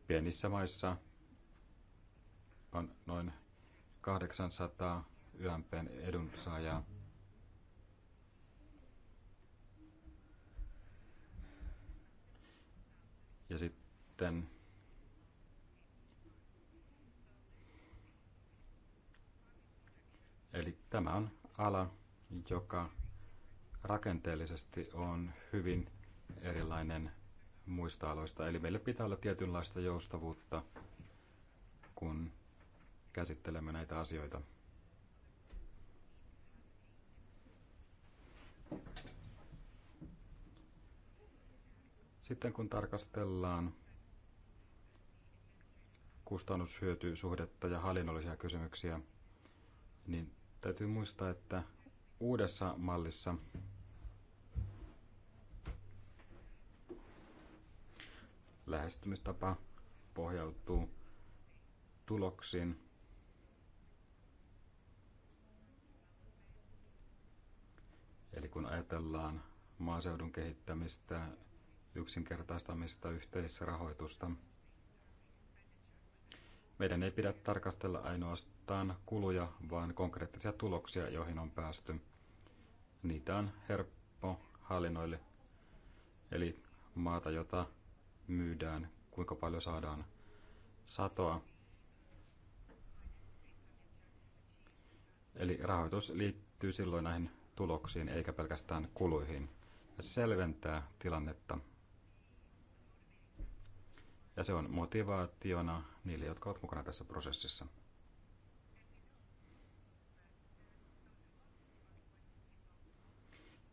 Pienissä maissa on noin 800 YMPn edunsaajaa. Ja sitten Eli tämä on ala, joka rakenteellisesti on hyvin erilainen muista aloista. Eli meillä pitää olla tietynlaista joustavuutta, kun käsittelemme näitä asioita. Sitten kun tarkastellaan kustannushyötysuhdetta ja hallinnollisia kysymyksiä, niin täytyy muistaa, että uudessa mallissa lähestymistapa pohjautuu tuloksiin. Eli kun ajatellaan maaseudun kehittämistä, yksinkertaistamista, yhteisrahoitusta, meidän ei pidä tarkastella ainoastaan kuluja, vaan konkreettisia tuloksia, joihin on päästy. Niitä on helppo hallinnoille, eli maata, jota myydään, kuinka paljon saadaan satoa. Eli rahoitus liittyy silloin näihin tuloksiin eikä pelkästään kuluihin. Ja se selventää tilannetta. Ja se on motivaationa niille, jotka ovat mukana tässä prosessissa.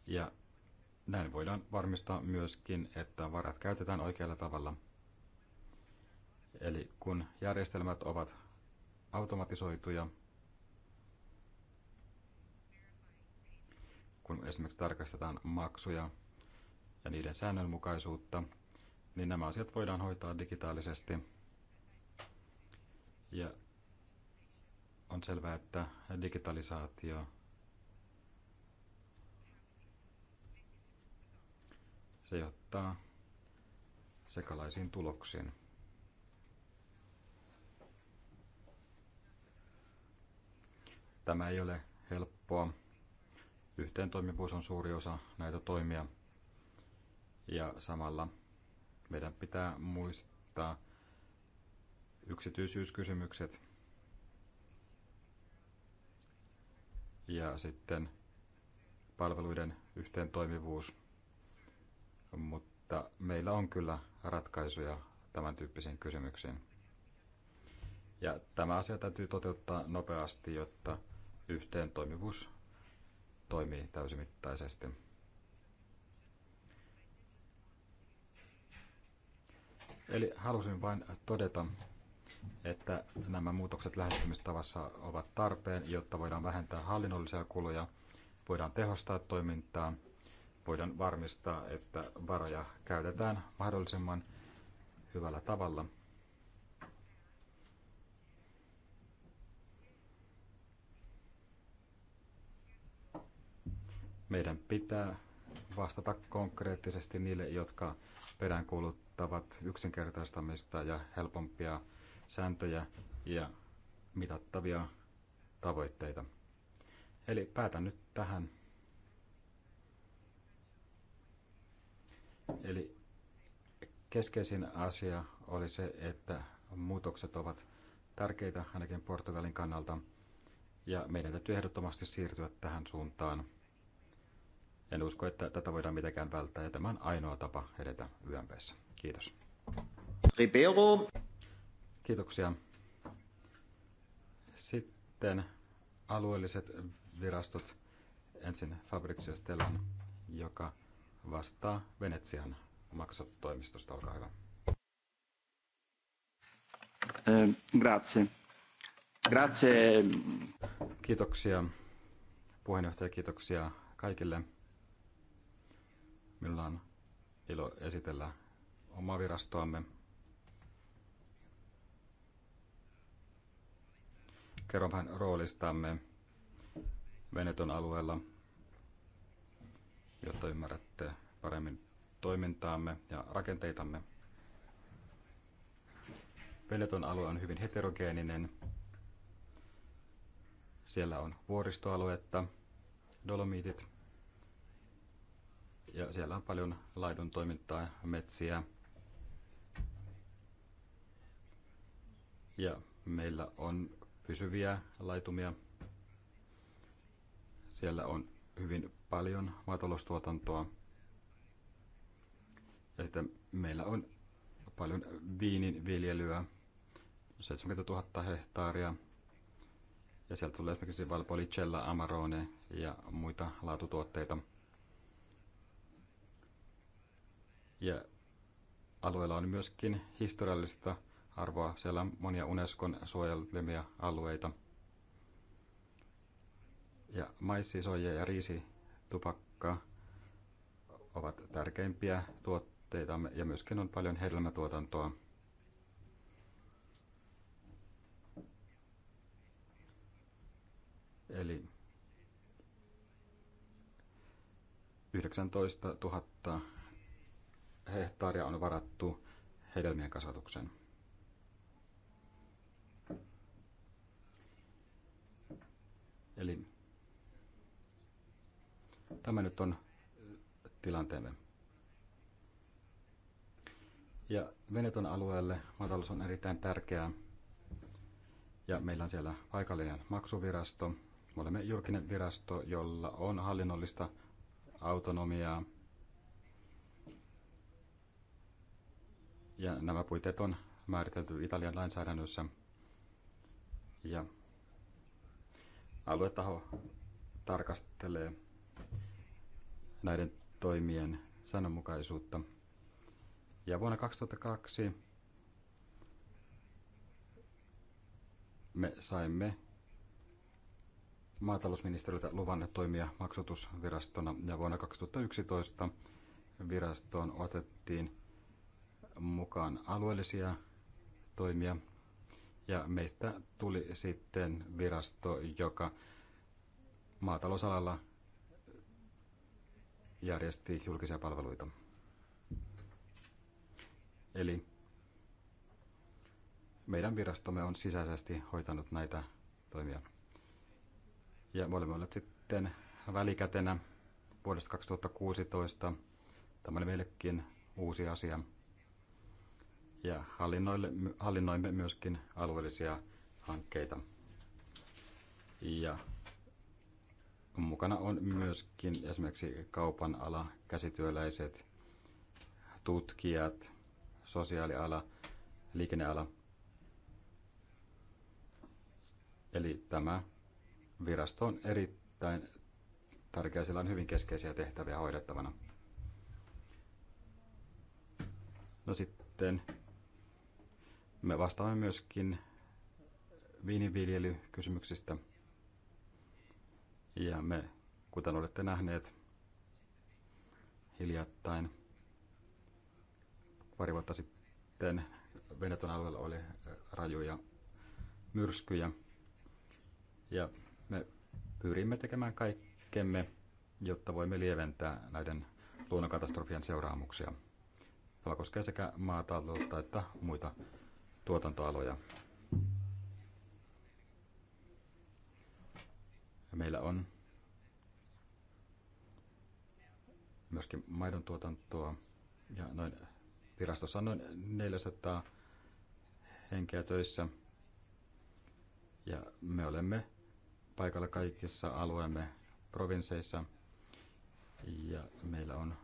Ja näin voidaan varmistaa myöskin, että varat käytetään oikealla tavalla. Eli kun järjestelmät ovat automatisoituja, kun esimerkiksi tarkastetaan maksuja ja niiden säännönmukaisuutta, niin nämä asiat voidaan hoitaa digitaalisesti. Ja on selvää, että digitalisaatio Se johtaa sekalaisiin tuloksiin. Tämä ei ole helppoa. Yhteen toimivuus on suuri osa näitä toimia. Ja samalla meidän pitää muistaa yksityisyyskysymykset ja sitten palveluiden yhteen toimivuus mutta meillä on kyllä ratkaisuja tämän tyyppisiin kysymyksiin. Ja tämä asia täytyy toteuttaa nopeasti, jotta yhteen toimivuus toimii täysimittaisesti. Eli halusin vain todeta, että nämä muutokset lähestymistavassa ovat tarpeen, jotta voidaan vähentää hallinnollisia kuluja, voidaan tehostaa toimintaa voidaan varmistaa, että varoja käytetään mahdollisimman hyvällä tavalla. Meidän pitää vastata konkreettisesti niille, jotka peräänkuuluttavat yksinkertaistamista ja helpompia sääntöjä ja mitattavia tavoitteita. Eli päätän nyt tähän. Eli keskeisin asia oli se, että muutokset ovat tärkeitä ainakin Portugalin kannalta, ja meidän täytyy ehdottomasti siirtyä tähän suuntaan. En usko, että tätä voidaan mitenkään välttää, ja tämä on ainoa tapa edetä YMPssä. Kiitos. Ribeiro. Kiitoksia. Sitten alueelliset virastot. Ensin Fabrizio Stellan, joka vastaa Venetsian maksatoimistosta. Olkaa hyvä. Eh, grazie. Grazie. Kiitoksia puheenjohtaja, kiitoksia kaikille. Minulla on ilo esitellä omaa virastoamme. Kerron vähän roolistamme Veneton alueella jotta ymmärrätte paremmin toimintaamme ja rakenteitamme. Peleton alue on hyvin heterogeeninen. Siellä on vuoristoaluetta, dolomiitit ja siellä on paljon laidun toimintaa, metsiä. Ja meillä on pysyviä laitumia. Siellä on hyvin paljon maataloustuotantoa. Ja sitten meillä on paljon viininviljelyä, 70 000 hehtaaria. Ja sieltä tulee esimerkiksi Valpolicella, Amarone ja muita laatutuotteita. Ja alueella on myöskin historiallista arvoa. Siellä on monia Unescon suojelemia alueita. Ja maissisoja ja riisi tupakka ovat tärkeimpiä tuotteita ja myöskin on paljon hedelmätuotantoa. Eli 19 000 hehtaaria on varattu hedelmien kasvatukseen. Eli Tämä nyt on tilanteemme. Ja Veneton alueelle maatalous on erittäin tärkeää. Ja meillä on siellä paikallinen maksuvirasto. Me olemme julkinen virasto, jolla on hallinnollista autonomiaa. Ja nämä puitteet on määritelty Italian lainsäädännössä. Ja aluetaho tarkastelee näiden toimien sananmukaisuutta. Ja vuonna 2002 me saimme maatalousministeriöltä luvan toimia maksatusvirastona ja vuonna 2011 virastoon otettiin mukaan alueellisia toimia ja meistä tuli sitten virasto, joka maatalousalalla järjesti julkisia palveluita. Eli meidän virastomme on sisäisesti hoitanut näitä toimia. Ja me olemme olleet sitten välikätenä vuodesta 2016. Tämä oli meillekin uusi asia. Ja hallinnoimme myöskin alueellisia hankkeita. Ja Mukana on myöskin esimerkiksi kaupan ala, käsityöläiset, tutkijat, sosiaaliala, liikenneala. Eli tämä virasto on erittäin tärkeä, sillä on hyvin keskeisiä tehtäviä hoidettavana. No sitten me vastaamme myöskin viininviljelykysymyksistä – ja me, kuten olette nähneet hiljattain, pari vuotta sitten Veneton alueella oli äh, rajuja myrskyjä. Ja me pyrimme tekemään kaikkemme, jotta voimme lieventää näiden luonnonkatastrofien seuraamuksia. Tämä koskee sekä maataloutta että muita tuotantoaloja. meillä on myöskin maidon tuotantoa ja noin virastossa on noin 400 henkeä töissä. Ja me olemme paikalla kaikissa alueemme provinseissa ja meillä on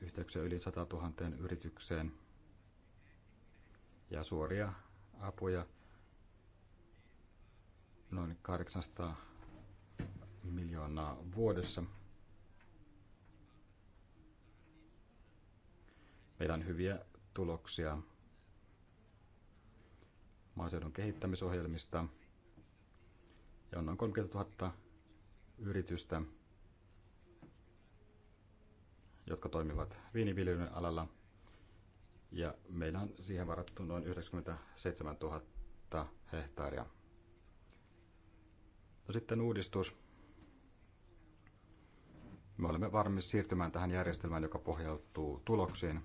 yhteyksiä yli 100 000 yritykseen ja suoria apuja noin 800 miljoonaa vuodessa. Meillä on hyviä tuloksia maaseudun kehittämisohjelmista ja on noin 30 000 yritystä, jotka toimivat viiniviljelyn alalla. Ja meillä on siihen varattu noin 97 000 hehtaaria. No sitten uudistus. Me olemme varmis siirtymään tähän järjestelmään, joka pohjautuu tuloksiin.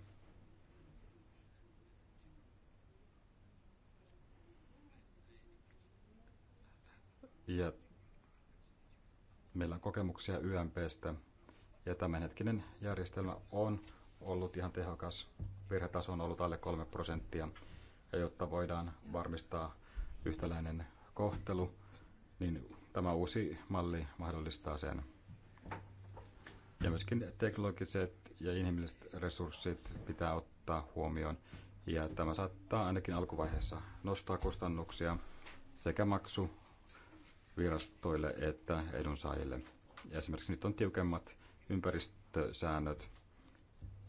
Ja meillä on kokemuksia YMPstä ja tämänhetkinen järjestelmä on ollut ihan tehokas. Virhetaso on ollut alle 3 prosenttia ja jotta voidaan varmistaa yhtäläinen kohtelu, niin Tämä uusi malli mahdollistaa sen. Ja myöskin teknologiset ja inhimilliset resurssit pitää ottaa huomioon. Ja tämä saattaa ainakin alkuvaiheessa nostaa kustannuksia sekä maksu virastoille että edunsaajille. ja Esimerkiksi nyt on tiukemmat ympäristösäännöt,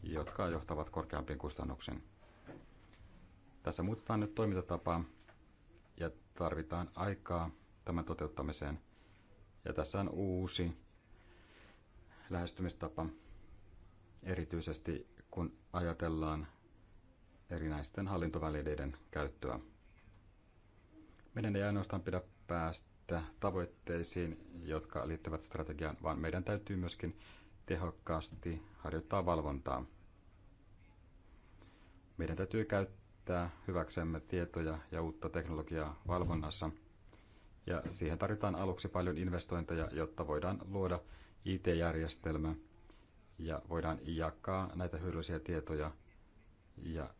jotka johtavat korkeampiin kustannuksiin. Tässä muutetaan nyt toimintatapaa ja tarvitaan aikaa tämän toteuttamiseen. Ja tässä on uusi lähestymistapa, erityisesti kun ajatellaan erinäisten hallintovälineiden käyttöä. Meidän ei ainoastaan pidä päästä tavoitteisiin, jotka liittyvät strategiaan, vaan meidän täytyy myöskin tehokkaasti harjoittaa valvontaa. Meidän täytyy käyttää hyväksemme tietoja ja uutta teknologiaa valvonnassa – ja siihen tarvitaan aluksi paljon investointeja, jotta voidaan luoda IT-järjestelmä ja voidaan jakaa näitä hyödyllisiä tietoja ja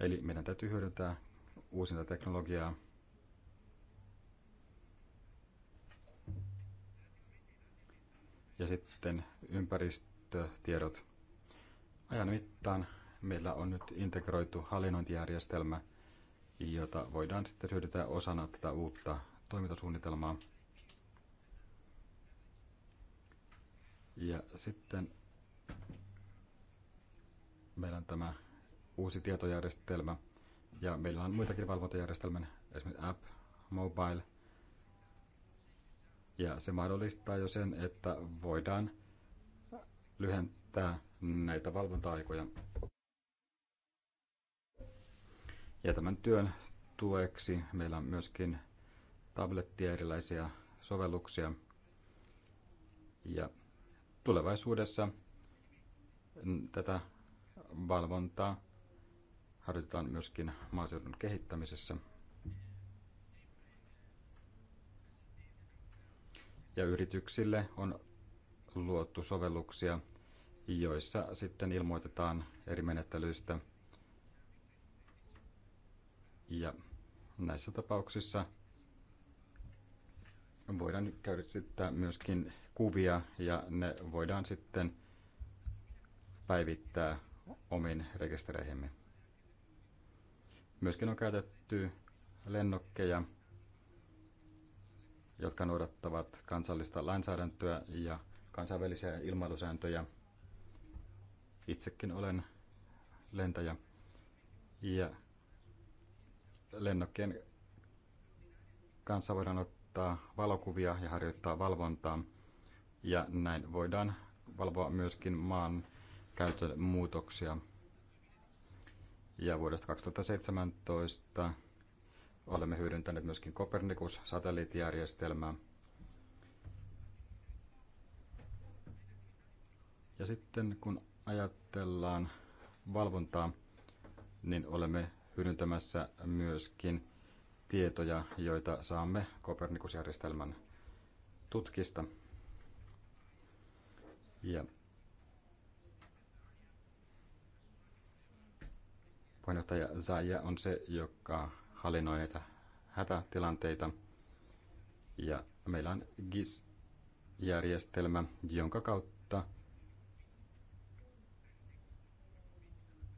Eli meidän täytyy hyödyntää uusinta teknologiaa. Ja sitten ympäristötiedot ajan mittaan meillä on nyt integroitu hallinnointijärjestelmä, jota voidaan sitten hyödyntää osana tätä uutta toimintasuunnitelmaa. Ja sitten meillä on tämä uusi tietojärjestelmä ja meillä on muitakin valvontajärjestelmän, esimerkiksi app, mobile. Ja se mahdollistaa jo sen, että voidaan lyhentää näitä valvonta-aikoja. Ja tämän työn tueksi meillä on myöskin tablettia erilaisia sovelluksia. Ja tulevaisuudessa tätä valvontaa harjoitetaan myöskin maaseudun kehittämisessä. Ja yrityksille on luotu sovelluksia, joissa sitten ilmoitetaan eri menettelyistä – ja näissä tapauksissa voidaan käydä sitten myöskin kuvia ja ne voidaan sitten päivittää omiin rekistereihimme. Myöskin on käytetty lennokkeja, jotka noudattavat kansallista lainsäädäntöä ja kansainvälisiä ilmailusääntöjä. Itsekin olen lentäjä. Ja lennokkien kanssa voidaan ottaa valokuvia ja harjoittaa valvontaa. Ja näin voidaan valvoa myöskin maan käytön muutoksia. Ja vuodesta 2017 olemme hyödyntäneet myöskin Copernicus-satelliittijärjestelmää. Ja sitten kun ajatellaan valvontaa, niin olemme hyödyntämässä myöskin tietoja, joita saamme Kopernikusjärjestelmän tutkista. Ja puheenjohtaja Zaija on se, joka hallinnoi näitä hätätilanteita. Ja meillä on GIS-järjestelmä, jonka kautta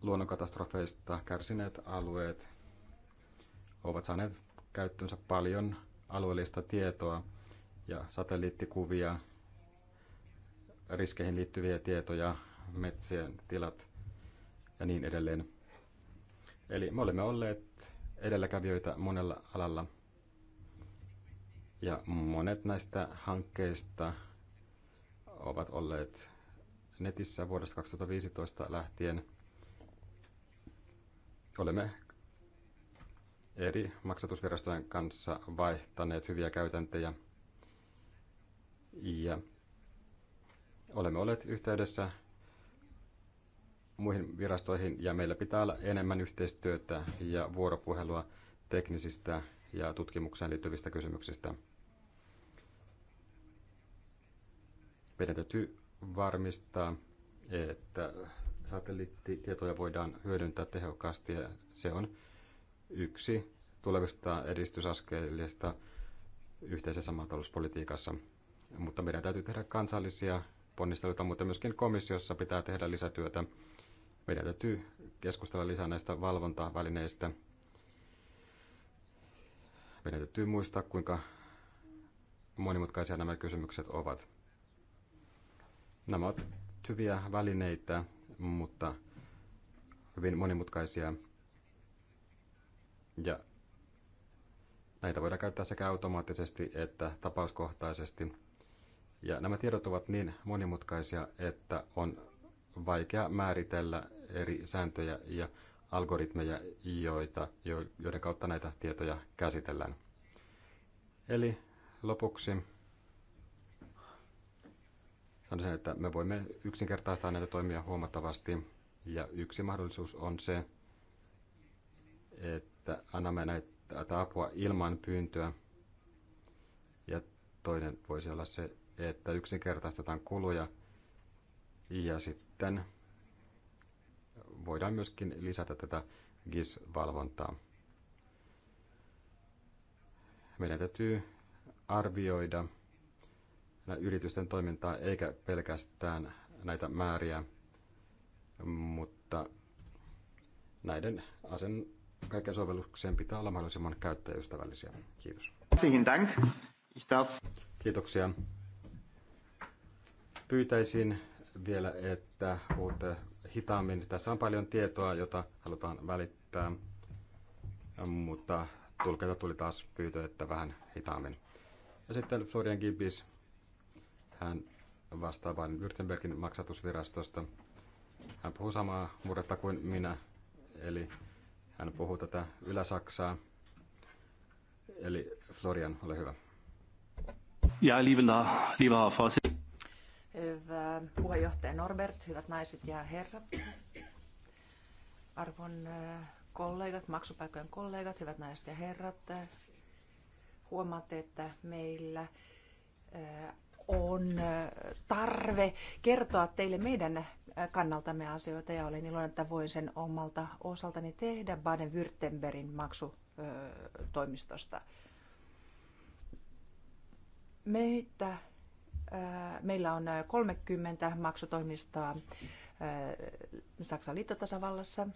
luonnonkatastrofeista kärsineet alueet ovat saaneet käyttöönsä paljon alueellista tietoa ja satelliittikuvia, riskeihin liittyviä tietoja, metsien tilat ja niin edelleen. Eli me olemme olleet edelläkävijöitä monella alalla. Ja monet näistä hankkeista ovat olleet netissä vuodesta 2015 lähtien. Olemme eri maksatusvirastojen kanssa vaihtaneet hyviä käytäntöjä ja olemme olleet yhteydessä muihin virastoihin ja meillä pitää olla enemmän yhteistyötä ja vuoropuhelua teknisistä ja tutkimukseen liittyvistä kysymyksistä. Meidän täytyy varmistaa, että satelliittitietoja voidaan hyödyntää tehokkaasti ja se on yksi tulevista edistysaskelista yhteisessä maatalouspolitiikassa. Mutta meidän täytyy tehdä kansallisia ponnisteluita, mutta myöskin komissiossa pitää tehdä lisätyötä. Meidän täytyy keskustella lisää näistä valvontavälineistä. Meidän täytyy muistaa, kuinka monimutkaisia nämä kysymykset ovat. Nämä ovat hyviä välineitä mutta hyvin monimutkaisia. Ja näitä voidaan käyttää sekä automaattisesti että tapauskohtaisesti. Ja nämä tiedot ovat niin monimutkaisia, että on vaikea määritellä eri sääntöjä ja algoritmeja, joita, joiden kautta näitä tietoja käsitellään. Eli lopuksi on se, että me voimme yksinkertaistaa näitä toimia huomattavasti. Ja yksi mahdollisuus on se, että annamme näitä apua ilman pyyntöä. Ja toinen voisi olla se, että yksinkertaistetaan kuluja ja sitten voidaan myöskin lisätä tätä GIS-valvontaa. Meidän täytyy arvioida yritysten toimintaa eikä pelkästään näitä määriä, mutta näiden asen kaiken sovellukseen pitää olla mahdollisimman käyttäjäystävällisiä. Kiitos. Dank. Ich darf... Kiitoksia. Pyytäisin vielä, että puhutte hitaammin. Tässä on paljon tietoa, jota halutaan välittää, mutta tulkeilta tuli taas pyytö, että vähän hitaammin. Ja sitten Florian Gibbis hän vastaa vain Württembergin maksatusvirastosta. Hän puhuu samaa murretta kuin minä, eli hän puhuu tätä Ylä-Saksaa. Eli Florian, ole hyvä. Ja, liebe, liebe Hyvä puheenjohtaja Norbert, hyvät naiset ja herrat. Arvon äh, kollegat, maksupaikojen kollegat, hyvät naiset ja herrat. Huomaatte, että meillä äh, on tarve kertoa teille meidän kannaltamme asioita ja olen iloinen, että voin sen omalta osaltani tehdä Baden-Württembergin maksutoimistosta. Meitä, meillä on 30 maksutoimistoa Saksan liittotasavallassa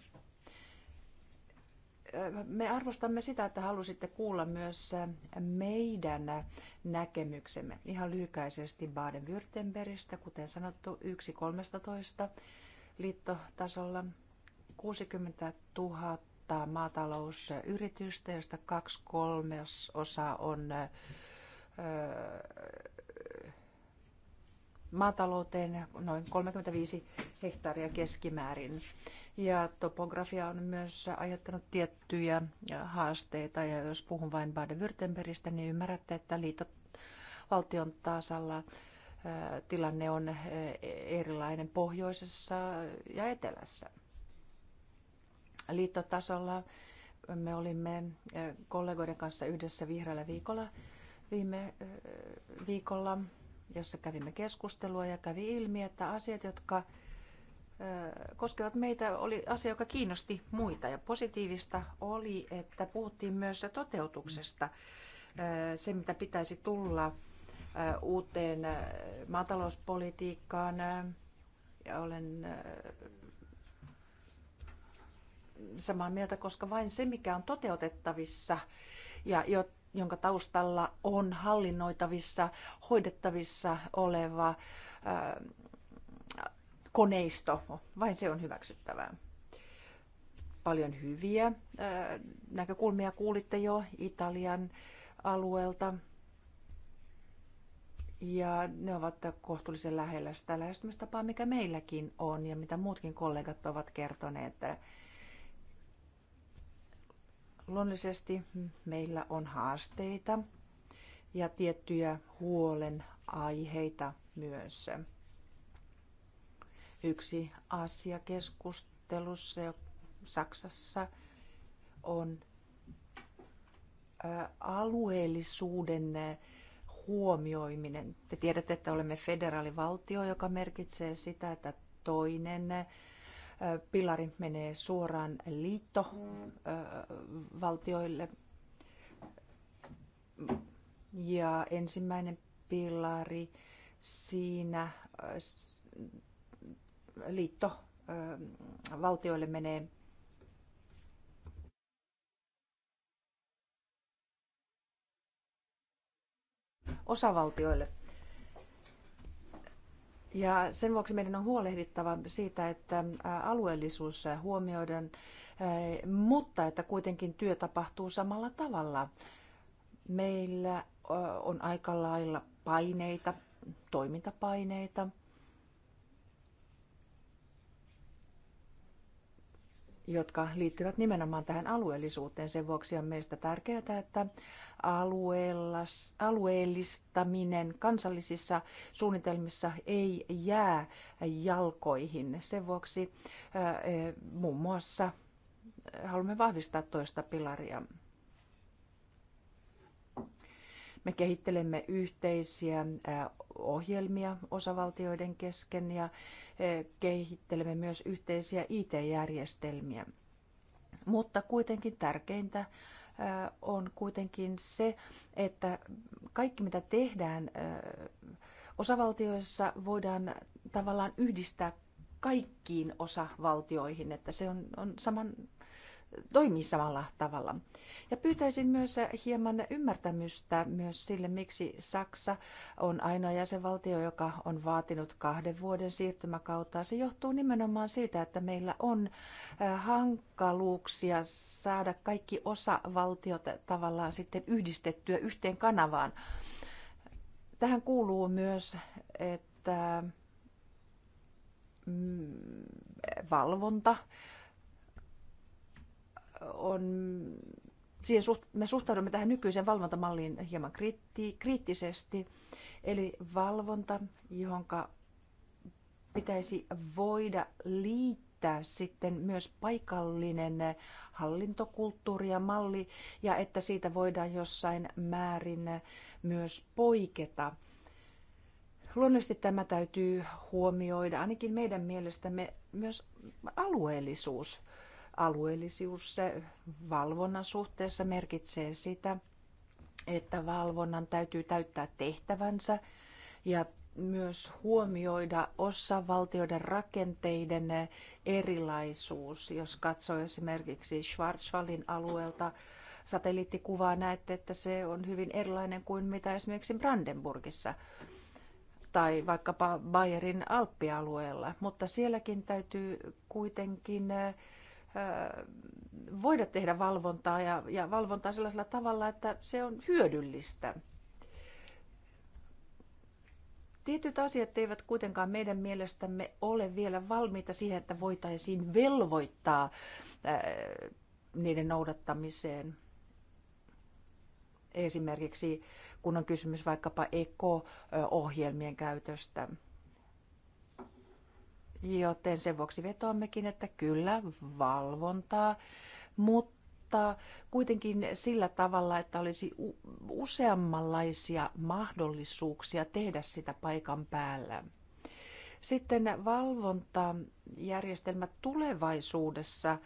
me arvostamme sitä, että halusitte kuulla myös äh, meidän näkemyksemme. Ihan lyhykäisesti Baden-Württembergistä, kuten sanottu, 1 13 liittotasolla 60 000 maatalousyritystä, joista kaksi osa on äh, maatalouteen noin 35 hehtaaria keskimäärin. Ja topografia on myös aiheuttanut tiettyjä haasteita. Ja jos puhun vain Baden-Württembergistä, niin ymmärrätte, että liitovaltion tasalla tilanne on erilainen pohjoisessa ja etelässä. Liittotasolla me olimme kollegoiden kanssa yhdessä vihreällä viikolla viime viikolla, jossa kävimme keskustelua ja kävi ilmi, että asiat, jotka koskevat meitä, oli asia, joka kiinnosti muita. Ja positiivista oli, että puhuttiin myös toteutuksesta, se mitä pitäisi tulla uuteen maatalouspolitiikkaan. Ja olen samaa mieltä, koska vain se, mikä on toteutettavissa ja jonka taustalla on hallinnoitavissa, hoidettavissa oleva koneisto, vain se on hyväksyttävää. Paljon hyviä äh, näkökulmia kuulitte jo Italian alueelta. Ja ne ovat kohtuullisen lähellä sitä lähestymistapaa, mikä meilläkin on ja mitä muutkin kollegat ovat kertoneet. Luonnollisesti meillä on haasteita ja tiettyjä huolenaiheita myös. Yksi asia keskustelussa jo Saksassa on alueellisuuden huomioiminen. Te tiedätte, että olemme federaalivaltio, joka merkitsee sitä, että toinen pilari menee suoraan liittovaltioille. Ja ensimmäinen pilari siinä liitto valtioille menee osavaltioille. Ja sen vuoksi meidän on huolehdittava siitä, että alueellisuus huomioidaan, mutta että kuitenkin työ tapahtuu samalla tavalla. Meillä on aika lailla paineita, toimintapaineita – jotka liittyvät nimenomaan tähän alueellisuuteen. Sen vuoksi on meistä tärkeää, että alueellistaminen kansallisissa suunnitelmissa ei jää jalkoihin. Sen vuoksi muun muassa haluamme vahvistaa toista pilaria. Me kehittelemme yhteisiä ohjelmia osavaltioiden kesken ja eh, kehittelemme myös yhteisiä IT-järjestelmiä. Mutta kuitenkin tärkeintä eh, on kuitenkin se, että kaikki mitä tehdään eh, osavaltioissa voidaan tavallaan yhdistää kaikkiin osavaltioihin, että se on, on saman toimii samalla tavalla. Ja pyytäisin myös hieman ymmärtämystä myös sille, miksi Saksa on ainoa jäsenvaltio, joka on vaatinut kahden vuoden siirtymäkautta. Se johtuu nimenomaan siitä, että meillä on äh, hankaluuksia saada kaikki osavaltiot tavallaan sitten yhdistettyä yhteen kanavaan. Tähän kuuluu myös, että mm, valvonta on, siihen suht, me suhtaudumme tähän nykyiseen valvontamalliin hieman kriitti, kriittisesti. Eli valvonta, johon pitäisi voida liittää sitten myös paikallinen hallintokulttuuri ja malli, ja että siitä voidaan jossain määrin myös poiketa. Luonnollisesti tämä täytyy huomioida, ainakin meidän mielestämme myös alueellisuus. Alueellisuus valvonnan suhteessa merkitsee sitä, että valvonnan täytyy täyttää tehtävänsä ja myös huomioida osavaltioiden rakenteiden erilaisuus. Jos katsoo esimerkiksi Schwarzwaldin alueelta satelliittikuvaa, näette, että se on hyvin erilainen kuin mitä esimerkiksi Brandenburgissa tai vaikkapa Bayerin alppialueella, mutta sielläkin täytyy kuitenkin voida tehdä valvontaa ja, ja valvontaa sellaisella tavalla, että se on hyödyllistä. Tietyt asiat eivät kuitenkaan meidän mielestämme ole vielä valmiita siihen, että voitaisiin velvoittaa niiden noudattamiseen. Esimerkiksi kun on kysymys vaikkapa eko-ohjelmien käytöstä – Joten sen vuoksi vetoammekin, että kyllä valvontaa, mutta kuitenkin sillä tavalla, että olisi useammanlaisia mahdollisuuksia tehdä sitä paikan päällä. Sitten valvontajärjestelmä tulevaisuudessa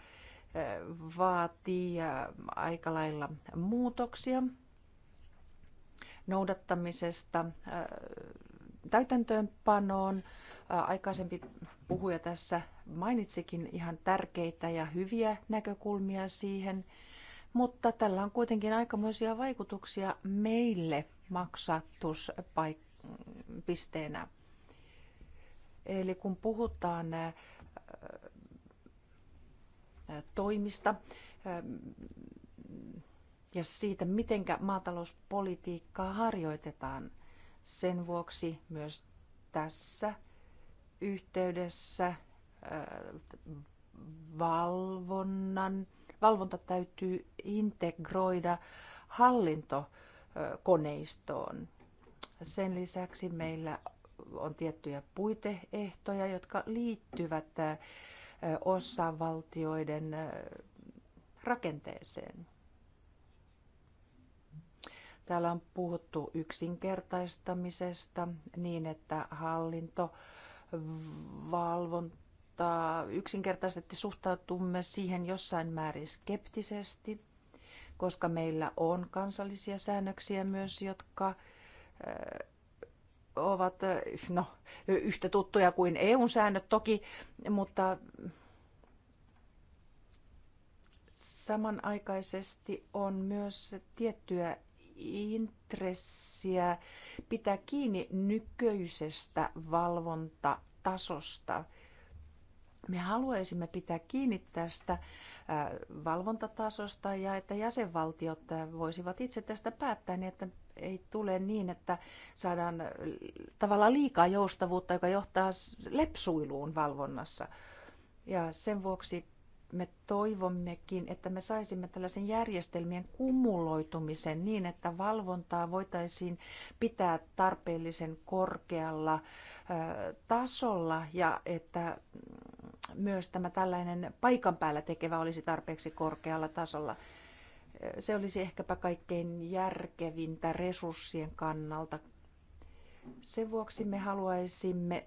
vaatii aika lailla muutoksia noudattamisesta täytäntöönpanoon. Aikaisempi puhuja tässä mainitsikin ihan tärkeitä ja hyviä näkökulmia siihen, mutta tällä on kuitenkin aikamoisia vaikutuksia meille maksatuspisteenä. Eli kun puhutaan toimista ja siitä, miten maatalouspolitiikkaa harjoitetaan, sen vuoksi myös tässä – yhteydessä äh, valvonnan, valvonta täytyy integroida hallintokoneistoon. Sen lisäksi meillä on tiettyjä puiteehtoja, jotka liittyvät äh, osavaltioiden äh, rakenteeseen. Täällä on puhuttu yksinkertaistamisesta niin, että hallinto valvontaa yksinkertaisesti suhtautumme siihen jossain määrin skeptisesti, koska meillä on kansallisia säännöksiä myös, jotka ovat no, yhtä tuttuja kuin EU-säännöt toki, mutta samanaikaisesti on myös tiettyä intressiä pitää kiinni nykyisestä valvontatasosta. Me haluaisimme pitää kiinni tästä valvontatasosta ja että jäsenvaltiot voisivat itse tästä päättää niin, että ei tule niin, että saadaan tavallaan liikaa joustavuutta, joka johtaa lepsuiluun valvonnassa. Ja sen vuoksi me toivommekin, että me saisimme tällaisen järjestelmien kumuloitumisen niin, että valvontaa voitaisiin pitää tarpeellisen korkealla tasolla ja että mm, myös tämä tällainen paikan päällä tekevä olisi tarpeeksi korkealla tasolla. Se olisi ehkäpä kaikkein järkevintä resurssien kannalta. Sen vuoksi me haluaisimme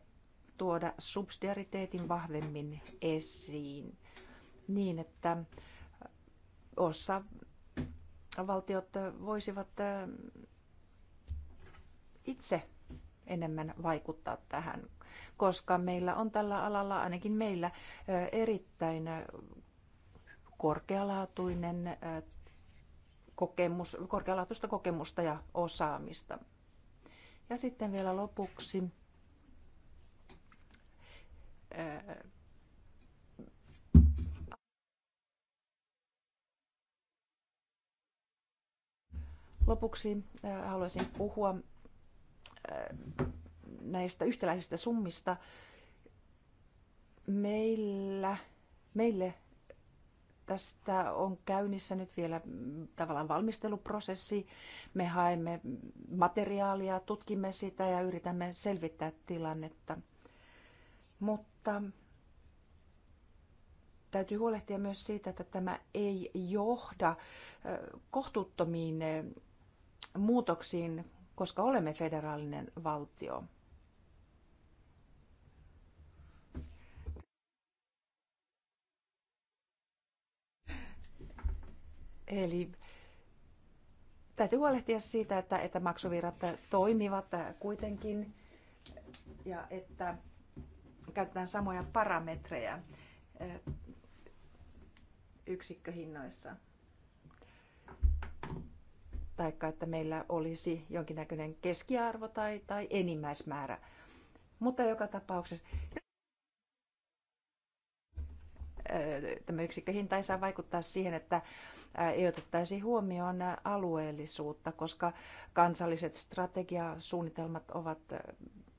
tuoda subsidiariteetin vahvemmin esiin niin, että osa valtiot voisivat itse enemmän vaikuttaa tähän, koska meillä on tällä alalla, ainakin meillä, erittäin korkealaatuinen kokemus, korkealaatuista kokemusta ja osaamista. Ja sitten vielä lopuksi Lopuksi äh, haluaisin puhua äh, näistä yhtäläisistä summista. Meillä, meille tästä on käynnissä nyt vielä tavallaan valmisteluprosessi. Me haemme materiaalia, tutkimme sitä ja yritämme selvittää tilannetta. Mutta täytyy huolehtia myös siitä, että tämä ei johda äh, kohtuuttomiin muutoksiin, koska olemme federaalinen valtio. Eli täytyy huolehtia siitä, että, että maksuvirrat toimivat kuitenkin ja että käytetään samoja parametreja eh, yksikköhinnoissa tai että meillä olisi jonkinnäköinen keskiarvo tai, tai enimmäismäärä. Mutta joka tapauksessa tämä yksikköhinta ei saa vaikuttaa siihen, että ei otettaisi huomioon alueellisuutta, koska kansalliset strategiasuunnitelmat ovat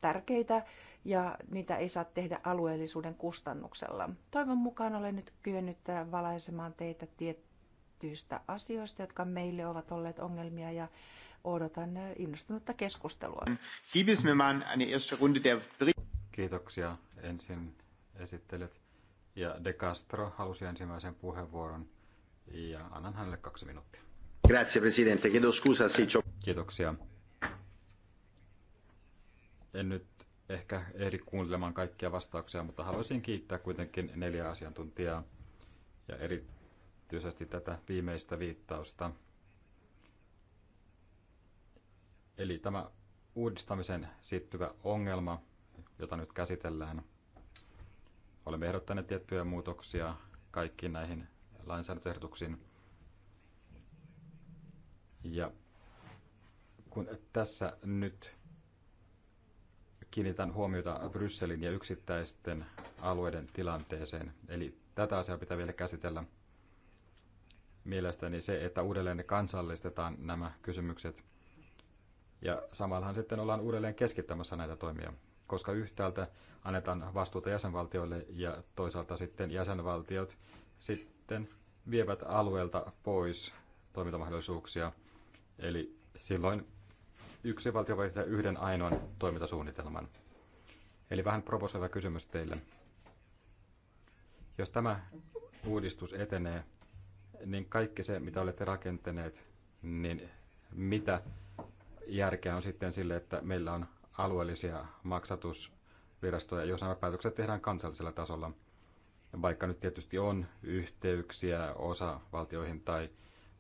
tärkeitä ja niitä ei saa tehdä alueellisuuden kustannuksella. Toivon mukaan olen nyt kyennyt valaisemaan teitä tiet tietyistä asioista, jotka meille ovat olleet ongelmia ja odotan innostunutta keskustelua. Kiitoksia ensin esittelyt. Ja De Castro halusi ensimmäisen puheenvuoron ja annan hänelle kaksi minuuttia. Grazie Presidente, chiedo scusa se Kiitoksia. En nyt ehkä ehdi kuuntelemaan kaikkia vastauksia, mutta haluaisin kiittää kuitenkin neljä asiantuntijaa ja eri erityisesti tätä viimeistä viittausta. Eli tämä uudistamisen sittyvä ongelma, jota nyt käsitellään. Olemme ehdottaneet tiettyjä muutoksia kaikkiin näihin lainsäädäntöehdotuksiin. Ja kun tässä nyt kiinnitän huomiota Brysselin ja yksittäisten alueiden tilanteeseen, eli tätä asiaa pitää vielä käsitellä – mielestäni se, että uudelleen kansallistetaan nämä kysymykset. Ja samallahan sitten ollaan uudelleen keskittämässä näitä toimia, koska yhtäältä annetaan vastuuta jäsenvaltioille ja toisaalta sitten jäsenvaltiot sitten vievät alueelta pois toimintamahdollisuuksia. Eli silloin yksi valtio voi tehdä yhden ainoan toimintasuunnitelman. Eli vähän provosoiva kysymys teille. Jos tämä uudistus etenee, niin kaikki se, mitä olette rakentaneet, niin mitä järkeä on sitten sille, että meillä on alueellisia maksatusvirastoja, jos nämä päätökset tehdään kansallisella tasolla, vaikka nyt tietysti on yhteyksiä osa valtioihin tai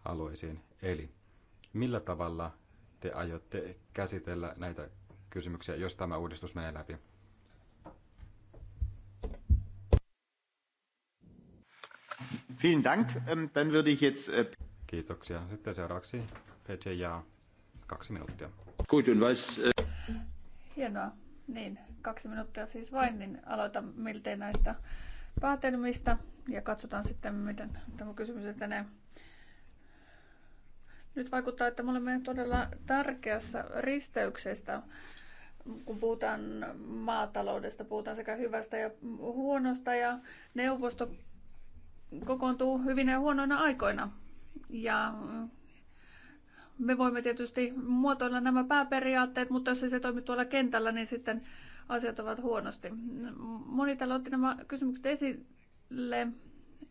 alueisiin. Eli millä tavalla te aiotte käsitellä näitä kysymyksiä, jos tämä uudistus menee läpi? Vielen Dank. Ähm, dann würde ich jetzt... Äh, Kiitoksia. Sitten seuraavaksi Pete ja kaksi minuuttia. Gut, und äh. Hienoa. Niin, kaksi minuuttia siis vain, niin aloitan miltei näistä päätelmistä ja katsotaan sitten, miten tämä kysymys etenee. Nyt vaikuttaa, että me olemme todella tärkeässä risteyksestä, kun puhutaan maataloudesta, puhutaan sekä hyvästä ja huonosta ja neuvosto kokoontuu hyvinä ja huonoina aikoina. Ja mm, me voimme tietysti muotoilla nämä pääperiaatteet, mutta jos ei se toimi tuolla kentällä, niin sitten asiat ovat huonosti. Moni täällä otti nämä kysymykset esille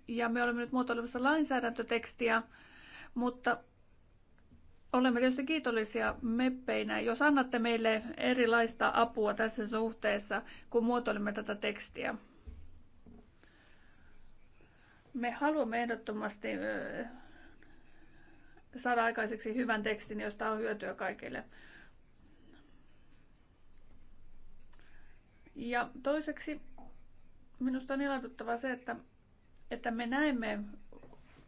ja me olemme nyt muotoilemassa lainsäädäntötekstiä, mutta olemme tietysti kiitollisia meppeinä, jos annatte meille erilaista apua tässä suhteessa, kun muotoilemme tätä tekstiä. Me haluamme ehdottomasti saada aikaiseksi hyvän tekstin, josta on hyötyä kaikille. Ja toiseksi minusta on ilahduttava se, että, että me näemme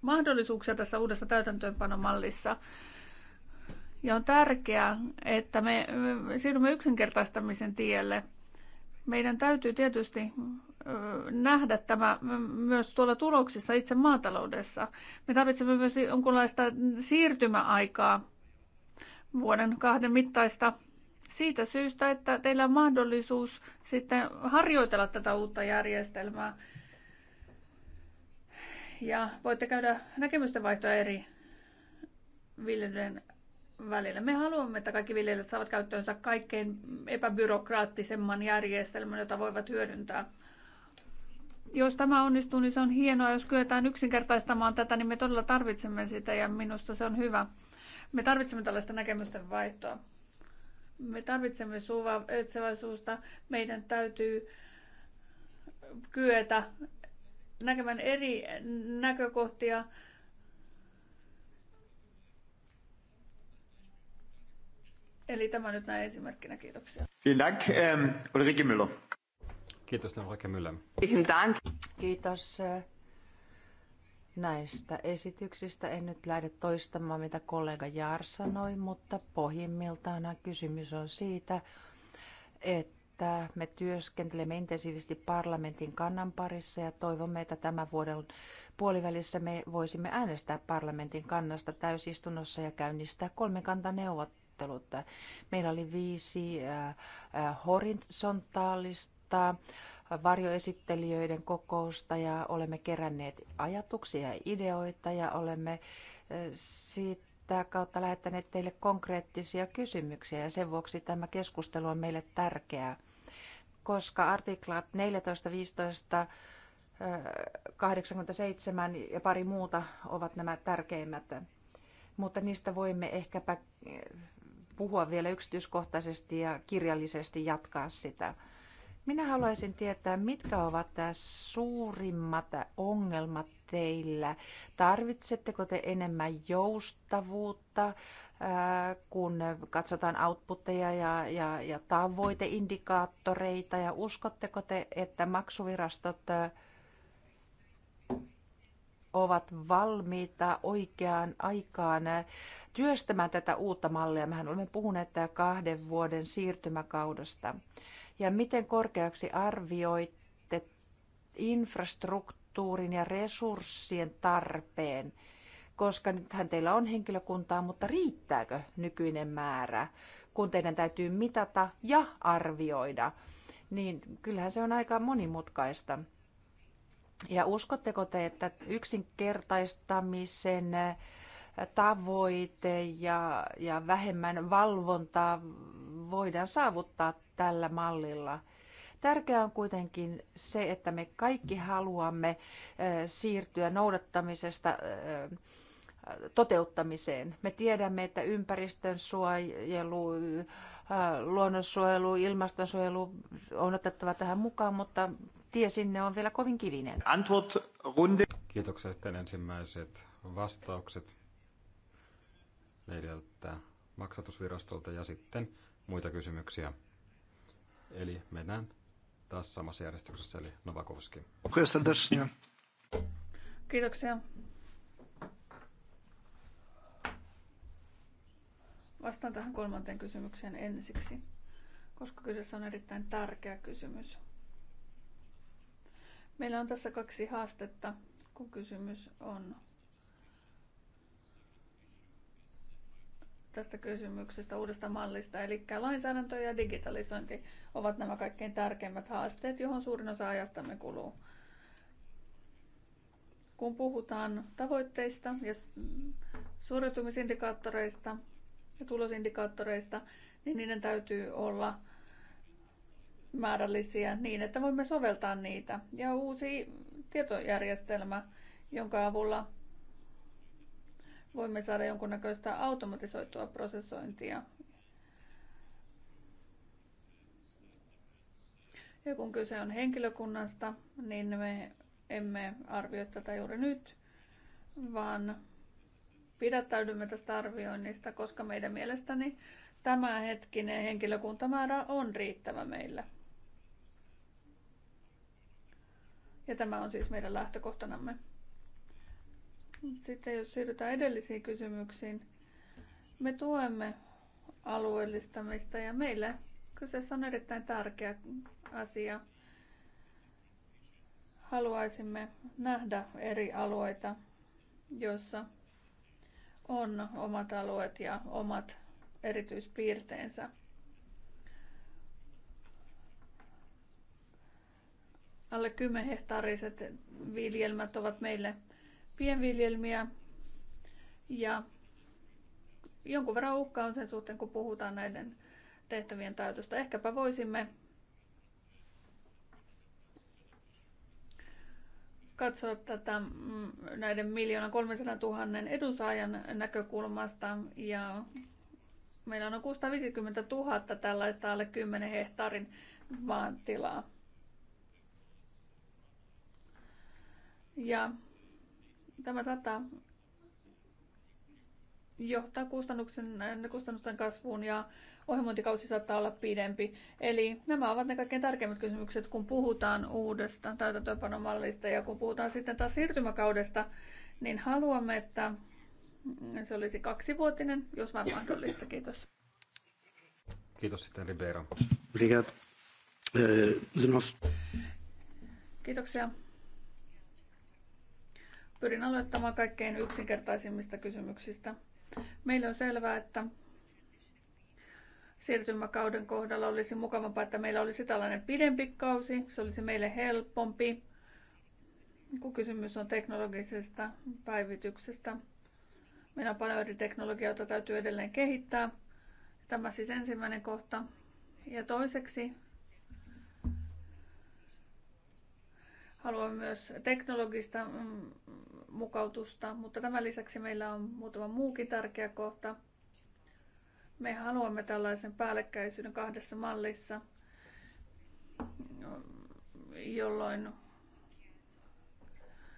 mahdollisuuksia tässä uudessa täytäntöönpanomallissa. Ja on tärkeää, että me siirrymme yksinkertaistamisen tielle. Meidän täytyy tietysti nähdä tämä myös tuolla tuloksissa itse maataloudessa. Me tarvitsemme myös jonkunlaista siirtymäaikaa vuoden kahden mittaista siitä syystä, että teillä on mahdollisuus sitten harjoitella tätä uutta järjestelmää ja voitte käydä näkemysten vaihtoa eri viljelyiden välillä. Me haluamme, että kaikki viljelijät saavat käyttöönsä kaikkein epäbyrokraattisemman järjestelmän, jota voivat hyödyntää jos tämä onnistuu, niin se on hienoa. Jos kyetään yksinkertaistamaan tätä, niin me todella tarvitsemme sitä ja minusta se on hyvä. Me tarvitsemme tällaista näkemysten vaihtoa. Me tarvitsemme suvaitsevaisuutta. Meidän täytyy kyetä näkemään eri näkökohtia. Eli tämä nyt näin esimerkkinä, kiitoksia. Vielen Dank, ähm, Ulrike Müller. Kiitos, Neuvoke Myllem. Kiitos eh, näistä esityksistä. En nyt lähde toistamaan, mitä kollega Jaar sanoi, mutta pohjimmiltaan kysymys on siitä, että me työskentelemme intensiivisesti parlamentin kannan parissa ja toivomme, että tämän vuoden puolivälissä me voisimme äänestää parlamentin kannasta täysistunnossa ja käynnistää kolmikantaneuvottelut. Meillä oli viisi eh, eh, horisontaalista odottaa varjoesittelijöiden kokousta ja olemme keränneet ajatuksia ja ideoita ja olemme eh, siitä kautta lähettäneet teille konkreettisia kysymyksiä ja sen vuoksi tämä keskustelu on meille tärkeää, koska artiklat 14, 15, 87 ja pari muuta ovat nämä tärkeimmät, mutta niistä voimme ehkäpä eh, puhua vielä yksityiskohtaisesti ja kirjallisesti jatkaa sitä. Minä haluaisin tietää, mitkä ovat suurimmat ongelmat teillä. Tarvitsetteko te enemmän joustavuutta, kun katsotaan outputteja ja, ja, ja tavoiteindikaattoreita? Ja uskotteko te, että maksuvirastot ovat valmiita oikeaan aikaan työstämään tätä uutta mallia. Mehän olemme puhuneet kahden vuoden siirtymäkaudesta. Ja miten korkeaksi arvioitte infrastruktuurin ja resurssien tarpeen? Koska nythän teillä on henkilökuntaa, mutta riittääkö nykyinen määrä, kun teidän täytyy mitata ja arvioida? Niin kyllähän se on aika monimutkaista. Ja uskotteko te, että yksinkertaistamisen tavoite ja, ja vähemmän valvontaa voidaan saavuttaa tällä mallilla. Tärkeää on kuitenkin se, että me kaikki haluamme siirtyä noudattamisesta toteuttamiseen. Me tiedämme, että ympäristön suojelu, luonnonsuojelu, ilmastonsuojelu on otettava tähän mukaan, mutta tie sinne on vielä kovin kivinen. Kiitoksia sitten ensimmäiset vastaukset neljältä maksatusvirastolta ja sitten muita kysymyksiä. Eli mennään taas samassa järjestyksessä, eli Novakovski. Kiitoksia. Vastaan tähän kolmanteen kysymykseen ensiksi, koska kyseessä on erittäin tärkeä kysymys. Meillä on tässä kaksi haastetta, kun kysymys on tästä kysymyksestä, uudesta mallista. Eli lainsäädäntö ja digitalisointi ovat nämä kaikkein tärkeimmät haasteet, johon suurin osa ajastamme kuluu. Kun puhutaan tavoitteista ja suoriutumisindikaattoreista ja tulosindikaattoreista, niin niiden täytyy olla määrällisiä niin, että voimme soveltaa niitä. Ja uusi tietojärjestelmä, jonka avulla voimme saada jonkunnäköistä automatisoitua prosessointia. Ja kun kyse on henkilökunnasta, niin me emme arvioi tätä juuri nyt, vaan pidättäydymme tästä arvioinnista, koska meidän mielestäni tämä hetkinen henkilökuntamäärä on riittävä meille. Ja tämä on siis meidän lähtökohtanamme. Sitten jos siirrytään edellisiin kysymyksiin, me tuemme alueellistamista ja meillä kyseessä on erittäin tärkeä asia. Haluaisimme nähdä eri alueita, joissa on omat alueet ja omat erityispiirteensä. Alle 10 hehtaariset viljelmät ovat meille pienviljelmiä ja jonkun verran uhka on sen suhteen, kun puhutaan näiden tehtävien täytöstä. Ehkäpä voisimme katsoa tätä mm, näiden miljoona 300 000 edunsaajan näkökulmasta ja meillä on noin 650 000 tällaista alle 10 hehtaarin maantilaa. Ja Tämä saattaa johtaa kustannuksen, kustannusten kasvuun ja ohjelmointikausi saattaa olla pidempi. Eli nämä ovat ne kaikkein tärkeimmät kysymykset, kun puhutaan uudesta täytäntöönpanomallista ja kun puhutaan sitten taas siirtymäkaudesta, niin haluamme, että se olisi kaksivuotinen, jos vain mahdollista. Kiitos. Kiitos sitten Ribeiro. Eh, Kiitoksia. Pyrin aloittamaan kaikkein yksinkertaisimmista kysymyksistä. Meillä on selvää, että siirtymäkauden kohdalla olisi mukavampaa, että meillä olisi tällainen pidempi kausi. Se olisi meille helpompi, kun kysymys on teknologisesta päivityksestä. Meillä on paljon eri teknologiaa, joita täytyy edelleen kehittää. Tämä siis ensimmäinen kohta. Ja toiseksi haluan myös teknologista mm, mukautusta, mutta tämän lisäksi meillä on muutama muukin tärkeä kohta. Me haluamme tällaisen päällekkäisyyden kahdessa mallissa, jolloin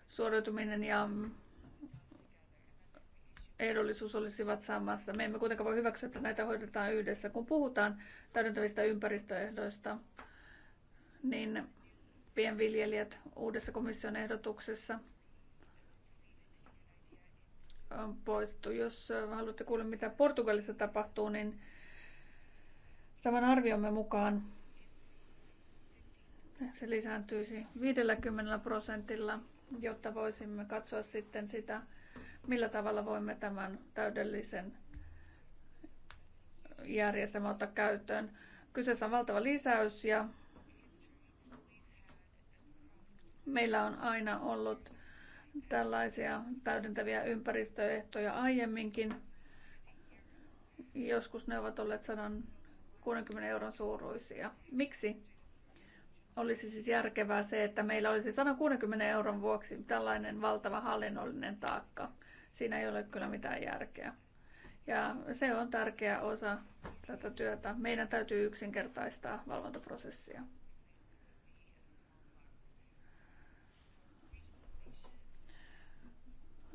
suoriutuminen ja ehdollisuus olisivat samassa. Me emme kuitenkaan voi hyväksyä, että näitä hoidetaan yhdessä. Kun puhutaan täydentävistä ympäristöehdoista, niin pienviljelijät uudessa komission ehdotuksessa – on äh, poistettu. Jos äh, haluatte kuulla, mitä Portugalissa tapahtuu, niin tämän arviomme mukaan se lisääntyisi 50 prosentilla, jotta voisimme katsoa sitten sitä, millä tavalla voimme tämän täydellisen järjestelmän ottaa käyttöön. Kyseessä on valtava lisäys ja meillä on aina ollut tällaisia täydentäviä ympäristöehtoja aiemminkin. Joskus ne ovat olleet 160 euron suuruisia. Miksi olisi siis järkevää se, että meillä olisi 160 euron vuoksi tällainen valtava hallinnollinen taakka? Siinä ei ole kyllä mitään järkeä. Ja se on tärkeä osa tätä työtä. Meidän täytyy yksinkertaistaa valvontaprosessia.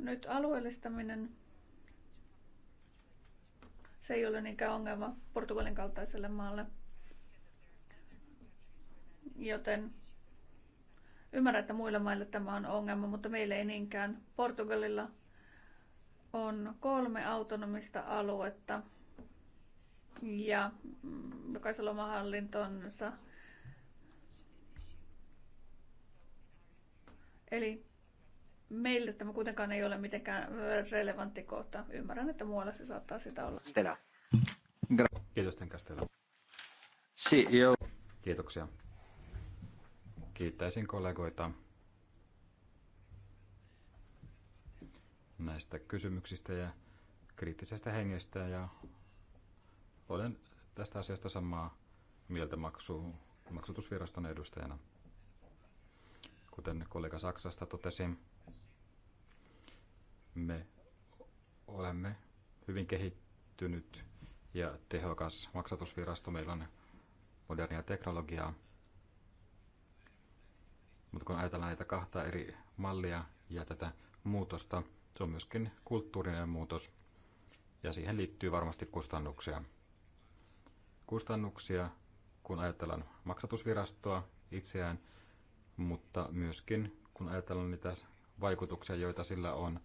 Nyt alueellistaminen, se ei ole niinkään ongelma Portugalin kaltaiselle maalle. Joten ymmärrän, että muilla mailla tämä on ongelma, mutta meillä ei niinkään. Portugalilla on kolme autonomista aluetta ja jokaisella oma hallintonsa. Eli meille tämä kuitenkaan ei ole mitenkään relevantti kohta. Ymmärrän, että muualla se saattaa sitä olla. Stella. Gra- Kiitos, Tenka Stella. Si, jo. E Kiitoksia. Kiittäisin kollegoita näistä kysymyksistä ja kriittisestä hengestä ja olen tästä asiasta samaa mieltä maksu, maksutusviraston edustajana. Kuten kollega Saksasta totesi, me olemme hyvin kehittynyt ja tehokas maksatusvirasto. Meillä on modernia teknologiaa. Mutta kun ajatellaan näitä kahta eri mallia ja tätä muutosta, se on myöskin kulttuurinen muutos ja siihen liittyy varmasti kustannuksia. Kustannuksia, kun ajatellaan maksatusvirastoa itseään, mutta myöskin kun ajatellaan niitä vaikutuksia, joita sillä on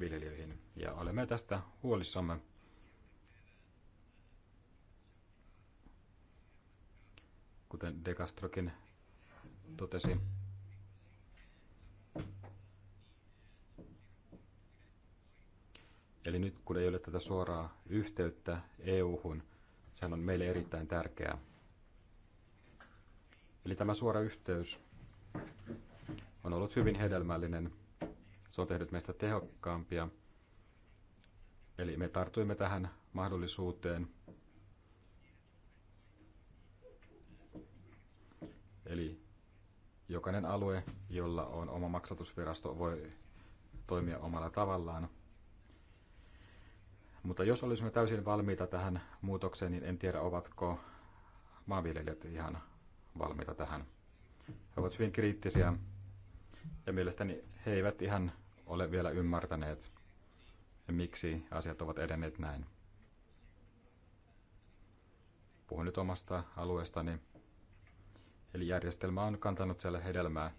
viljelijöihin. Ja olemme tästä huolissamme. Kuten De Castrokin totesi, Eli nyt kun ei ole tätä suoraa yhteyttä EU-hun, sehän on meille erittäin tärkeää. Eli tämä suora yhteys on ollut hyvin hedelmällinen se on tehnyt meistä tehokkaampia. Eli me tartuimme tähän mahdollisuuteen. Eli jokainen alue, jolla on oma maksatusvirasto, voi toimia omalla tavallaan. Mutta jos olisimme täysin valmiita tähän muutokseen, niin en tiedä, ovatko maanviljelijät ihan valmiita tähän. He ovat hyvin kriittisiä ja mielestäni he eivät ihan ole vielä ymmärtäneet, miksi asiat ovat edenneet näin. Puhun nyt omasta alueestani. Eli järjestelmä on kantanut siellä hedelmää,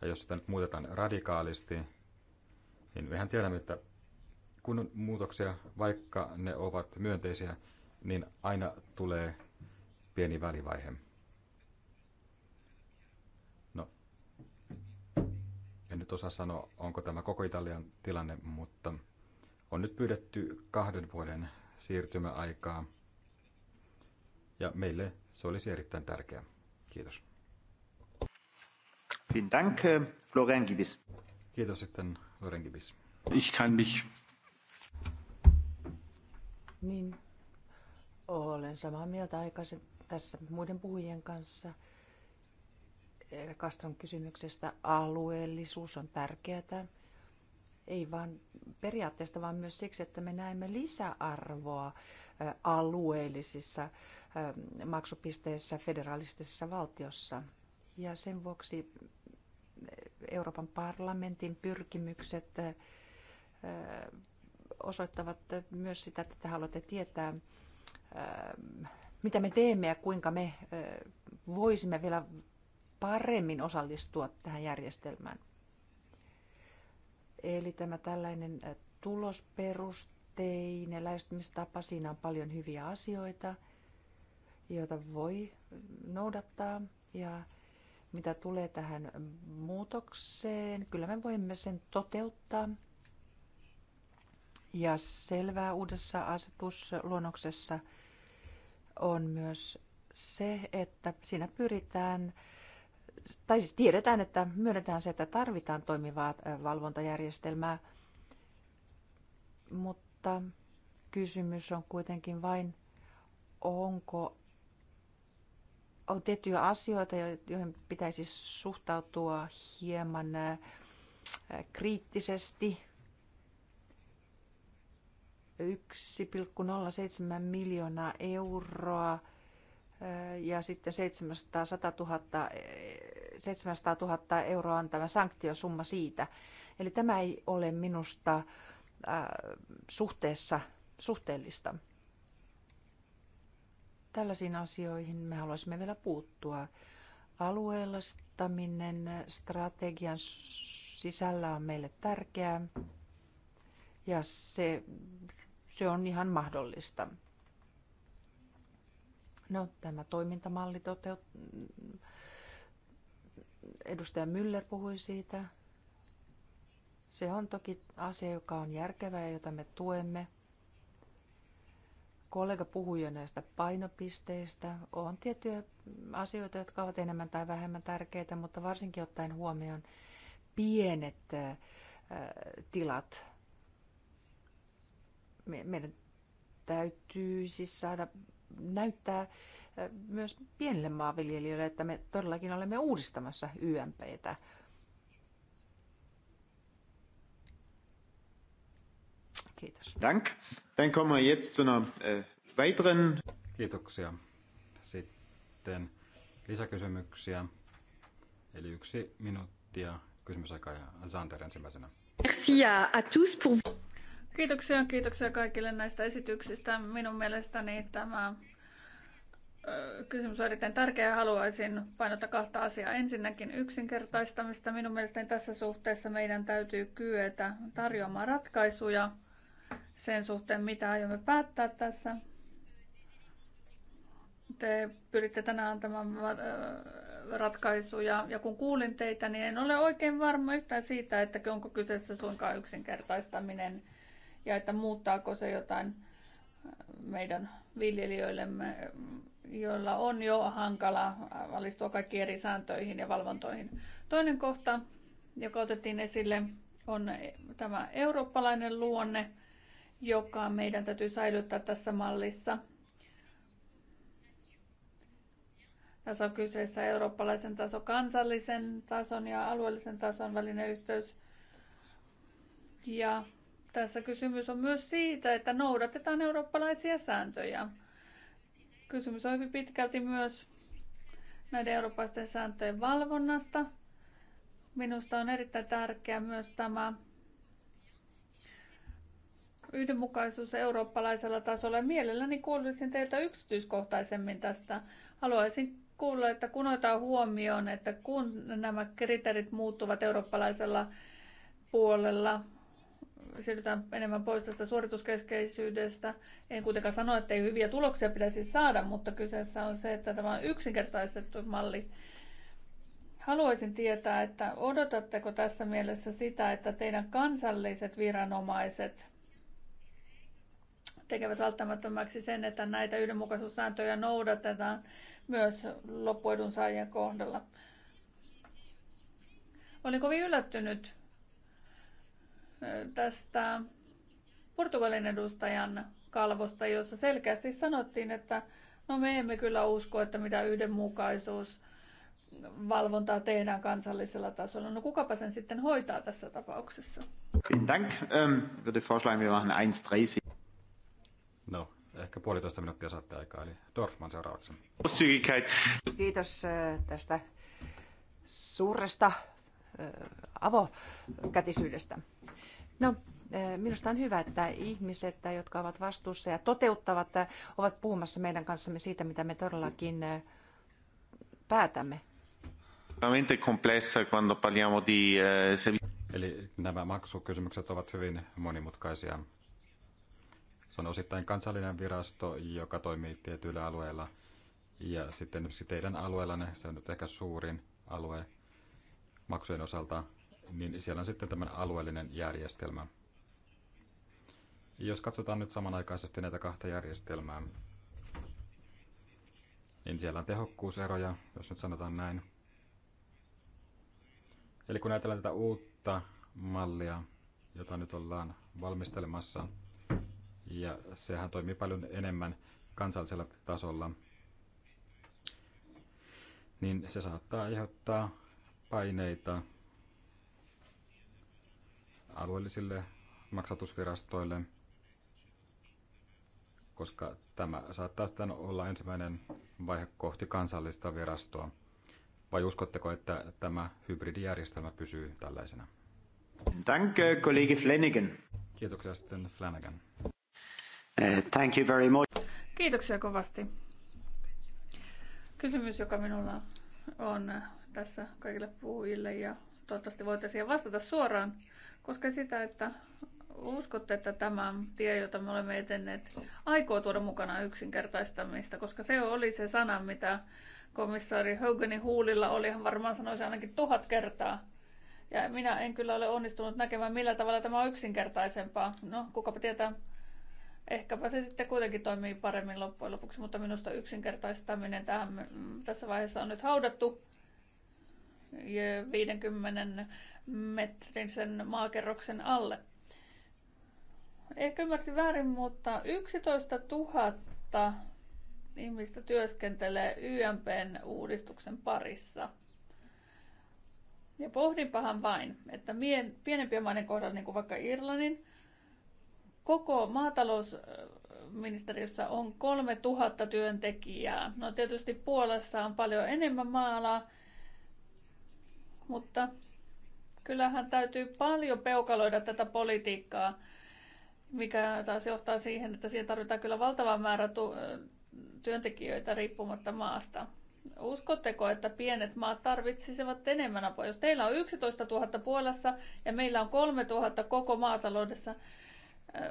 ja jos sitä nyt muutetaan radikaalisti, niin mehän tiedämme, että kun muutoksia, vaikka ne ovat myönteisiä, niin aina tulee pieni välivaihe. nyt osaa sanoa, onko tämä koko Italian tilanne, mutta on nyt pyydetty kahden vuoden siirtymäaikaa. Ja meille se olisi erittäin tärkeää. Kiitos. Vielen Dank, äh, Florian Gibis. Kiitos sitten, Florian Gibis. Ich kann mich... Niin, olen samaa mieltä aikaisemmin tässä muiden puhujien kanssa – Kastron kysymyksestä. Alueellisuus on tärkeää. Ei vain periaatteesta, vaan myös siksi, että me näemme lisäarvoa alueellisissa maksupisteissä federalistisessa valtiossa. Ja sen vuoksi Euroopan parlamentin pyrkimykset osoittavat myös sitä, että te haluatte tietää, mitä me teemme ja kuinka me voisimme vielä paremmin osallistua tähän järjestelmään. Eli tämä tällainen äh, tulosperusteinen lähestymistapa, siinä on paljon hyviä asioita, joita voi noudattaa. Ja mitä tulee tähän muutokseen, kyllä me voimme sen toteuttaa. Ja selvää uudessa asetusluonnoksessa on myös se, että siinä pyritään tai siis tiedetään, että myönnetään se, että tarvitaan toimivaa valvontajärjestelmää, mutta kysymys on kuitenkin vain, onko on tiettyjä asioita, joihin pitäisi suhtautua hieman kriittisesti. 1,07 miljoonaa euroa ja sitten 700 000, 700 000 euroa on tämä sanktiosumma siitä. Eli tämä ei ole minusta suhteessa suhteellista. Tällaisiin asioihin me haluaisimme vielä puuttua. Alueellistaminen strategian sisällä on meille tärkeää ja se, se on ihan mahdollista. No, tämä toimintamalli toteut... Edustaja Müller puhui siitä. Se on toki asia, joka on järkevää ja jota me tuemme. Kollega puhui jo näistä painopisteistä. On tiettyjä asioita, jotka ovat enemmän tai vähemmän tärkeitä, mutta varsinkin ottaen huomioon pienet tilat. meidän täytyy siis saada näyttää myös pienille maanviljelijöille, että me todellakin olemme uudistamassa YMPtä. Kiitos. Dank. Dann kommen wir jetzt zu einer äh, weiteren... Kiitoksia. Sitten lisäkysymyksiä. Eli yksi minuuttia kysymysaikaa ja Sander ensimmäisenä. Merci à, à tous pour... Kiitoksia, kiitoksia kaikille näistä esityksistä. Minun mielestäni tämä kysymys on erittäin tärkeä haluaisin painottaa kahta asiaa. Ensinnäkin yksinkertaistamista. Minun mielestäni tässä suhteessa meidän täytyy kyetä tarjoamaan ratkaisuja sen suhteen, mitä aiomme päättää tässä. Te pyritte tänään antamaan ratkaisuja ja kun kuulin teitä, niin en ole oikein varma yhtään siitä, että onko kyseessä suinkaan yksinkertaistaminen ja että muuttaako se jotain äh, meidän viljelijöillemme, joilla on jo hankala valistua äh, kaikki eri sääntöihin ja valvontoihin. Toinen kohta, joka otettiin esille, on tämä eurooppalainen luonne, joka meidän täytyy säilyttää tässä mallissa. Tässä on kyseessä eurooppalaisen taso, kansallisen tason ja alueellisen tason välinen yhteys. Ja tässä kysymys on myös siitä, että noudatetaan eurooppalaisia sääntöjä. Kysymys on hyvin pitkälti myös näiden eurooppalaisten sääntöjen valvonnasta. Minusta on erittäin tärkeää myös tämä yhdenmukaisuus eurooppalaisella tasolla. Mielelläni kuulisin teiltä yksityiskohtaisemmin tästä. Haluaisin kuulla, että kun otetaan huomioon, että kun nämä kriteerit muuttuvat eurooppalaisella puolella, siirrytään enemmän pois tästä suorituskeskeisyydestä. En kuitenkaan sano, että ei hyviä tuloksia pitäisi saada, mutta kyseessä on se, että tämä on yksinkertaistettu malli. Haluaisin tietää, että odotatteko tässä mielessä sitä, että teidän kansalliset viranomaiset tekevät välttämättömäksi sen, että näitä yhdenmukaisuussääntöjä noudatetaan myös loppuedun saajien kohdalla. Olin kovin yllättynyt tästä Portugalin edustajan kalvosta, jossa selkeästi sanottiin, että no me emme kyllä usko, että mitä yhdenmukaisuus valvontaa tehdään kansallisella tasolla. No kukapa sen sitten hoitaa tässä tapauksessa? Vielen Dank. Ähm, würde vorschlagen, wir machen 1.30. No, ehkä puolitoista minuuttia saatte aikaa, eli Dorfman seuraavaksi. Kiitos äh, tästä suuresta äh, avokätisyydestä. No, eh, minusta on hyvä, että ihmiset, eh, jotka ovat vastuussa ja toteuttavat, eh, ovat puhumassa meidän kanssamme siitä, mitä me todellakin päätämme. Eli nämä maksukysymykset ovat hyvin monimutkaisia. Se on osittain kansallinen virasto, joka toimii tietyillä alueilla. Ja sitten teidän alueellanne, se on nyt ehkä suurin alue maksujen osalta, niin siellä on sitten tämän alueellinen järjestelmä. Jos katsotaan nyt samanaikaisesti näitä kahta järjestelmää, niin siellä on tehokkuuseroja, jos nyt sanotaan näin. Eli kun ajatellaan tätä uutta mallia, jota nyt ollaan valmistelemassa, ja sehän toimii paljon enemmän kansallisella tasolla, niin se saattaa aiheuttaa paineita alueellisille maksatusvirastoille, koska tämä saattaa sitten olla ensimmäinen vaihe kohti kansallista virastoa. Vai uskotteko, että tämä hybridijärjestelmä pysyy tällaisena? Danke, kollegi Flanagan. Kiitoksia sitten Flanagan. Eh, thank you very much. Kiitoksia kovasti. Kysymys, joka minulla on tässä kaikille puhujille ja toivottavasti voitaisiin vastata suoraan koska sitä, että uskotte, että tämä tie, jota me olemme etenneet, aikoo tuoda mukana yksinkertaistamista, koska se oli se sana, mitä komissaari Hoganin huulilla oli, hän varmaan sanoisi ainakin tuhat kertaa. Ja minä en kyllä ole onnistunut näkemään, millä tavalla tämä on yksinkertaisempaa. No, kukapa tietää, ehkäpä se sitten kuitenkin toimii paremmin loppujen lopuksi, mutta minusta yksinkertaistaminen tähän, mm, tässä vaiheessa on nyt haudattu. 50 metrin sen maakerroksen alle. Ehkä ymmärsin väärin, mutta 11 000 ihmistä työskentelee YMPn uudistuksen parissa. Ja pohdinpahan vain, että pienempiä pienempien maiden kohdalla, niin kuin vaikka Irlannin, koko maatalousministeriössä on 3000 työntekijää. No tietysti Puolassa on paljon enemmän maalaa, mutta kyllähän täytyy paljon peukaloida tätä politiikkaa, mikä taas johtaa siihen, että siihen tarvitaan kyllä valtava määrä työntekijöitä riippumatta maasta. Uskotteko, että pienet maat tarvitsisivat enemmän apua? Jos teillä on 11 000 Puolassa ja meillä on 3 000 koko maataloudessa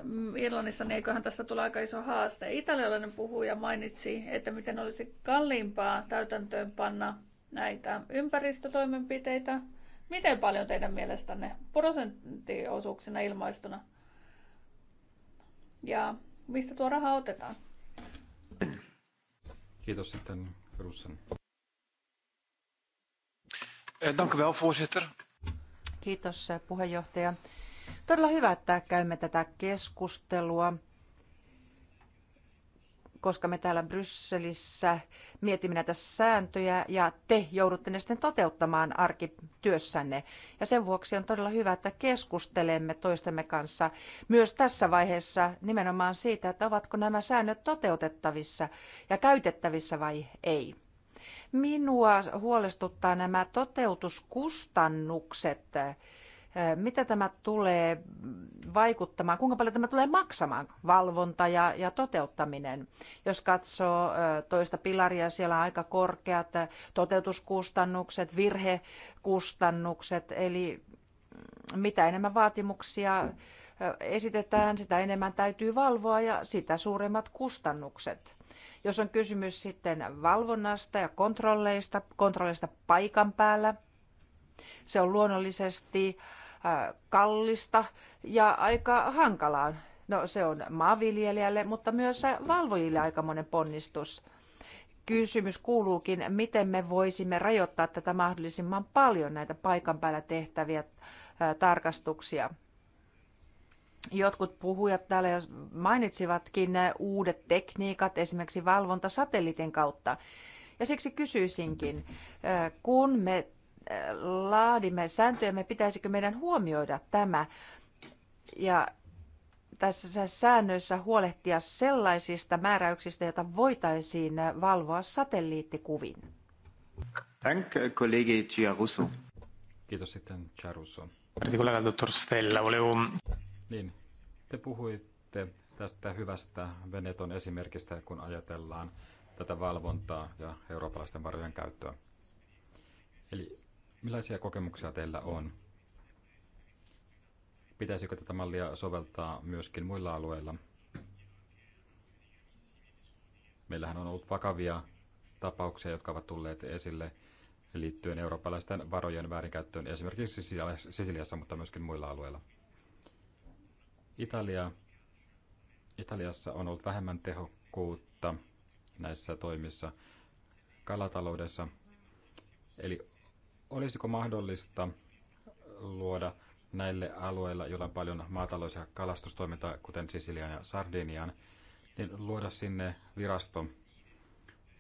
mm, Irlannissa, niin eiköhän tästä tule aika iso haaste. Italialainen puhuja mainitsi, että miten olisi kalliimpaa täytäntöönpanna näitä ympäristötoimenpiteitä. Miten paljon teidän mielestänne prosenttiosuuksina ilmaistuna? Ja mistä tuo raha otetaan? Kiitos sitten Russan. Eh, dank wel, voorzitter. Kiitos eh, puheenjohtaja. Todella hyvä, että käymme tätä keskustelua koska me täällä Brysselissä mietimme näitä sääntöjä ja te joudutte ne sitten toteuttamaan arkityössänne. Ja sen vuoksi on todella hyvä, että keskustelemme toistemme kanssa myös tässä vaiheessa nimenomaan siitä, että ovatko nämä säännöt toteutettavissa ja käytettävissä vai ei. Minua huolestuttaa nämä toteutuskustannukset mitä tämä tulee vaikuttamaan, kuinka paljon tämä tulee maksamaan, valvonta ja, ja toteuttaminen? Jos katsoo toista pilaria, siellä on aika korkeat toteutuskustannukset, virhekustannukset, eli mm, mitä enemmän vaatimuksia esitetään, sitä enemmän täytyy valvoa ja sitä suuremmat kustannukset. Jos on kysymys sitten valvonnasta ja kontrolleista, kontrolleista paikan päällä – se on luonnollisesti äh, kallista ja aika hankalaa. No, se on maanviljelijälle, mutta myös valvojille aikamoinen ponnistus. Kysymys kuuluukin, miten me voisimme rajoittaa tätä mahdollisimman paljon näitä paikan päällä tehtäviä äh, tarkastuksia. Jotkut puhujat täällä mainitsivatkin mainitsivatkin äh, uudet tekniikat, esimerkiksi valvonta satelliitin kautta. Ja siksi kysyisinkin, kun me laadimme sääntöjämme, pitäisikö meidän huomioida tämä ja tässä säännöissä huolehtia sellaisista määräyksistä, joita voitaisiin valvoa satelliittikuvin. Dank, kollegi Giarusso. Kiitos sitten Giarusso. Particolare dottor Stella, volevo... Niin, te puhuitte tästä hyvästä Veneton esimerkistä, kun ajatellaan tätä valvontaa ja eurooppalaisten varojen käyttöä. Eli Millaisia kokemuksia teillä on? Pitäisikö tätä mallia soveltaa myöskin muilla alueilla? Meillähän on ollut vakavia tapauksia, jotka ovat tulleet esille liittyen eurooppalaisten varojen väärinkäyttöön esimerkiksi Sisiliassa, mutta myöskin muilla alueilla. Italia, Italiassa on ollut vähemmän tehokkuutta näissä toimissa kalataloudessa, eli Olisiko mahdollista luoda näille alueilla, joilla on paljon maatalous- ja kalastustoimintaa, kuten Sisilian ja Sardinian, niin luoda sinne virasto,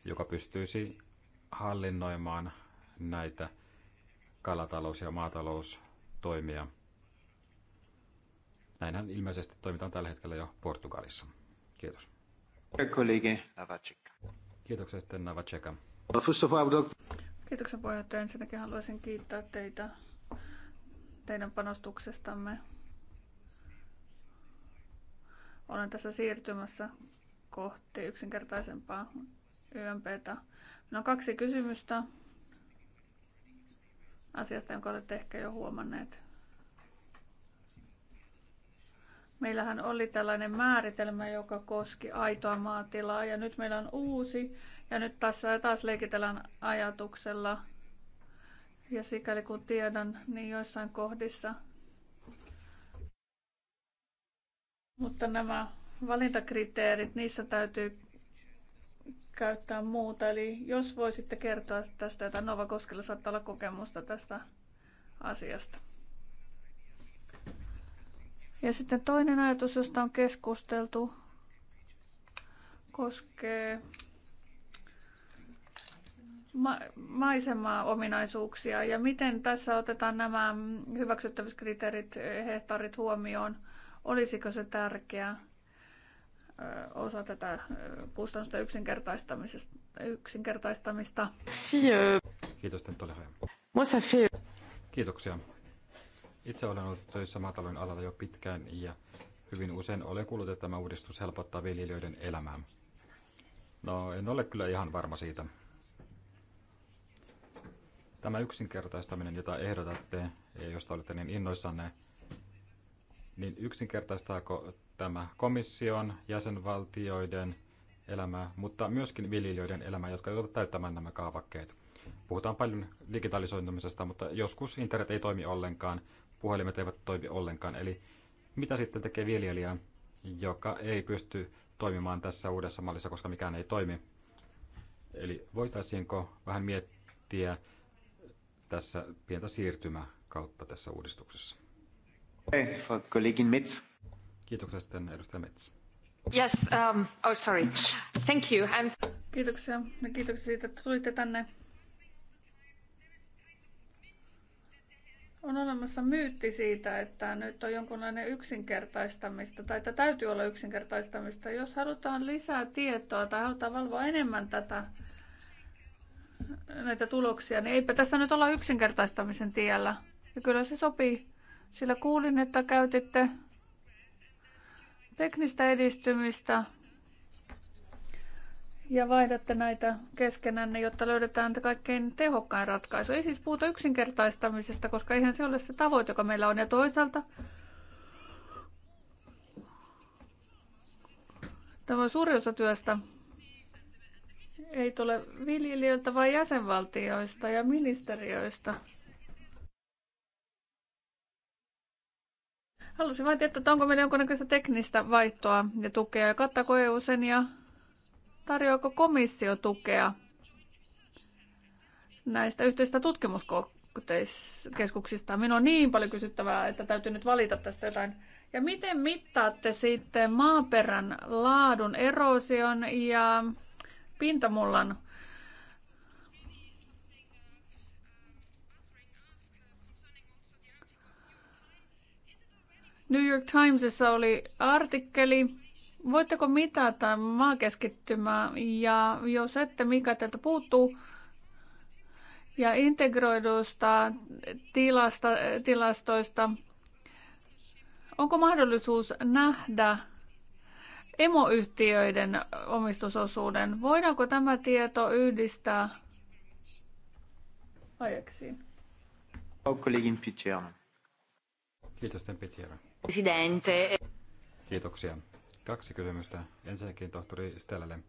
joka pystyisi hallinnoimaan näitä kalatalous- ja maataloustoimia. Näinhän ilmeisesti toimitaan tällä hetkellä jo Portugalissa. Kiitos. Kiitoksia sitten Navaceka. First of all, Kiitoksia puheenjohtaja. Ensinnäkin haluaisin kiittää teitä teidän panostuksestamme. Olen tässä siirtymässä kohti yksinkertaisempaa YMPtä. Minulla on kaksi kysymystä asiasta, jonka olette ehkä jo huomanneet. Meillähän oli tällainen määritelmä, joka koski aitoa maatilaa ja nyt meillä on uusi ja nyt taas, taas leikitellään ajatuksella. Ja sikäli kun tiedän, niin joissain kohdissa. Mutta nämä valintakriteerit, niissä täytyy käyttää muuta. Eli jos voisitte kertoa tästä, että Nova Koskella saattaa olla kokemusta tästä asiasta. Ja sitten toinen ajatus, josta on keskusteltu, koskee ma- maisemaa ominaisuuksia ja miten tässä otetaan nämä hyväksyttävyyskriteerit, hehtaarit huomioon? Olisiko se tärkeä osa tätä kustannusten yksinkertaistamisesta, yksinkertaistamista? Kiitos, Tentti Kiitoksia. Itse olen ollut töissä maatalouden alalla jo pitkään ja hyvin usein olen kuullut, että tämä uudistus helpottaa viljelijöiden elämää. No, en ole kyllä ihan varma siitä. Tämä yksinkertaistaminen, jota ehdotatte ja josta olette niin innoissanne, niin yksinkertaistaako tämä komission, jäsenvaltioiden elämää, mutta myöskin viljelijöiden elämää, jotka joutuvat täyttämään nämä kaavakkeet? Puhutaan paljon digitalisoitumisesta, mutta joskus internet ei toimi ollenkaan, puhelimet eivät toimi ollenkaan. Eli mitä sitten tekee viljelijä, joka ei pysty toimimaan tässä uudessa mallissa, koska mikään ei toimi? Eli voitaisiinko vähän miettiä, tässä pientä siirtymäkautta tässä uudistuksessa. Kollegin Metz. Kiitoksia sitten edustaja Metz. Yes, um, oh sorry. Thank you. And... Kiitoksia ja kiitoksia siitä, että tulitte tänne. On olemassa myytti siitä, että nyt on jonkunlainen yksinkertaistamista, tai että täytyy olla yksinkertaistamista. Jos halutaan lisää tietoa tai halutaan valvoa enemmän tätä näitä tuloksia, niin eipä tässä nyt olla yksinkertaistamisen tiellä. Ja kyllä se sopii, sillä kuulin, että käytitte teknistä edistymistä ja vaihdatte näitä keskenänne, jotta löydetään kaikkein tehokkain ratkaisu. Ei siis puhuta yksinkertaistamisesta, koska eihän se ole se tavoite, joka meillä on. Ja toisaalta tämä on suuri osa työstä ei tule viljelijöiltä, vaan jäsenvaltioista ja ministeriöistä. Haluaisin vain tietää, että onko meillä jonkunnäköistä teknistä vaihtoa ja tukea, ja kattaako EU sen ja tarjoako komissio tukea näistä yhteistä tutkimuskeskuksista. Minulla on niin paljon kysyttävää, että täytyy nyt valita tästä jotain. Ja miten mittaatte sitten maaperän laadun erosion ja pintamullan New York Timesissa oli artikkeli. Voitteko mitata maakeskittymää ja jos ette, mikä tätä puuttuu? Ja integroidusta tilasta, tilastoista. Onko mahdollisuus nähdä emoyhtiöiden omistusosuuden. Voidaanko tämä tieto yhdistää ajaksiin? Kiitos, Pitjana. Presidente. Kiitoksia. Kaksi kysymystä. Ensinnäkin tohtori Stelälle.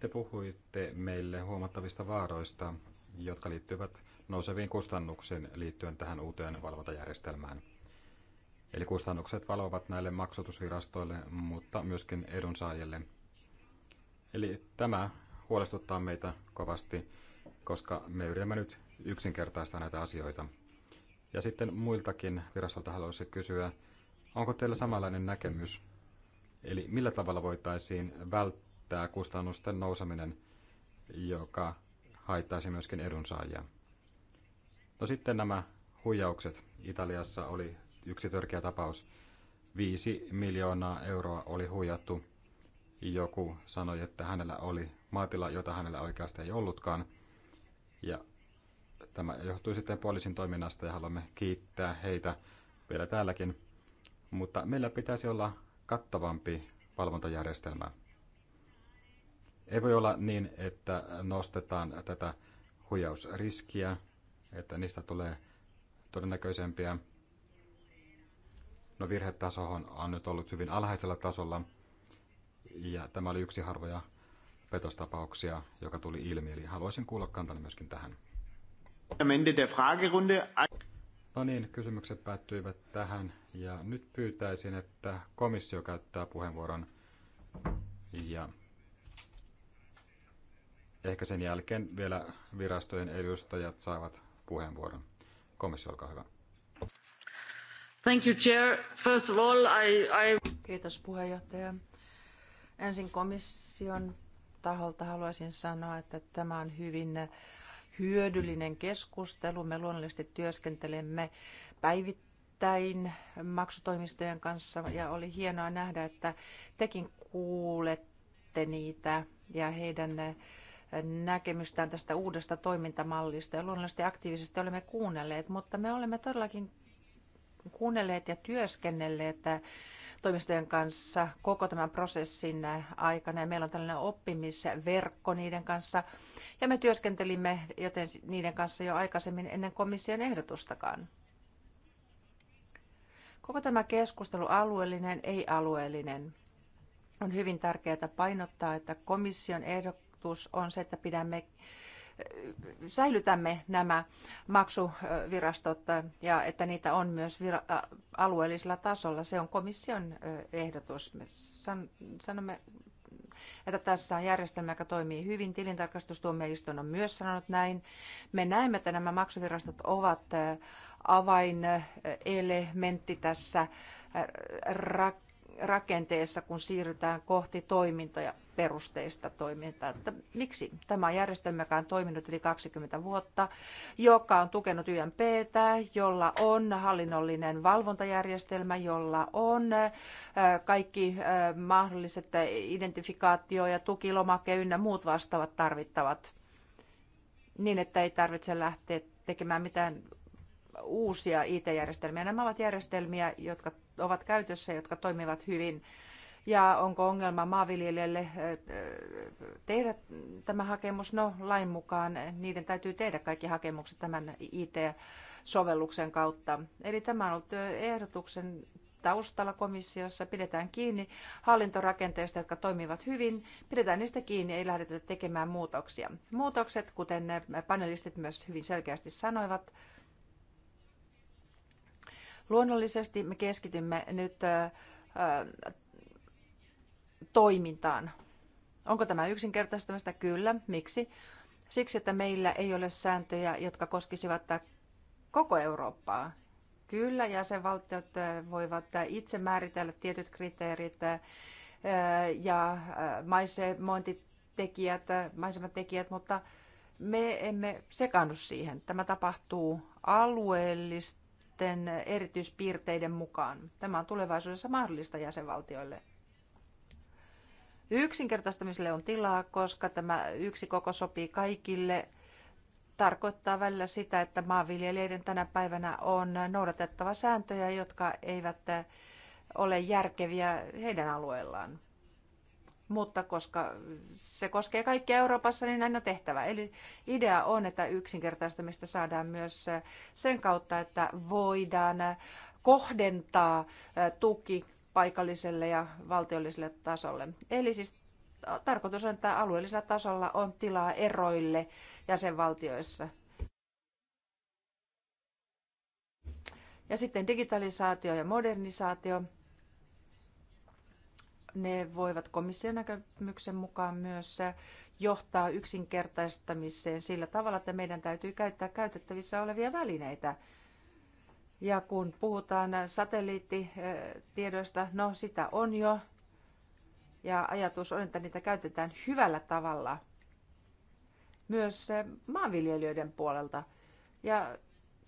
Te puhuitte meille huomattavista vaaroista, jotka liittyvät nouseviin kustannuksiin liittyen tähän uuteen valvontajärjestelmään. Eli kustannukset valovat näille maksatusvirastoille, mutta myöskin edunsaajille. Eli tämä huolestuttaa meitä kovasti, koska me yritämme nyt yksinkertaistaa näitä asioita. Ja sitten muiltakin virastolta haluaisin kysyä, onko teillä samanlainen näkemys? Eli millä tavalla voitaisiin välttää kustannusten nouseminen, joka haittaisi myöskin edunsaajia? No sitten nämä huijaukset. Italiassa oli yksi törkeä tapaus. Viisi miljoonaa euroa oli huijattu. Joku sanoi, että hänellä oli maatila, jota hänellä oikeastaan ei ollutkaan. Ja tämä johtui sitten poliisin toiminnasta ja haluamme kiittää heitä vielä täälläkin. Mutta meillä pitäisi olla kattavampi valvontajärjestelmä. Ei voi olla niin, että nostetaan tätä huijausriskiä, että niistä tulee todennäköisempiä. No virhetasohan on nyt ollut hyvin alhaisella tasolla, ja tämä oli yksi harvoja petostapauksia, joka tuli ilmi, eli haluaisin kuulla kantani myöskin tähän. No niin, kysymykset päättyivät tähän, ja nyt pyytäisin, että komissio käyttää puheenvuoron, ja ehkä sen jälkeen vielä virastojen edustajat saavat puheenvuoron. Komissio, olkaa hyvä. Thank you, Kiitos puheenjohtaja. Ensin komission taholta haluaisin sanoa, että tämä on hyvin hyödyllinen keskustelu. Me luonnollisesti työskentelemme päivittäin maksutoimistojen kanssa ja oli hienoa nähdä, että tekin kuulette niitä ja heidän näkemystään tästä uudesta toimintamallista ja luonnollisesti aktiivisesti olemme kuunnelleet, mutta me olemme todellakin kuunnelleet ja työskennelleet toimistojen kanssa koko tämän prosessin aikana. Ja meillä on tällainen oppimisverkko niiden kanssa. Ja me työskentelimme joten niiden kanssa jo aikaisemmin ennen komission ehdotustakaan. Koko tämä keskustelu alueellinen, ei-alueellinen. On hyvin tärkeää painottaa, että komission ehdotus on se, että pidämme säilytämme nämä maksuvirastot ja että niitä on myös alueellisella tasolla. Se on komission ehdotus. Me sanomme, että tässä on järjestelmä, joka toimii hyvin. Tilintarkastustuomioistuin on myös sanonut näin. Me näemme, että nämä maksuvirastot ovat avainelementti tässä rakenteessa, kun siirrytään kohti toimintoja perusteista toimintaa. Että miksi tämä järjestelmä, joka on toiminut yli 20 vuotta, joka on tukenut YMPtä, jolla on hallinnollinen valvontajärjestelmä, jolla on kaikki mahdolliset identifikaatio- ja tukilomake ynnä muut vastaavat tarvittavat, niin että ei tarvitse lähteä tekemään mitään uusia IT-järjestelmiä. Nämä ovat järjestelmiä, jotka ovat käytössä, jotka toimivat hyvin ja onko ongelma maanviljelijälle tehdä tämä hakemus? No, lain mukaan niiden täytyy tehdä kaikki hakemukset tämän IT-sovelluksen kautta. Eli tämä on ollut ehdotuksen taustalla komissiossa, pidetään kiinni hallintorakenteista, jotka toimivat hyvin, pidetään niistä kiinni, ei lähdetä tekemään muutoksia. Muutokset, kuten panelistit myös hyvin selkeästi sanoivat, Luonnollisesti me keskitymme nyt toimintaan. Onko tämä yksinkertaistamista? Kyllä. Miksi? Siksi, että meillä ei ole sääntöjä, jotka koskisivat koko Eurooppaa. Kyllä, jäsenvaltiot äh, voivat äh, itse määritellä tietyt kriteerit äh, ja maisemointitekijät, maisematekijät, mutta me emme sekaannu siihen. Tämä tapahtuu alueellisten erityispiirteiden mukaan. Tämä on tulevaisuudessa mahdollista jäsenvaltioille. Yksinkertaistamiselle on tilaa, koska tämä yksi koko sopii kaikille. Tarkoittaa välillä sitä, että maanviljelijöiden tänä päivänä on noudatettava sääntöjä, jotka eivät eh, ole järkeviä heidän alueellaan. Mutta koska se koskee kaikkia Euroopassa, niin näin on tehtävä. Eli idea on, että yksinkertaistamista saadaan myös eh, sen kautta, että voidaan eh, kohdentaa tuki paikalliselle ja valtiolliselle tasolle. Eli siis tarkoitus on, että alueellisella tasolla on tilaa eroille jäsenvaltioissa. Ja sitten digitalisaatio ja modernisaatio. Ne voivat komission näkemyksen mukaan myös johtaa yksinkertaistamiseen sillä tavalla, että meidän täytyy käyttää käytettävissä olevia välineitä – ja kun puhutaan satelliittitiedoista, no sitä on jo. Ja ajatus on, että niitä käytetään hyvällä tavalla myös eh, maanviljelijöiden puolelta. Ja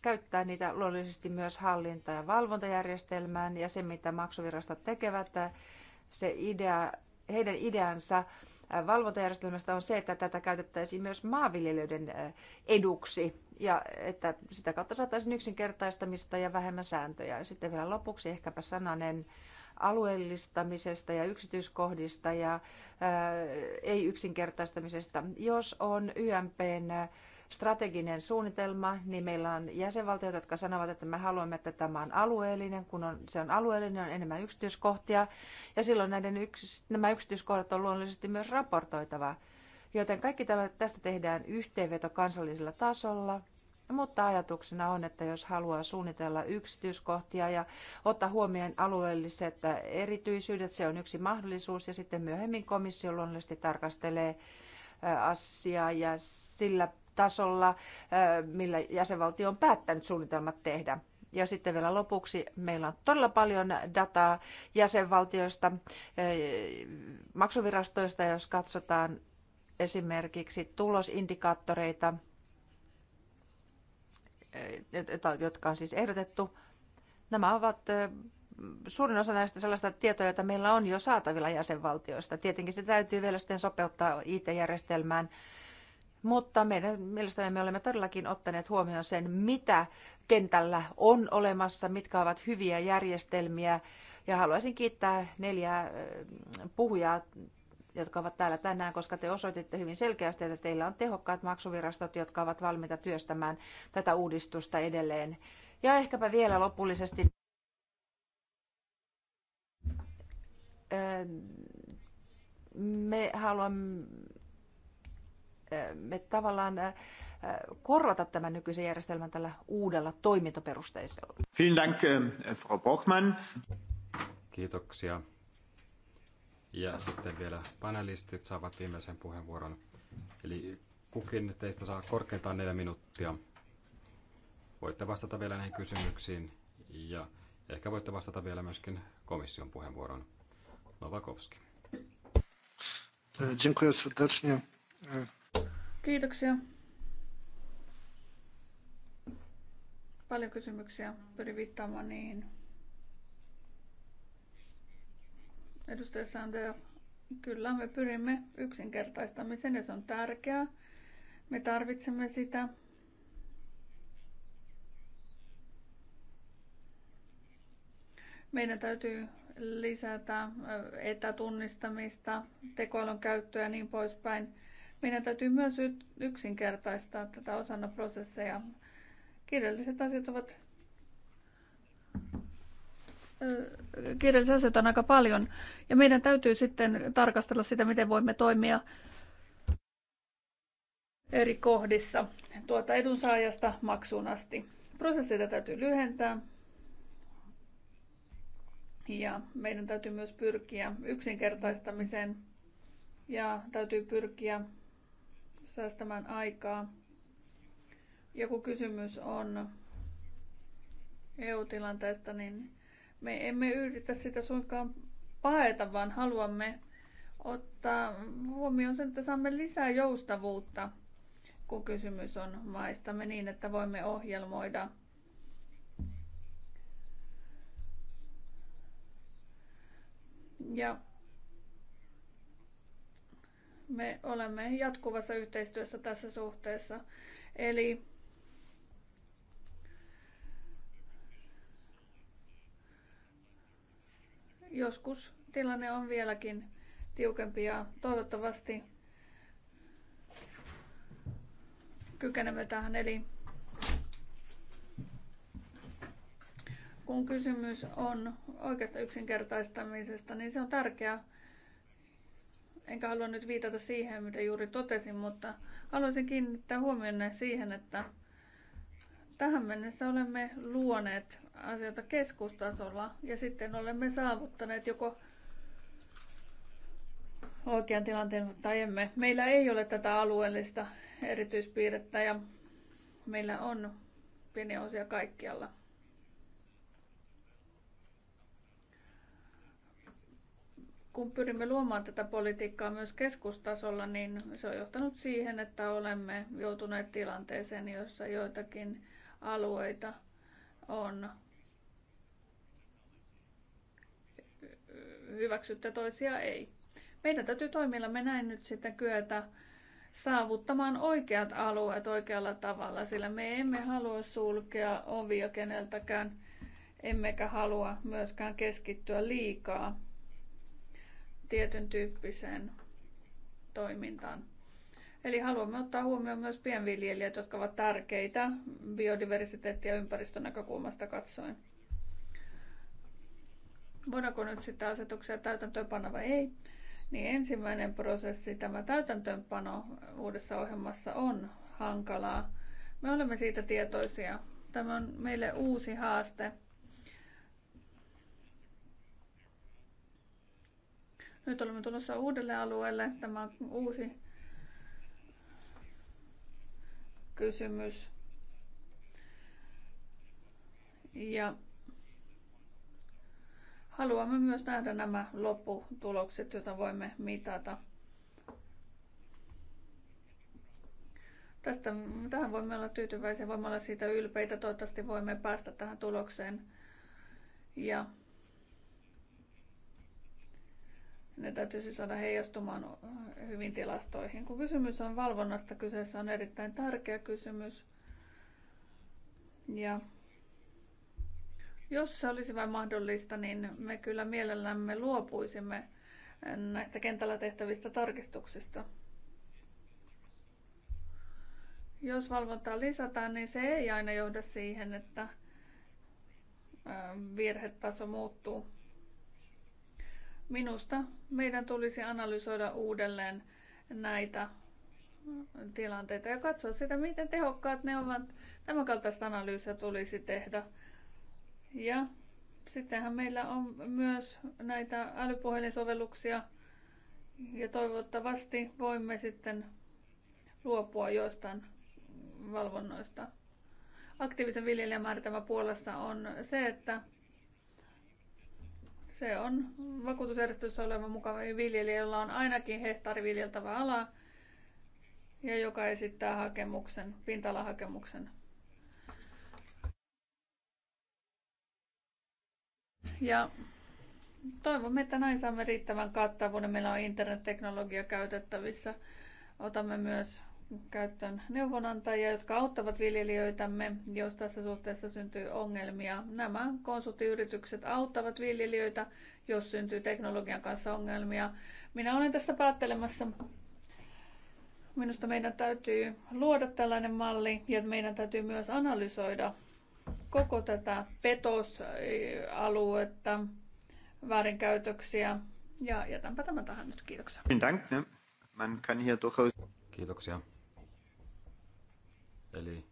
käyttää niitä luonnollisesti myös hallinta- ja valvontajärjestelmään ja se, mitä maksuvirastot tekevät, eh, se idea, heidän ideansa valvontajärjestelmästä on se, että tätä käytettäisiin myös maanviljelijöiden eduksi ja että sitä kautta saataisiin yksinkertaistamista ja vähemmän sääntöjä. Ja sitten vielä lopuksi ehkäpä sananen alueellistamisesta ja yksityiskohdista ja ää, ei-yksinkertaistamisesta. Jos on YMPn strateginen suunnitelma, niin meillä on jäsenvaltioita, jotka sanovat, että me haluamme, että tämä on alueellinen. Kun on, se on alueellinen, on enemmän yksityiskohtia. Ja silloin näiden yks, nämä yksityiskohdat on luonnollisesti myös raportoitava. Joten kaikki tämä, tästä tehdään yhteenveto kansallisella tasolla. Mutta ajatuksena on, että jos haluaa suunnitella yksityiskohtia ja ottaa huomioon alueelliset erityisyydet, se on yksi mahdollisuus. Ja sitten myöhemmin komissio luonnollisesti tarkastelee asiaa ja sillä tasolla, millä jäsenvaltio on päättänyt suunnitelmat tehdä. Ja sitten vielä lopuksi meillä on todella paljon dataa jäsenvaltioista, maksuvirastoista, jos katsotaan esimerkiksi tulosindikaattoreita, jotka on siis ehdotettu. Nämä ovat suurin osa näistä sellaista tietoa, joita meillä on jo saatavilla jäsenvaltioista. Tietenkin se täytyy vielä sitten sopeuttaa IT-järjestelmään mutta meidän mielestämme me olemme todellakin ottaneet huomioon sen, mitä kentällä on olemassa, mitkä ovat hyviä järjestelmiä. Ja haluaisin kiittää neljää äh, puhujaa, jotka ovat täällä tänään, koska te osoititte hyvin selkeästi, että teillä on tehokkaat maksuvirastot, jotka ovat valmiita työstämään tätä uudistusta edelleen. Ja ehkäpä vielä lopullisesti äh, me haluamme me tavallaan äh, korvata tämän nykyisen järjestelmän tällä uudella toimintaperusteisella. Vielen Dank, äh, Frau Kiitoksia. Ja sitten vielä panelistit saavat viimeisen puheenvuoron. Eli kukin teistä saa korkeintaan neljä minuuttia. Voitte vastata vielä näihin kysymyksiin ja ehkä voitte vastata vielä myöskin komission puheenvuoron. Novakovski. Dziękuję serdecznie Kiitoksia. Paljon kysymyksiä. Pyrin viittaamaan niihin. Edustaja Sander, kyllä me pyrimme yksinkertaistamiseen ja se on tärkeää. Me tarvitsemme sitä. Meidän täytyy lisätä etätunnistamista, tekoälyn käyttöä ja niin poispäin. Meidän täytyy myös yksinkertaistaa tätä osana prosesseja. Kirjalliset asiat ovat kirjallisia asioita on aika paljon, ja meidän täytyy sitten tarkastella sitä, miten voimme toimia eri kohdissa tuota edunsaajasta maksuun asti. Prosesseita täytyy lyhentää, ja meidän täytyy myös pyrkiä yksinkertaistamiseen, ja täytyy pyrkiä säästämään aikaa. Ja kun kysymys on EU-tilanteesta, niin me emme yritä sitä suinkaan paeta, vaan haluamme ottaa huomioon sen, että saamme lisää joustavuutta, kun kysymys on maistamme niin, että voimme ohjelmoida ja me olemme jatkuvassa yhteistyössä tässä suhteessa. Eli joskus tilanne on vieläkin tiukempi ja toivottavasti kykenemme tähän. Eli kun kysymys on oikeasta yksinkertaistamisesta, niin se on tärkeää enkä halua nyt viitata siihen, mitä juuri totesin, mutta haluaisin kiinnittää huomionne siihen, että tähän mennessä olemme luoneet asioita keskustasolla ja sitten olemme saavuttaneet joko oikean tilanteen tai emme. Meillä ei ole tätä alueellista erityispiirrettä ja meillä on pieniä osia kaikkialla. kun pyrimme luomaan tätä politiikkaa myös keskustasolla, niin se on johtanut siihen, että olemme joutuneet tilanteeseen, jossa joitakin alueita on hyväksytty toisia ei. Meidän täytyy toimilla me näin nyt sitä kyetä saavuttamaan oikeat alueet oikealla tavalla, sillä me emme halua sulkea ovia keneltäkään, emmekä halua myöskään keskittyä liikaa tietyn tyyppiseen toimintaan. Eli haluamme ottaa huomioon myös pienviljelijät, jotka ovat tärkeitä biodiversiteetti- ja ympäristönäkökulmasta katsoen. Voidaanko nyt sitä asetuksia täytäntöönpano vai ei? Niin ensimmäinen prosessi, tämä täytäntöönpano uudessa ohjelmassa on hankalaa. Me olemme siitä tietoisia. Tämä on meille uusi haaste Nyt olemme tulossa uudelle alueelle. Tämä on uusi kysymys. Ja haluamme myös nähdä nämä lopputulokset, joita voimme mitata. Tästä, tähän voimme olla tyytyväisiä, voimme olla siitä ylpeitä. Toivottavasti voimme päästä tähän tulokseen. Ja ne täytyisi siis saada heijastumaan äh, hyvin tilastoihin. Kun kysymys on valvonnasta, kyseessä on erittäin tärkeä kysymys. Ja jos se olisi vain mahdollista, niin me kyllä mielellämme luopuisimme äh, näistä kentällä tehtävistä tarkistuksista. Jos valvontaa lisätään, niin se ei aina johda siihen, että äh, virhetaso muuttuu. Minusta meidän tulisi analysoida uudelleen näitä tilanteita ja katsoa sitä, miten tehokkaat ne ovat. Tämän kaltaista analyysiä tulisi tehdä. Ja sittenhän meillä on myös näitä älypuhelinsovelluksia ja toivottavasti voimme sitten luopua joistain valvonnoista. Aktiivisen viljelijän määritelmä Puolassa on se, että se on vakuutusjärjestössä oleva mukava viljelijä, jolla on ainakin hehtaari viljeltävä ala ja joka esittää hakemuksen, pinta-alahakemuksen. Ja toivomme, että näin saamme riittävän kattavuuden. Meillä on internetteknologia käytettävissä. Otamme myös käyttöön neuvonantajia, jotka auttavat viljelijöitämme, jos tässä suhteessa syntyy ongelmia. Nämä konsulttiyritykset auttavat viljelijöitä, jos syntyy teknologian kanssa ongelmia. Minä olen tässä päättelemässä. Minusta meidän täytyy luoda tällainen malli ja meidän täytyy myös analysoida koko tätä petosaluetta, väärinkäytöksiä. Ja jätänpä tämän tähän nyt. Kiitoksia. Kiitoksia. Eli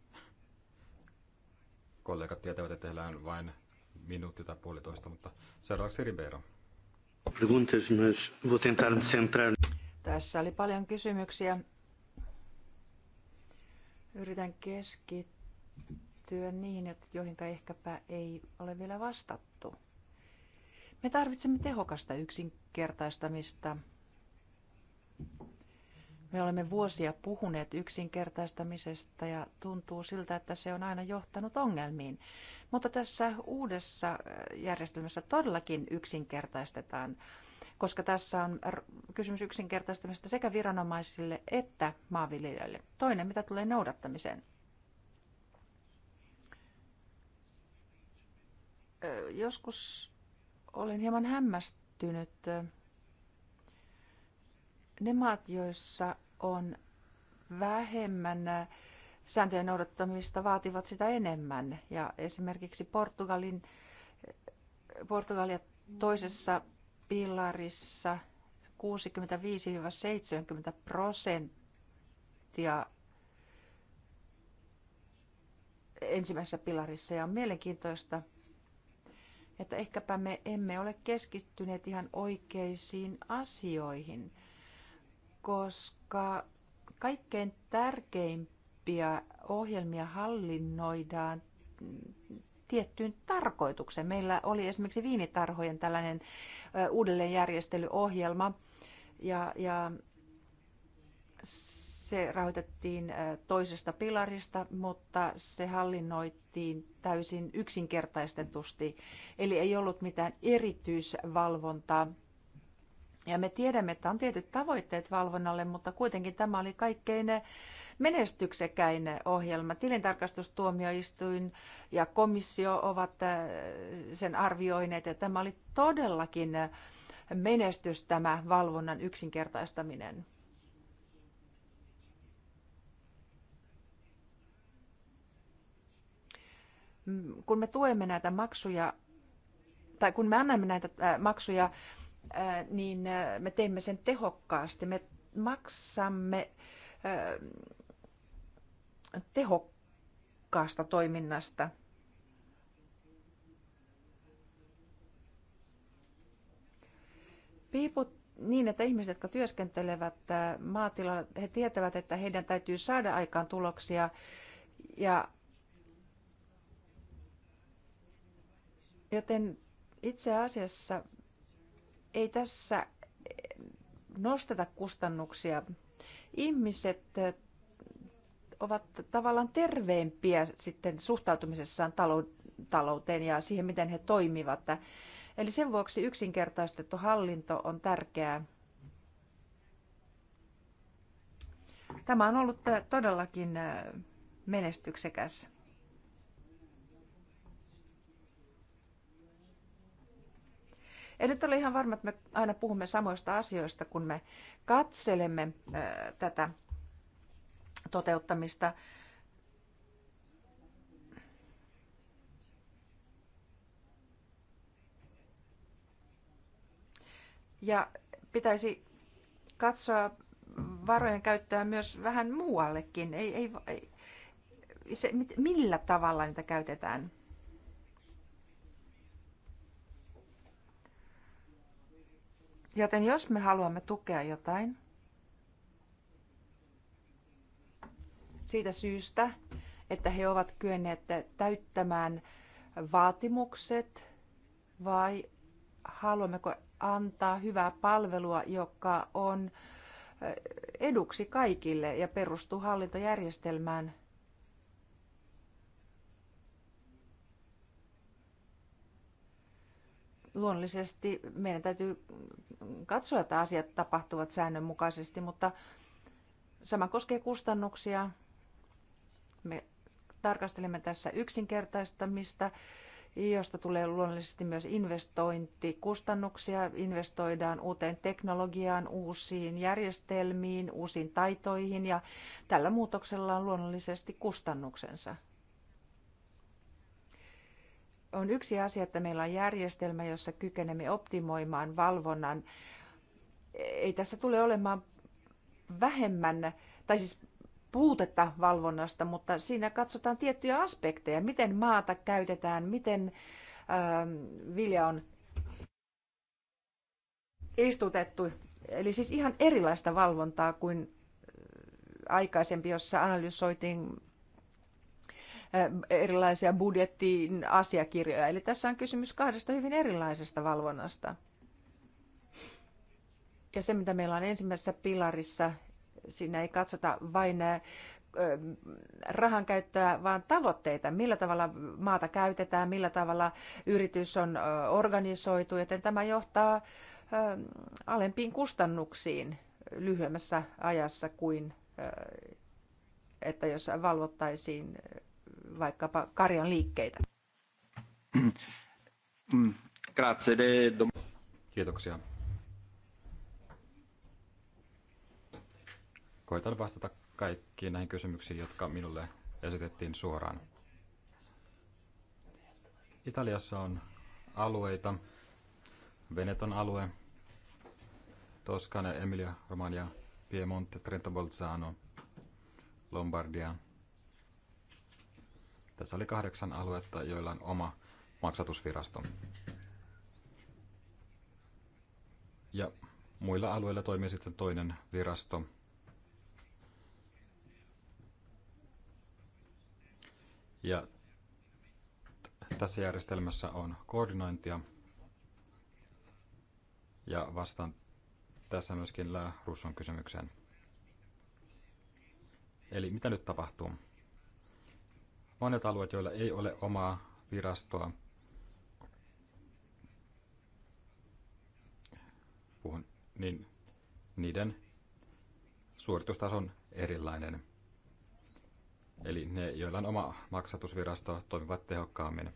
kollegat tietävät, että heillä on vain minuutti tai puolitoista, mutta seuraavaksi Ribeiro. Tässä oli paljon kysymyksiä. Yritän keskittyä niihin, joihin ehkäpä ei ole vielä vastattu. Me tarvitsemme tehokasta yksinkertaistamista me olemme vuosia puhuneet yksinkertaistamisesta ja tuntuu siltä, että se on aina johtanut ongelmiin. Mutta tässä uudessa äh, järjestelmässä todellakin yksinkertaistetaan, koska tässä on kysymys yksinkertaistamisesta sekä viranomaisille että maanviljelijöille. Toinen, mitä tulee noudattamiseen. Äh, joskus olin hieman hämmästynyt äh, ne maat, joissa on vähemmän äh, sääntöjen noudattamista, vaativat sitä enemmän. Ja esimerkiksi Portugalin, äh, Portugalia toisessa pilarissa 65-70 prosenttia ensimmäisessä pilarissa. Ja on mielenkiintoista, että ehkäpä me emme ole keskittyneet ihan oikeisiin asioihin koska kaikkein tärkeimpiä ohjelmia hallinnoidaan tiettyyn tarkoitukseen. Meillä oli esimerkiksi viinitarhojen tällainen uudelleenjärjestelyohjelma ja, ja se rahoitettiin toisesta pilarista, mutta se hallinnoitiin täysin yksinkertaistetusti. Eli ei ollut mitään erityisvalvontaa ja me tiedämme, että on tietyt tavoitteet valvonnalle, mutta kuitenkin tämä oli kaikkein menestyksekäin ohjelma. Tilintarkastustuomioistuin ja komissio ovat äh, sen arvioineet, että tämä oli todellakin menestys tämä valvonnan yksinkertaistaminen. Mm, kun me tuemme näitä maksuja, tai kun me annamme näitä äh, maksuja niin me teemme sen tehokkaasti. Me maksamme tehokkaasta toiminnasta. Piiput niin, että ihmiset, jotka työskentelevät maatilalla, he tietävät, että heidän täytyy saada aikaan tuloksia ja joten itse asiassa ei tässä eh, nosteta kustannuksia. Ihmiset eh, ovat tavallaan terveempiä sitten suhtautumisessaan talouteen ja siihen, miten he toimivat. Eli sen vuoksi yksinkertaistettu hallinto on tärkeää. Tämä on ollut eh, todellakin menestyksekäs. En nyt ole ihan varma, että me aina puhumme samoista asioista, kun me katselemme tätä toteuttamista. Ja pitäisi katsoa varojen käyttöä myös vähän muuallekin. Ei, ei, ei, se, millä tavalla niitä käytetään. Joten jos me haluamme tukea jotain siitä syystä, että he ovat kyenneet täyttämään vaatimukset vai haluammeko antaa hyvää palvelua, joka on eduksi kaikille ja perustuu hallintojärjestelmään, luonnollisesti meidän täytyy katsoa, että asiat tapahtuvat säännönmukaisesti, mutta sama koskee kustannuksia. Me tarkastelemme tässä yksinkertaistamista, josta tulee luonnollisesti myös investointikustannuksia. Investoidaan uuteen teknologiaan, uusiin järjestelmiin, uusiin taitoihin ja tällä muutoksella on luonnollisesti kustannuksensa on yksi asia, että meillä on järjestelmä, jossa kykenemme optimoimaan valvonnan. Ei tässä tule olemaan vähemmän, tai siis puutetta valvonnasta, mutta siinä katsotaan tiettyjä aspekteja, miten maata käytetään, miten äh, vilja on istutettu. Eli siis ihan erilaista valvontaa kuin äh, aikaisempi, jossa analysoitiin erilaisia budjettiin asiakirjoja. Eli tässä on kysymys kahdesta hyvin erilaisesta valvonnasta. Ja se, mitä meillä on ensimmäisessä pilarissa, siinä ei katsota vain rahan käyttöä, vaan tavoitteita, millä tavalla maata käytetään, millä tavalla yritys on organisoitu, joten tämä johtaa alempiin kustannuksiin lyhyemmässä ajassa kuin että jos valvottaisiin vaikkapa karjan liikkeitä. Kiitoksia. Koitan vastata kaikkiin näihin kysymyksiin, jotka minulle esitettiin suoraan. Italiassa on alueita. Veneton alue, Toskana, Emilia, Romagna, Piemonte, Trento Bolzano, Lombardia – tässä oli kahdeksan aluetta, joilla on oma maksatusvirasto. Ja muilla alueilla toimii sitten toinen virasto. Ja tässä järjestelmässä on koordinointia ja vastaan tässä myöskin Russon kysymykseen. Eli mitä nyt tapahtuu? monet alueet, joilla ei ole omaa virastoa. Puhun, niin niiden suoritustaso on erilainen. Eli ne, joilla on oma maksatusvirasto, toimivat tehokkaammin.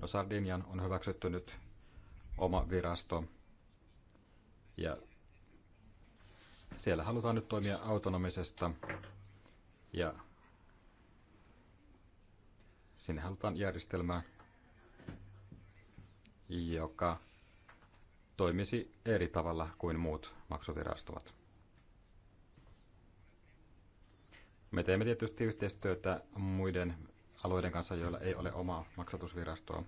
No Sardinian on hyväksytty nyt oma virasto. Ja siellä halutaan nyt toimia autonomisesta ja Sinne halutaan järjestelmää, joka toimisi eri tavalla kuin muut maksuvirastovat. Me teemme tietysti yhteistyötä muiden alueiden kanssa, joilla ei ole omaa maksatusvirastoa,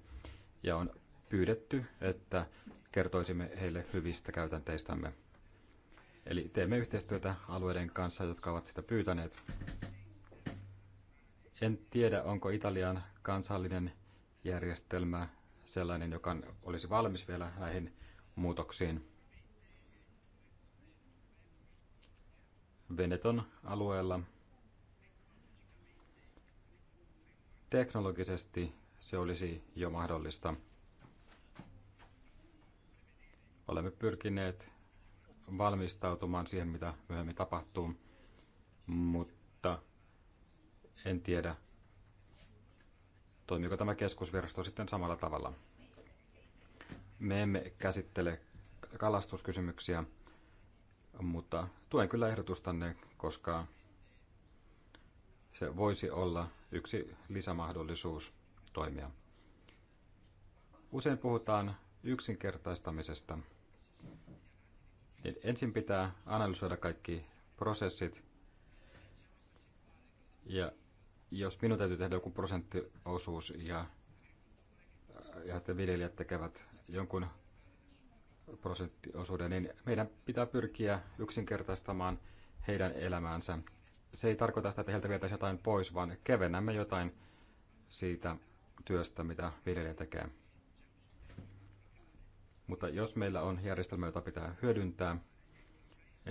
ja on pyydetty, että kertoisimme heille hyvistä käytänteistämme. Eli teemme yhteistyötä alueiden kanssa, jotka ovat sitä pyytäneet. En tiedä, onko Italian kansallinen järjestelmä sellainen, joka olisi valmis vielä näihin muutoksiin. Veneton alueella teknologisesti se olisi jo mahdollista. Olemme pyrkineet valmistautumaan siihen, mitä myöhemmin tapahtuu, mutta en tiedä, toimiiko tämä keskusvirasto sitten samalla tavalla. Me emme käsittele kalastuskysymyksiä, mutta tuen kyllä ehdotustanne, koska se voisi olla yksi lisämahdollisuus toimia. Usein puhutaan yksinkertaistamisesta. Niin ensin pitää analysoida kaikki prosessit ja jos minun täytyy tehdä joku prosenttiosuus ja, ja sitten viljelijät tekevät jonkun prosenttiosuuden, niin meidän pitää pyrkiä yksinkertaistamaan heidän elämäänsä. Se ei tarkoita sitä, että heiltä vietäisiin jotain pois, vaan kevennämme jotain siitä työstä, mitä viljelijä tekee. Mutta jos meillä on järjestelmä, jota pitää hyödyntää,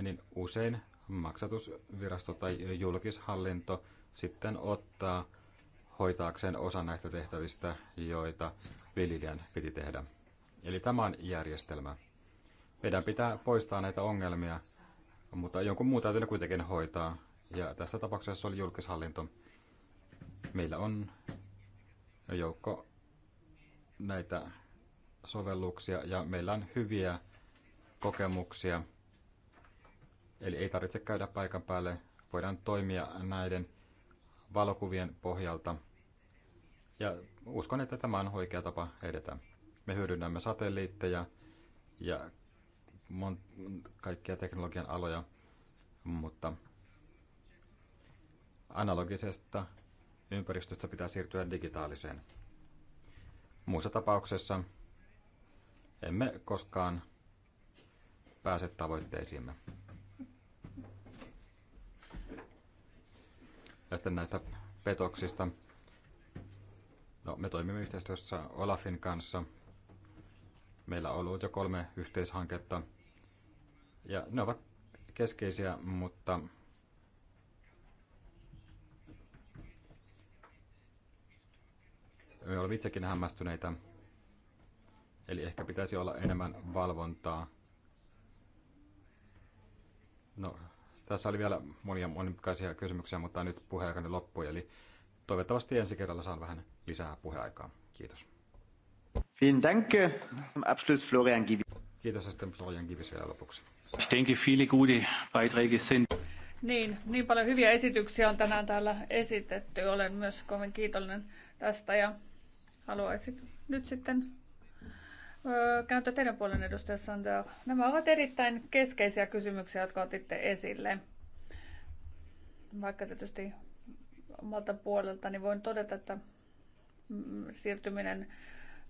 niin usein maksatusvirasto tai julkishallinto – sitten ottaa hoitaakseen osa näistä tehtävistä, joita viljelijän piti tehdä. Eli tämä on järjestelmä. Meidän pitää poistaa näitä ongelmia, mutta jonkun muun täytyy ne kuitenkin hoitaa. Ja tässä tapauksessa oli julkishallinto. Meillä on joukko näitä sovelluksia ja meillä on hyviä kokemuksia. Eli ei tarvitse käydä paikan päälle, voidaan toimia näiden valokuvien pohjalta. Ja uskon, että tämä on oikea tapa edetä. Me hyödynnämme satelliitteja ja mon- kaikkia teknologian aloja, mutta analogisesta ympäristöstä pitää siirtyä digitaaliseen. Muussa tapauksessa emme koskaan pääse tavoitteisiimme. Ja sitten näistä petoksista. No, me toimimme yhteistyössä Olafin kanssa. Meillä on ollut jo kolme yhteishanketta. Ja ne ovat keskeisiä, mutta me olemme itsekin hämmästyneitä. Eli ehkä pitäisi olla enemmän valvontaa. No, tässä oli vielä monia monimutkaisia kysymyksiä, mutta nyt puheaikani loppui, eli toivottavasti ensi kerralla saan vähän lisää puheaikaa. Kiitos. Vielen ja Zum Abschluss Florian Kiitos sitten Florian Kivis vielä lopuksi. Ich denke, viele gute Beiträge sind. Niin, niin paljon hyviä esityksiä on tänään täällä esitetty. Olen myös kovin kiitollinen tästä ja haluaisin nyt sitten kääntyä teidän puolen edustaja Sandel. Nämä ovat erittäin keskeisiä kysymyksiä, jotka otitte esille. Vaikka tietysti omalta puolelta, niin voin todeta, että mm, siirtyminen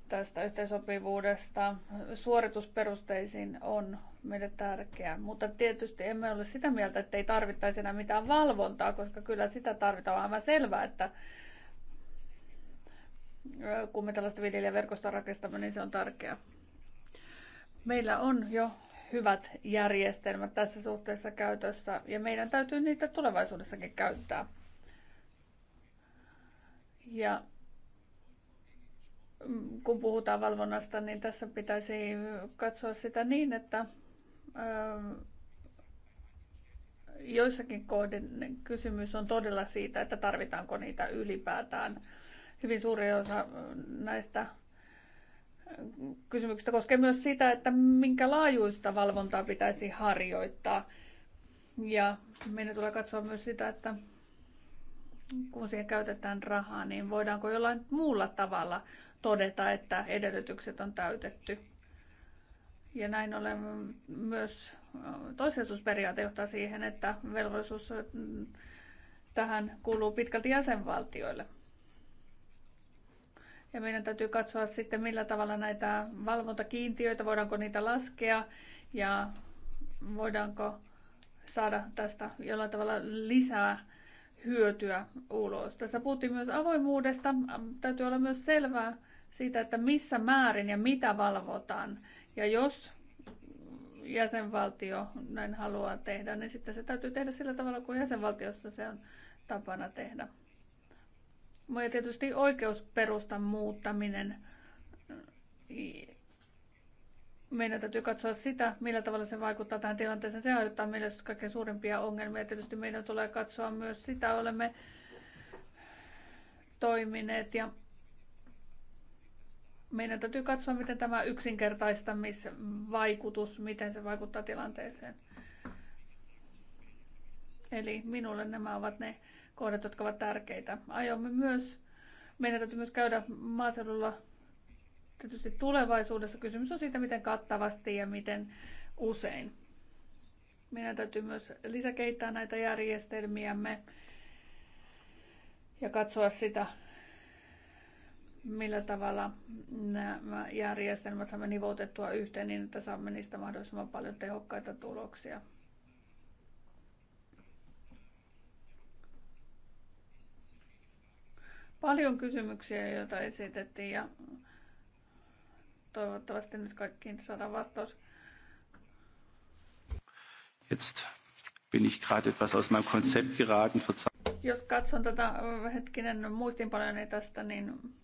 tästä yhteensopivuudesta suoritusperusteisiin on meille tärkeää. Mutta tietysti emme ole sitä mieltä, että ei tarvittaisi enää mitään valvontaa, koska kyllä sitä tarvitaan aivan selvää, että kun me tällaista viljelijäverkostoa rakistamme, niin se on tärkeää. Meillä on jo hyvät järjestelmät tässä suhteessa käytössä ja meidän täytyy niitä tulevaisuudessakin käyttää. Ja mm, kun puhutaan valvonnasta, niin tässä pitäisi katsoa sitä niin, että joissakin kohdin kysymys on todella siitä, että tarvitaanko niitä ylipäätään Hyvin suuri osa näistä kysymyksistä koskee myös sitä, että minkä laajuista valvontaa pitäisi harjoittaa. Ja meidän tulee katsoa myös sitä, että kun siihen käytetään rahaa, niin voidaanko jollain muulla tavalla todeta, että edellytykset on täytetty. Ja näin ollen myös toissijaisuusperiaate johtaa siihen, että velvollisuus tähän kuuluu pitkälti jäsenvaltioille. Ja meidän täytyy katsoa sitten, millä tavalla näitä valvontakiintiöitä, voidaanko niitä laskea ja voidaanko saada tästä jollain tavalla lisää hyötyä ulos. Tässä puhuttiin myös avoimuudesta. Täytyy olla myös selvää siitä, että missä määrin ja mitä valvotaan. Ja jos jäsenvaltio näin haluaa tehdä, niin sitten se täytyy tehdä sillä tavalla, kun jäsenvaltiossa se on tapana tehdä. Voi tietysti oikeusperustan muuttaminen. Meidän täytyy katsoa sitä, millä tavalla se vaikuttaa tähän tilanteeseen. Se aiheuttaa meille kaikkein suurimpia ongelmia. Tietysti meidän tulee katsoa myös sitä, olemme toimineet ja meidän täytyy katsoa, miten tämä yksinkertaistamisvaikutus, miten se vaikuttaa tilanteeseen. Eli minulle nämä ovat ne kohdat, jotka ovat tärkeitä. Aiomme myös, meidän täytyy myös käydä maaseudulla tietysti tulevaisuudessa. Kysymys on siitä, miten kattavasti ja miten usein. Meidän täytyy myös lisäkehittää näitä järjestelmiämme ja katsoa sitä, millä tavalla nämä järjestelmät saamme nivoutettua yhteen niin, että saamme niistä mahdollisimman paljon tehokkaita tuloksia. paljon kysymyksiä, joita esitettiin ja toivottavasti nyt kaikkiin saadaan vastaus. Jetzt bin ich gerade etwas aus meinem Konzept geraten. Jos katson tätä hetkinen muistinpanoja niin tästä, niin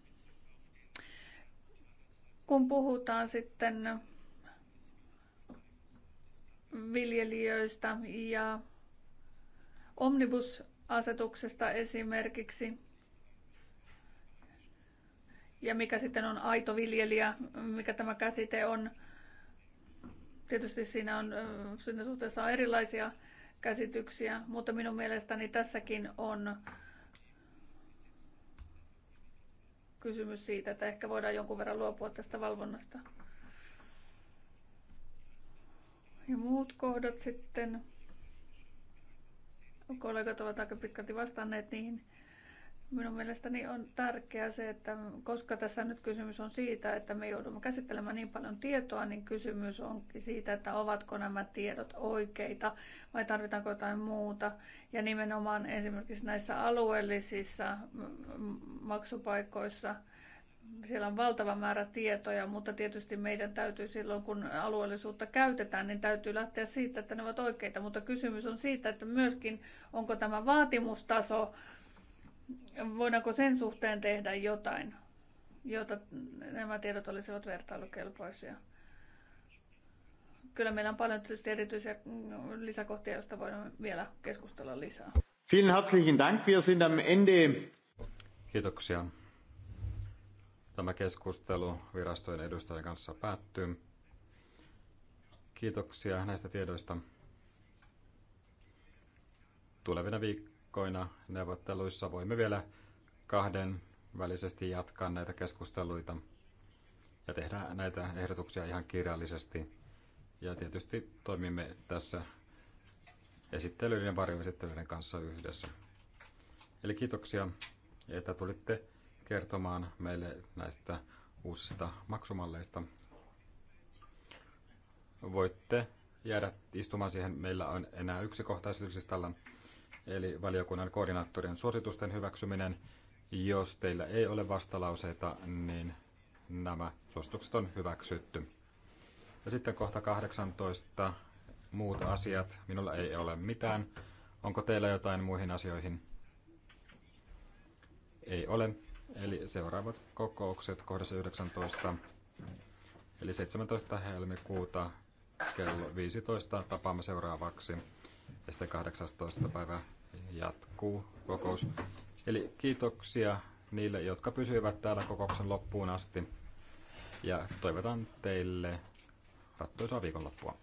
kun puhutaan sitten viljelijöistä ja omnibusasetuksesta esimerkiksi, ja mikä sitten on aito viljelijä, mikä tämä käsite on. Tietysti siinä, on, siinä suhteessa on erilaisia käsityksiä, mutta minun mielestäni tässäkin on kysymys siitä, että ehkä voidaan jonkun verran luopua tästä valvonnasta. Ja muut kohdat sitten. Kollegat ovat aika pitkälti vastanneet niihin. Minun mielestäni on tärkeää se, että koska tässä nyt kysymys on siitä, että me joudumme käsittelemään niin paljon tietoa, niin kysymys onkin siitä, että ovatko nämä tiedot oikeita vai tarvitaanko jotain muuta. Ja nimenomaan esimerkiksi näissä alueellisissa maksupaikoissa siellä on valtava määrä tietoja, mutta tietysti meidän täytyy silloin, kun alueellisuutta käytetään, niin täytyy lähteä siitä, että ne ovat oikeita. Mutta kysymys on siitä, että myöskin onko tämä vaatimustaso voidaanko sen suhteen tehdä jotain, jotta nämä tiedot olisivat vertailukelpoisia. Kyllä meillä on paljon tietysti erityisiä lisäkohtia, joista voidaan vielä keskustella lisää. Vielen herzlichen Dank. Wir sind am Ende. Kiitoksia. Tämä keskustelu virastojen edustajien kanssa päättyy. Kiitoksia näistä tiedoista. Tulevina viikkoina viikkoina neuvotteluissa voimme vielä kahden välisesti jatkaa näitä keskusteluita ja tehdä näitä ehdotuksia ihan kirjallisesti. Ja tietysti toimimme tässä esittelyiden ja varjoesittelyiden kanssa yhdessä. Eli kiitoksia, että tulitte kertomaan meille näistä uusista maksumalleista. Voitte jäädä istumaan siihen. Meillä on enää yksi kohta esityslistalla eli valiokunnan koordinaattorin suositusten hyväksyminen. Jos teillä ei ole vastalauseita, niin nämä suositukset on hyväksytty. Ja sitten kohta 18 muut asiat. Minulla ei ole mitään. Onko teillä jotain muihin asioihin? Ei ole. Eli seuraavat kokoukset kohdassa 19. Eli 17. helmikuuta kello 15 tapaamme seuraavaksi ja sitten 18. päivä jatkuu kokous. Eli kiitoksia niille, jotka pysyivät täällä kokouksen loppuun asti. Ja toivotan teille rattoisaa viikonloppua.